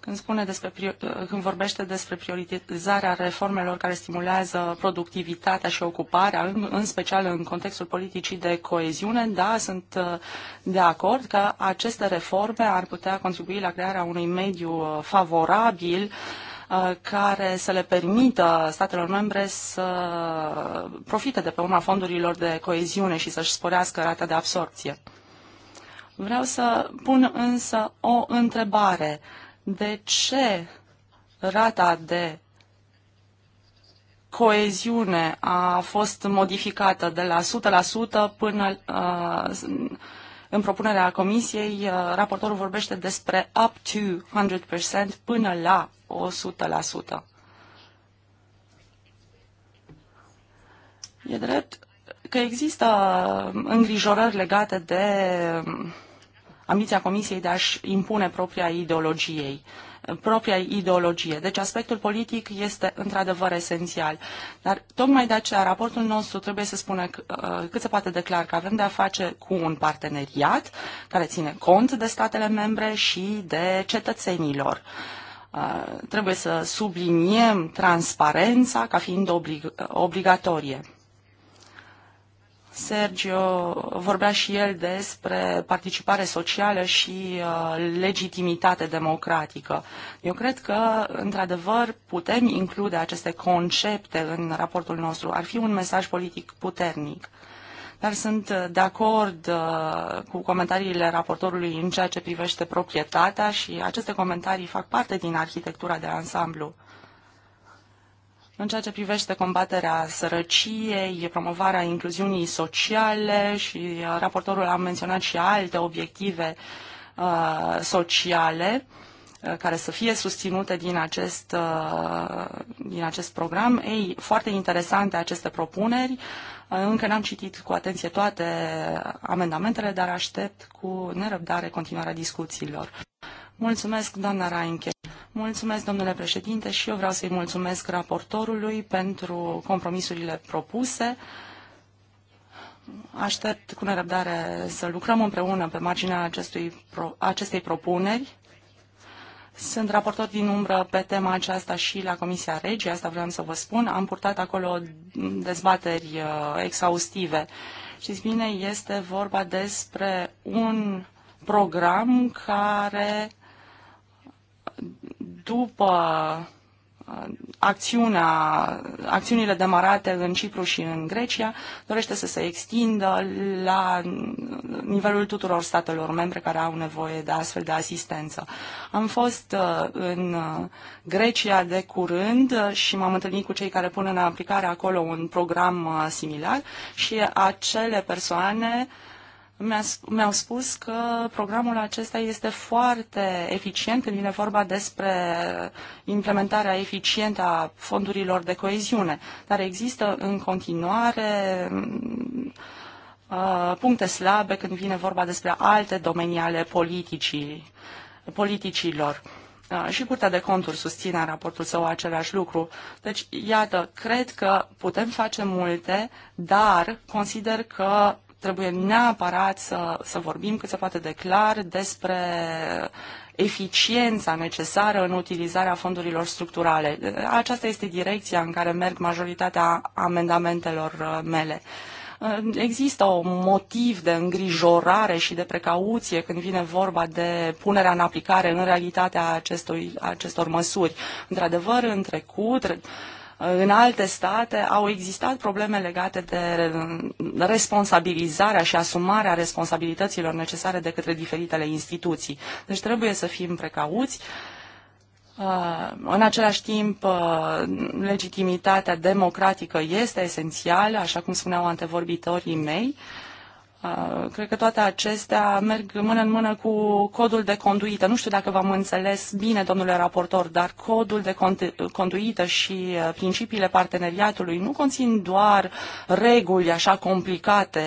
Când, spune despre, ă, când vorbește despre prioritizarea reformelor care stimulează productivitatea și ocuparea, în, în special în contextul politicii de coeziune, da, sunt ă, de acord că aceste reforme ar putea contribui la crearea unui mediu ă, favorabil uh, Uh, care să le permită statelor membre să profite de pe urma fondurilor de coeziune și să-și sporească rata de absorpție. Vreau să pun însă o întrebare. De ce rata de coeziune a fost modificată de la 100% până uh, în propunerea comisiei, uh, raportorul vorbește despre up to 100% până la 100%. E drept că există îngrijorări legate de um, ambiția Comisiei de a-și impune propria ideologiei propria ideologie. Deci aspectul politic este într-adevăr esențial. Dar tocmai de aceea raportul nostru trebuie să spună uh, cât se poate declar că avem de a face cu un parteneriat care ține cont de statele membre și de cetățenilor. Uh, trebuie să subliniem transparența ca fiind oblig obligatorie. Sergio vorbea și el despre participare socială și uh, legitimitate democratică. Eu cred că, într-adevăr, putem include aceste concepte în raportul nostru. Ar fi un mesaj politic puternic. Dar sunt de acord uh, cu comentariile raportorului în ceea ce privește proprietatea și aceste comentarii fac parte din arhitectura de ansamblu în ceea ce privește combaterea sărăciei, promovarea incluziunii sociale și uh, raportorul a menționat și alte obiective uh, sociale uh, care să fie susținute din acest, uh, din acest program. Ei, foarte interesante aceste propuneri. Încă n-am citit cu atenție toate amendamentele, dar aștept cu nerăbdare continuarea discuțiilor. Mulțumesc, doamna Rainche. Mulțumesc, domnule președinte, și eu vreau să-i mulțumesc raportorului pentru compromisurile propuse. Aștept cu nerăbdare să lucrăm împreună pe marginea acestui, acestei propuneri. Sunt raportor din umbră pe tema aceasta și la Comisia Regii, asta vreau să vă spun. Am purtat acolo dezbateri uh, exhaustive. Știți bine, este vorba despre un program care după uh, acțiunea, acțiunile demarate în Cipru și în Grecia, dorește să se extindă la nivelul tuturor statelor membre care au nevoie de astfel de asistență. Am fost uh, în uh, Grecia de curând și m-am întâlnit cu cei care pun în aplicare acolo un program similar și acele persoane uh, mi-au spus că programul acesta este foarte eficient când vine vorba despre implementarea eficientă a fondurilor de coeziune, dar există în continuare uh, puncte slabe când vine vorba despre alte domenii ale politicii, politicilor. Uh, și Curtea de Conturi susține în raportul său același lucru. Deci, iată, cred că putem face multe, dar consider că trebuie neapărat să, să vorbim cât se poate de clar despre eficiența necesară în utilizarea fondurilor structurale. Aceasta este direcția în care merg majoritatea amendamentelor uh, mele. Uh, există un motiv de îngrijorare și de precauție când vine vorba de punerea în aplicare în realitatea acestui, acestor măsuri. Într-adevăr, în trecut, în alte state au existat probleme legate de responsabilizarea și asumarea responsabilităților necesare de către diferitele instituții. Deci trebuie să fim precauți. Uh, în același timp, uh, legitimitatea democratică este esențială, așa cum spuneau antevorbitorii mei. Uh, cred că toate acestea merg mână în mână cu codul de conduită. Nu știu dacă v-am înțeles bine, domnule raportor, dar codul de conduită și uh, principiile parteneriatului nu conțin doar reguli așa complicate,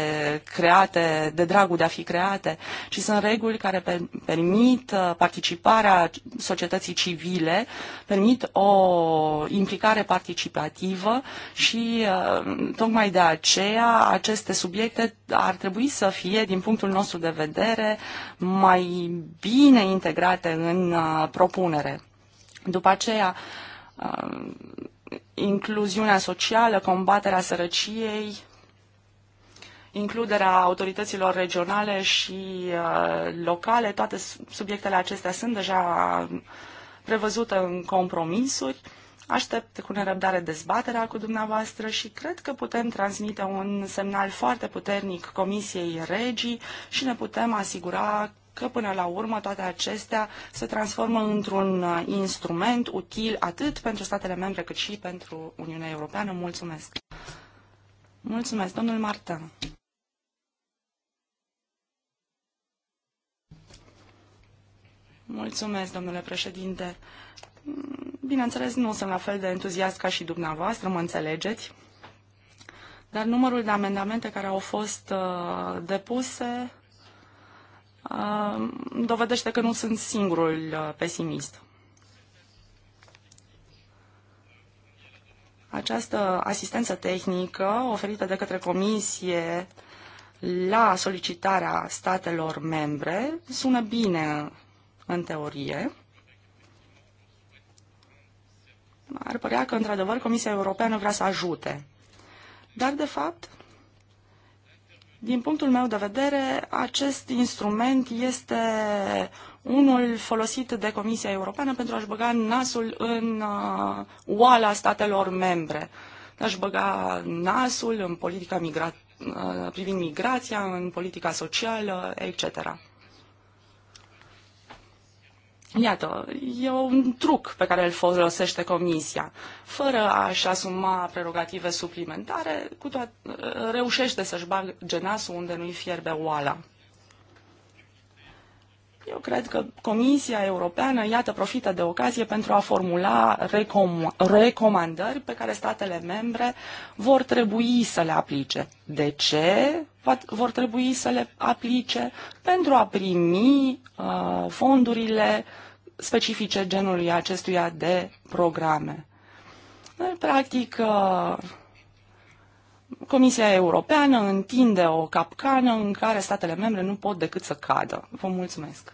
create de dragul de a fi create, ci sunt reguli care permit uh, participarea societății civile, permit o implicare participativă și tocmai de aceea aceste subiecte ar trebui trebui să fie, din punctul nostru de vedere, mai bine integrate în uh, propunere. După aceea, uh, incluziunea socială, combaterea sărăciei, includerea autorităților regionale și uh, locale, toate subiectele acestea sunt deja prevăzute în compromisuri. Aștept cu nerăbdare dezbaterea cu dumneavoastră și cred că putem transmite un semnal foarte puternic Comisiei Regii și ne putem asigura că până la urmă toate acestea se transformă într-un uh, instrument util atât pentru statele membre cât și pentru Uniunea Europeană. Mulțumesc! Mulțumesc, domnul Marta. Mulțumesc, domnule președinte! Bineînțeles, nu sunt la fel de entuziast ca și dumneavoastră, mă înțelegeți, dar numărul de amendamente care au fost uh, depuse uh, dovedește că nu sunt singurul uh, pesimist. Această asistență tehnică oferită de către Comisie la solicitarea statelor membre sună bine în teorie, ar părea că, într-adevăr, Comisia Europeană vrea să ajute. Dar, de fapt, din punctul meu de vedere, acest instrument este unul folosit de Comisia Europeană pentru a-și băga nasul în uh, oala statelor membre. A-și băga nasul în politica migra- uh, privind migrația, în politica socială, etc. Iată, e un truc pe care îl folosește Comisia. Fără a-și asuma prerogative suplimentare, cu toat, reușește să-și bage nasul unde nu-i fierbe oala. Eu cred că Comisia Europeană, iată, profită de ocazie pentru a formula recom- recomandări pe care statele membre vor trebui să le aplice. De ce vor trebui să le aplice? Pentru a primi uh, fondurile specifice genului acestuia de programe. Practic, uh, Comisia Europeană întinde o capcană în care statele membre nu pot decât să cadă. Vă mulțumesc!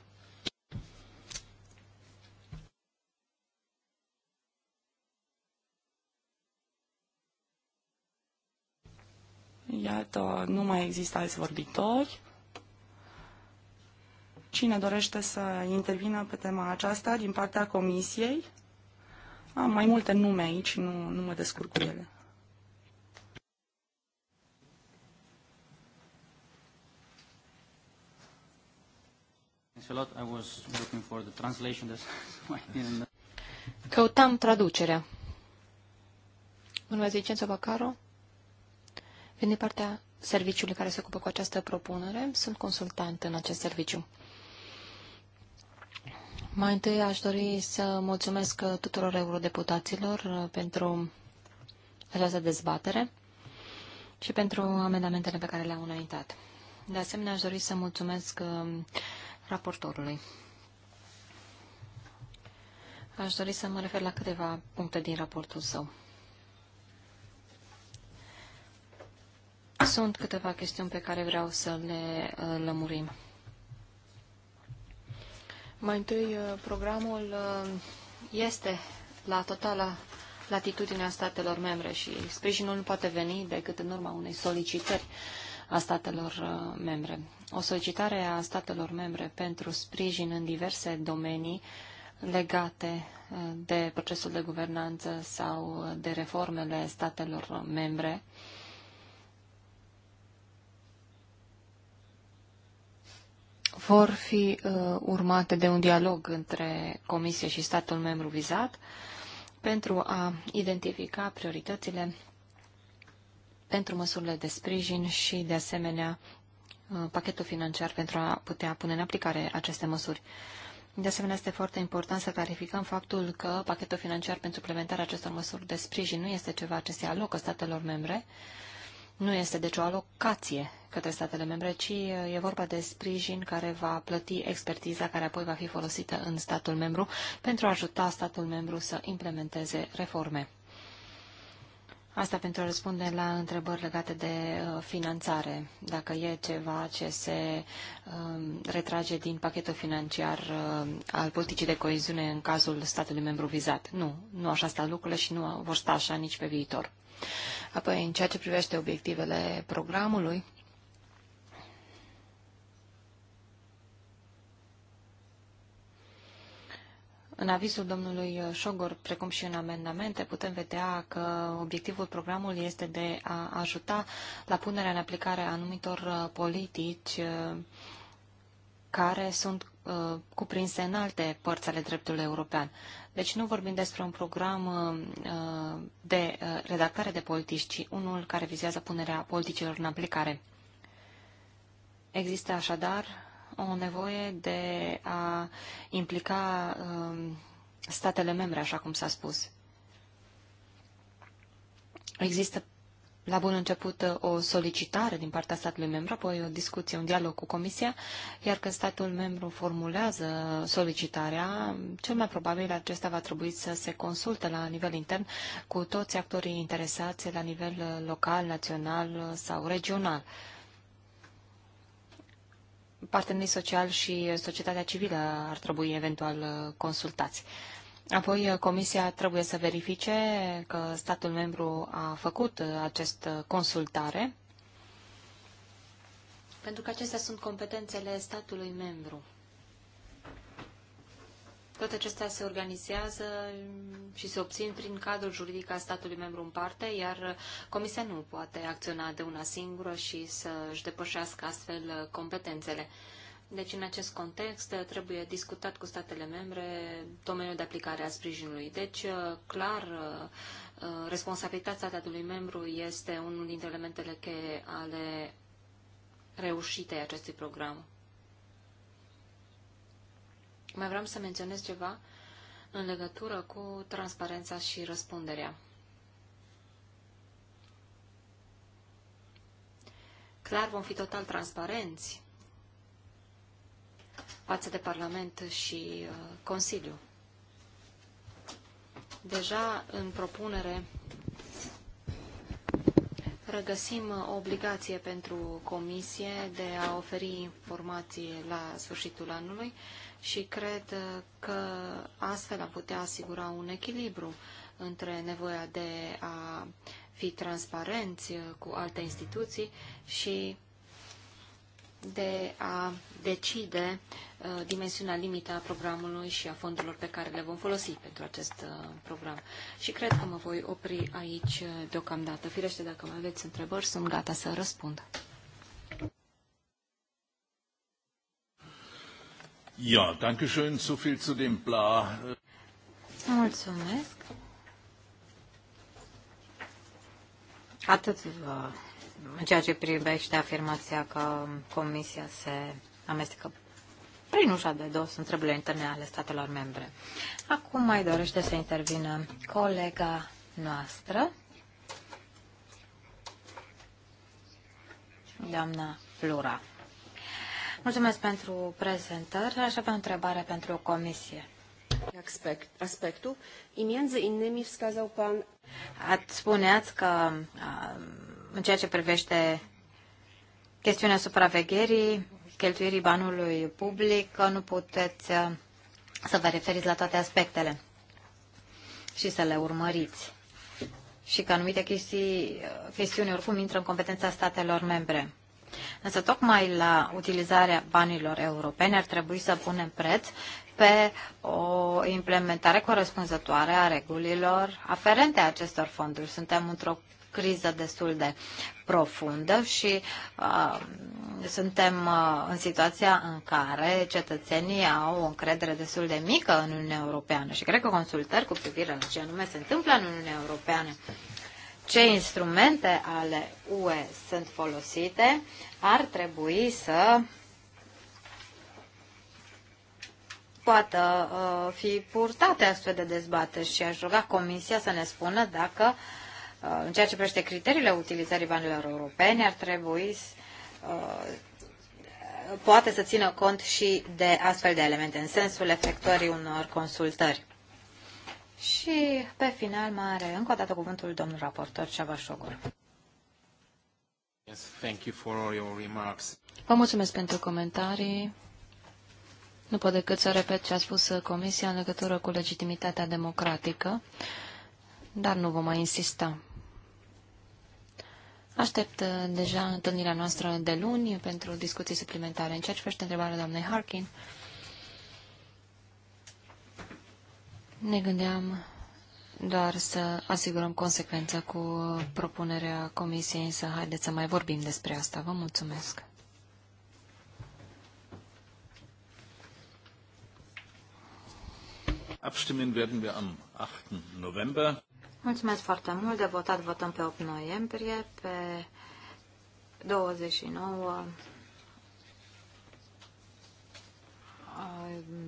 Iată, nu mai există alți vorbitori. Cine dorește să intervină pe tema aceasta din partea Comisiei? Am mai multe nume aici, nu, nu mă descurc cu ele. Thanks a lot. I was looking for the translation. That's why I didn't... Căutam traducerea. Bună ziua, Vaccaro. Vin din partea serviciului care se ocupă cu această propunere. Sunt consultant în acest serviciu. Mai întâi aș dori să mulțumesc tuturor eurodeputaților uh, pentru această dezbatere și pentru amendamentele pe care le-au înaintat. De asemenea, aș dori să mulțumesc uh, raportorului. Aș dori să mă refer la câteva puncte din raportul său. Sunt câteva chestiuni pe care vreau să le uh, lămurim. Mai întâi, uh, programul uh, este la totala latitudinea statelor membre și sprijinul nu poate veni decât în urma unei solicitări uh, a statelor uh, membre. O solicitare a statelor membre pentru sprijin în diverse domenii legate uh, de procesul de guvernanță sau uh, de reformele statelor membre. vor fi uh, urmate de un dialog între Comisie și statul membru vizat pentru a identifica prioritățile pentru măsurile de sprijin și, de asemenea, uh, pachetul financiar pentru a putea pune în aplicare aceste măsuri. De asemenea, este foarte important să clarificăm faptul că pachetul financiar pentru implementarea acestor măsuri de sprijin nu este ceva ce se alocă statelor membre, nu este deci o alocație către statele membre, ci uh, e vorba de sprijin care va plăti expertiza care apoi va fi folosită în statul membru pentru a ajuta statul membru să implementeze reforme. Asta pentru a răspunde la întrebări legate de uh, finanțare, dacă e ceva ce se um, retrage din pachetul financiar uh, al politicii de coeziune în cazul statului membru vizat. Nu, nu așa stau lucrurile și nu vor sta așa nici pe viitor. Apoi, în ceea ce privește obiectivele programului, În avizul domnului uh, Șogor, precum și în amendamente, putem vedea că obiectivul programului este de a ajuta la punerea în aplicare a anumitor uh, politici uh, care sunt cuprinse în alte părți ale dreptului european. Deci nu vorbim despre un program de redactare de politici, ci unul care vizează punerea politicilor în aplicare. Există așadar o nevoie de a implica um, statele membre, așa cum s-a spus. Există la bun început o solicitare din partea statului membru, apoi o discuție, un dialog cu Comisia, iar când statul membru formulează solicitarea, cel mai probabil acesta va trebui să se consulte la nivel intern cu toți actorii interesați la nivel local, național sau regional partenerii sociali și societatea civilă ar trebui eventual uh, consultați. Apoi, uh, Comisia trebuie să verifice că statul membru a făcut uh, acest consultare, pentru că acestea sunt competențele statului membru. Toate acestea se organizează și se obțin prin cadrul juridic al statului membru în parte, iar Comisia nu poate acționa de una singură și să-și depășească astfel competențele. Deci, în acest context, trebuie discutat cu statele membre domeniul de aplicare a sprijinului. Deci, clar, responsabilitatea statului membru este unul dintre elementele cheie ale reușitei acestui program. Mai vreau să menționez ceva în legătură cu transparența și răspunderea. Clar, vom fi total transparenți față de Parlament și uh, Consiliu. Deja în propunere regăsim uh, o obligație pentru Comisie de a oferi informații la sfârșitul anului și cred uh, că astfel a putea asigura un echilibru între nevoia de a fi transparenți uh, cu alte instituții și de a decide uh, dimensiunea limită a programului și a fondurilor pe care le vom folosi pentru acest program. Și cred că mă voi opri aici deocamdată. Firește, dacă mai aveți întrebări, sunt gata să răspund. Ja, danke schön, viel zu dem Bla. Mulțumesc. Atât uh, în ceea ce privește afirmația că Comisia se amestecă prin ușa de dos întrebările interne ale statelor membre. Acum mai dorește să intervină colega noastră, doamna Flora. Mulțumesc pentru prezentări. Aș avea o întrebare pentru Comisie. Aspect, aspectul i między innymi wskazał pan... Ați spuneați că în ceea ce privește chestiunea supravegherii, cheltuirii banului public, nu puteți să vă referiți la toate aspectele și să le urmăriți și că anumite chestii, chestiuni oricum intră în competența statelor membre. Însă tocmai la utilizarea banilor europeni ar trebui să punem preț pe o implementare corespunzătoare a regulilor aferente acestor fonduri. Suntem într-o criză destul de profundă și uh, suntem uh, în situația în care cetățenii au o încredere destul de mică în Uniunea Europeană și cred că consultări cu privire la ce anume se întâmplă în Uniunea Europeană, ce instrumente ale UE sunt folosite, ar trebui să poată uh, fi purtate astfel de dezbateri și aș ruga Comisia să ne spună dacă, uh, în ceea ce privește criteriile utilizării banilor europene, ar trebui uh, poate să țină cont și de astfel de elemente, în sensul efectuării unor consultări. Și, pe final, mare încă o dată cuvântul domnul raportor ceva Șogor. Vă mulțumesc pentru comentarii. Nu pot decât să repet ce a spus Comisia în legătură cu legitimitatea democratică, dar nu vom mai insista. Aștept uh, deja întâlnirea noastră de luni pentru discuții suplimentare. În ceea ce privește întrebarea doamnei Harkin, ne gândeam doar să asigurăm consecvența cu propunerea comisiei, însă haideți să mai vorbim despre asta. Vă mulțumesc. Abstimmen werden wir am 8. November. Mulțumesc foarte mult. De votat votăm pe 8 noiembrie, pe 29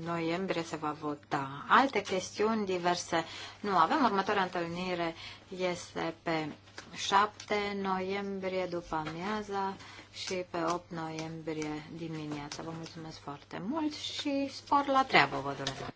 noiembrie se va vota. Alte chestiuni diverse nu avem. Următoarea întâlnire este pe 7 noiembrie după amiaza și pe 8 noiembrie dimineața. Vă mulțumesc foarte mult și spor la treabă vă doresc.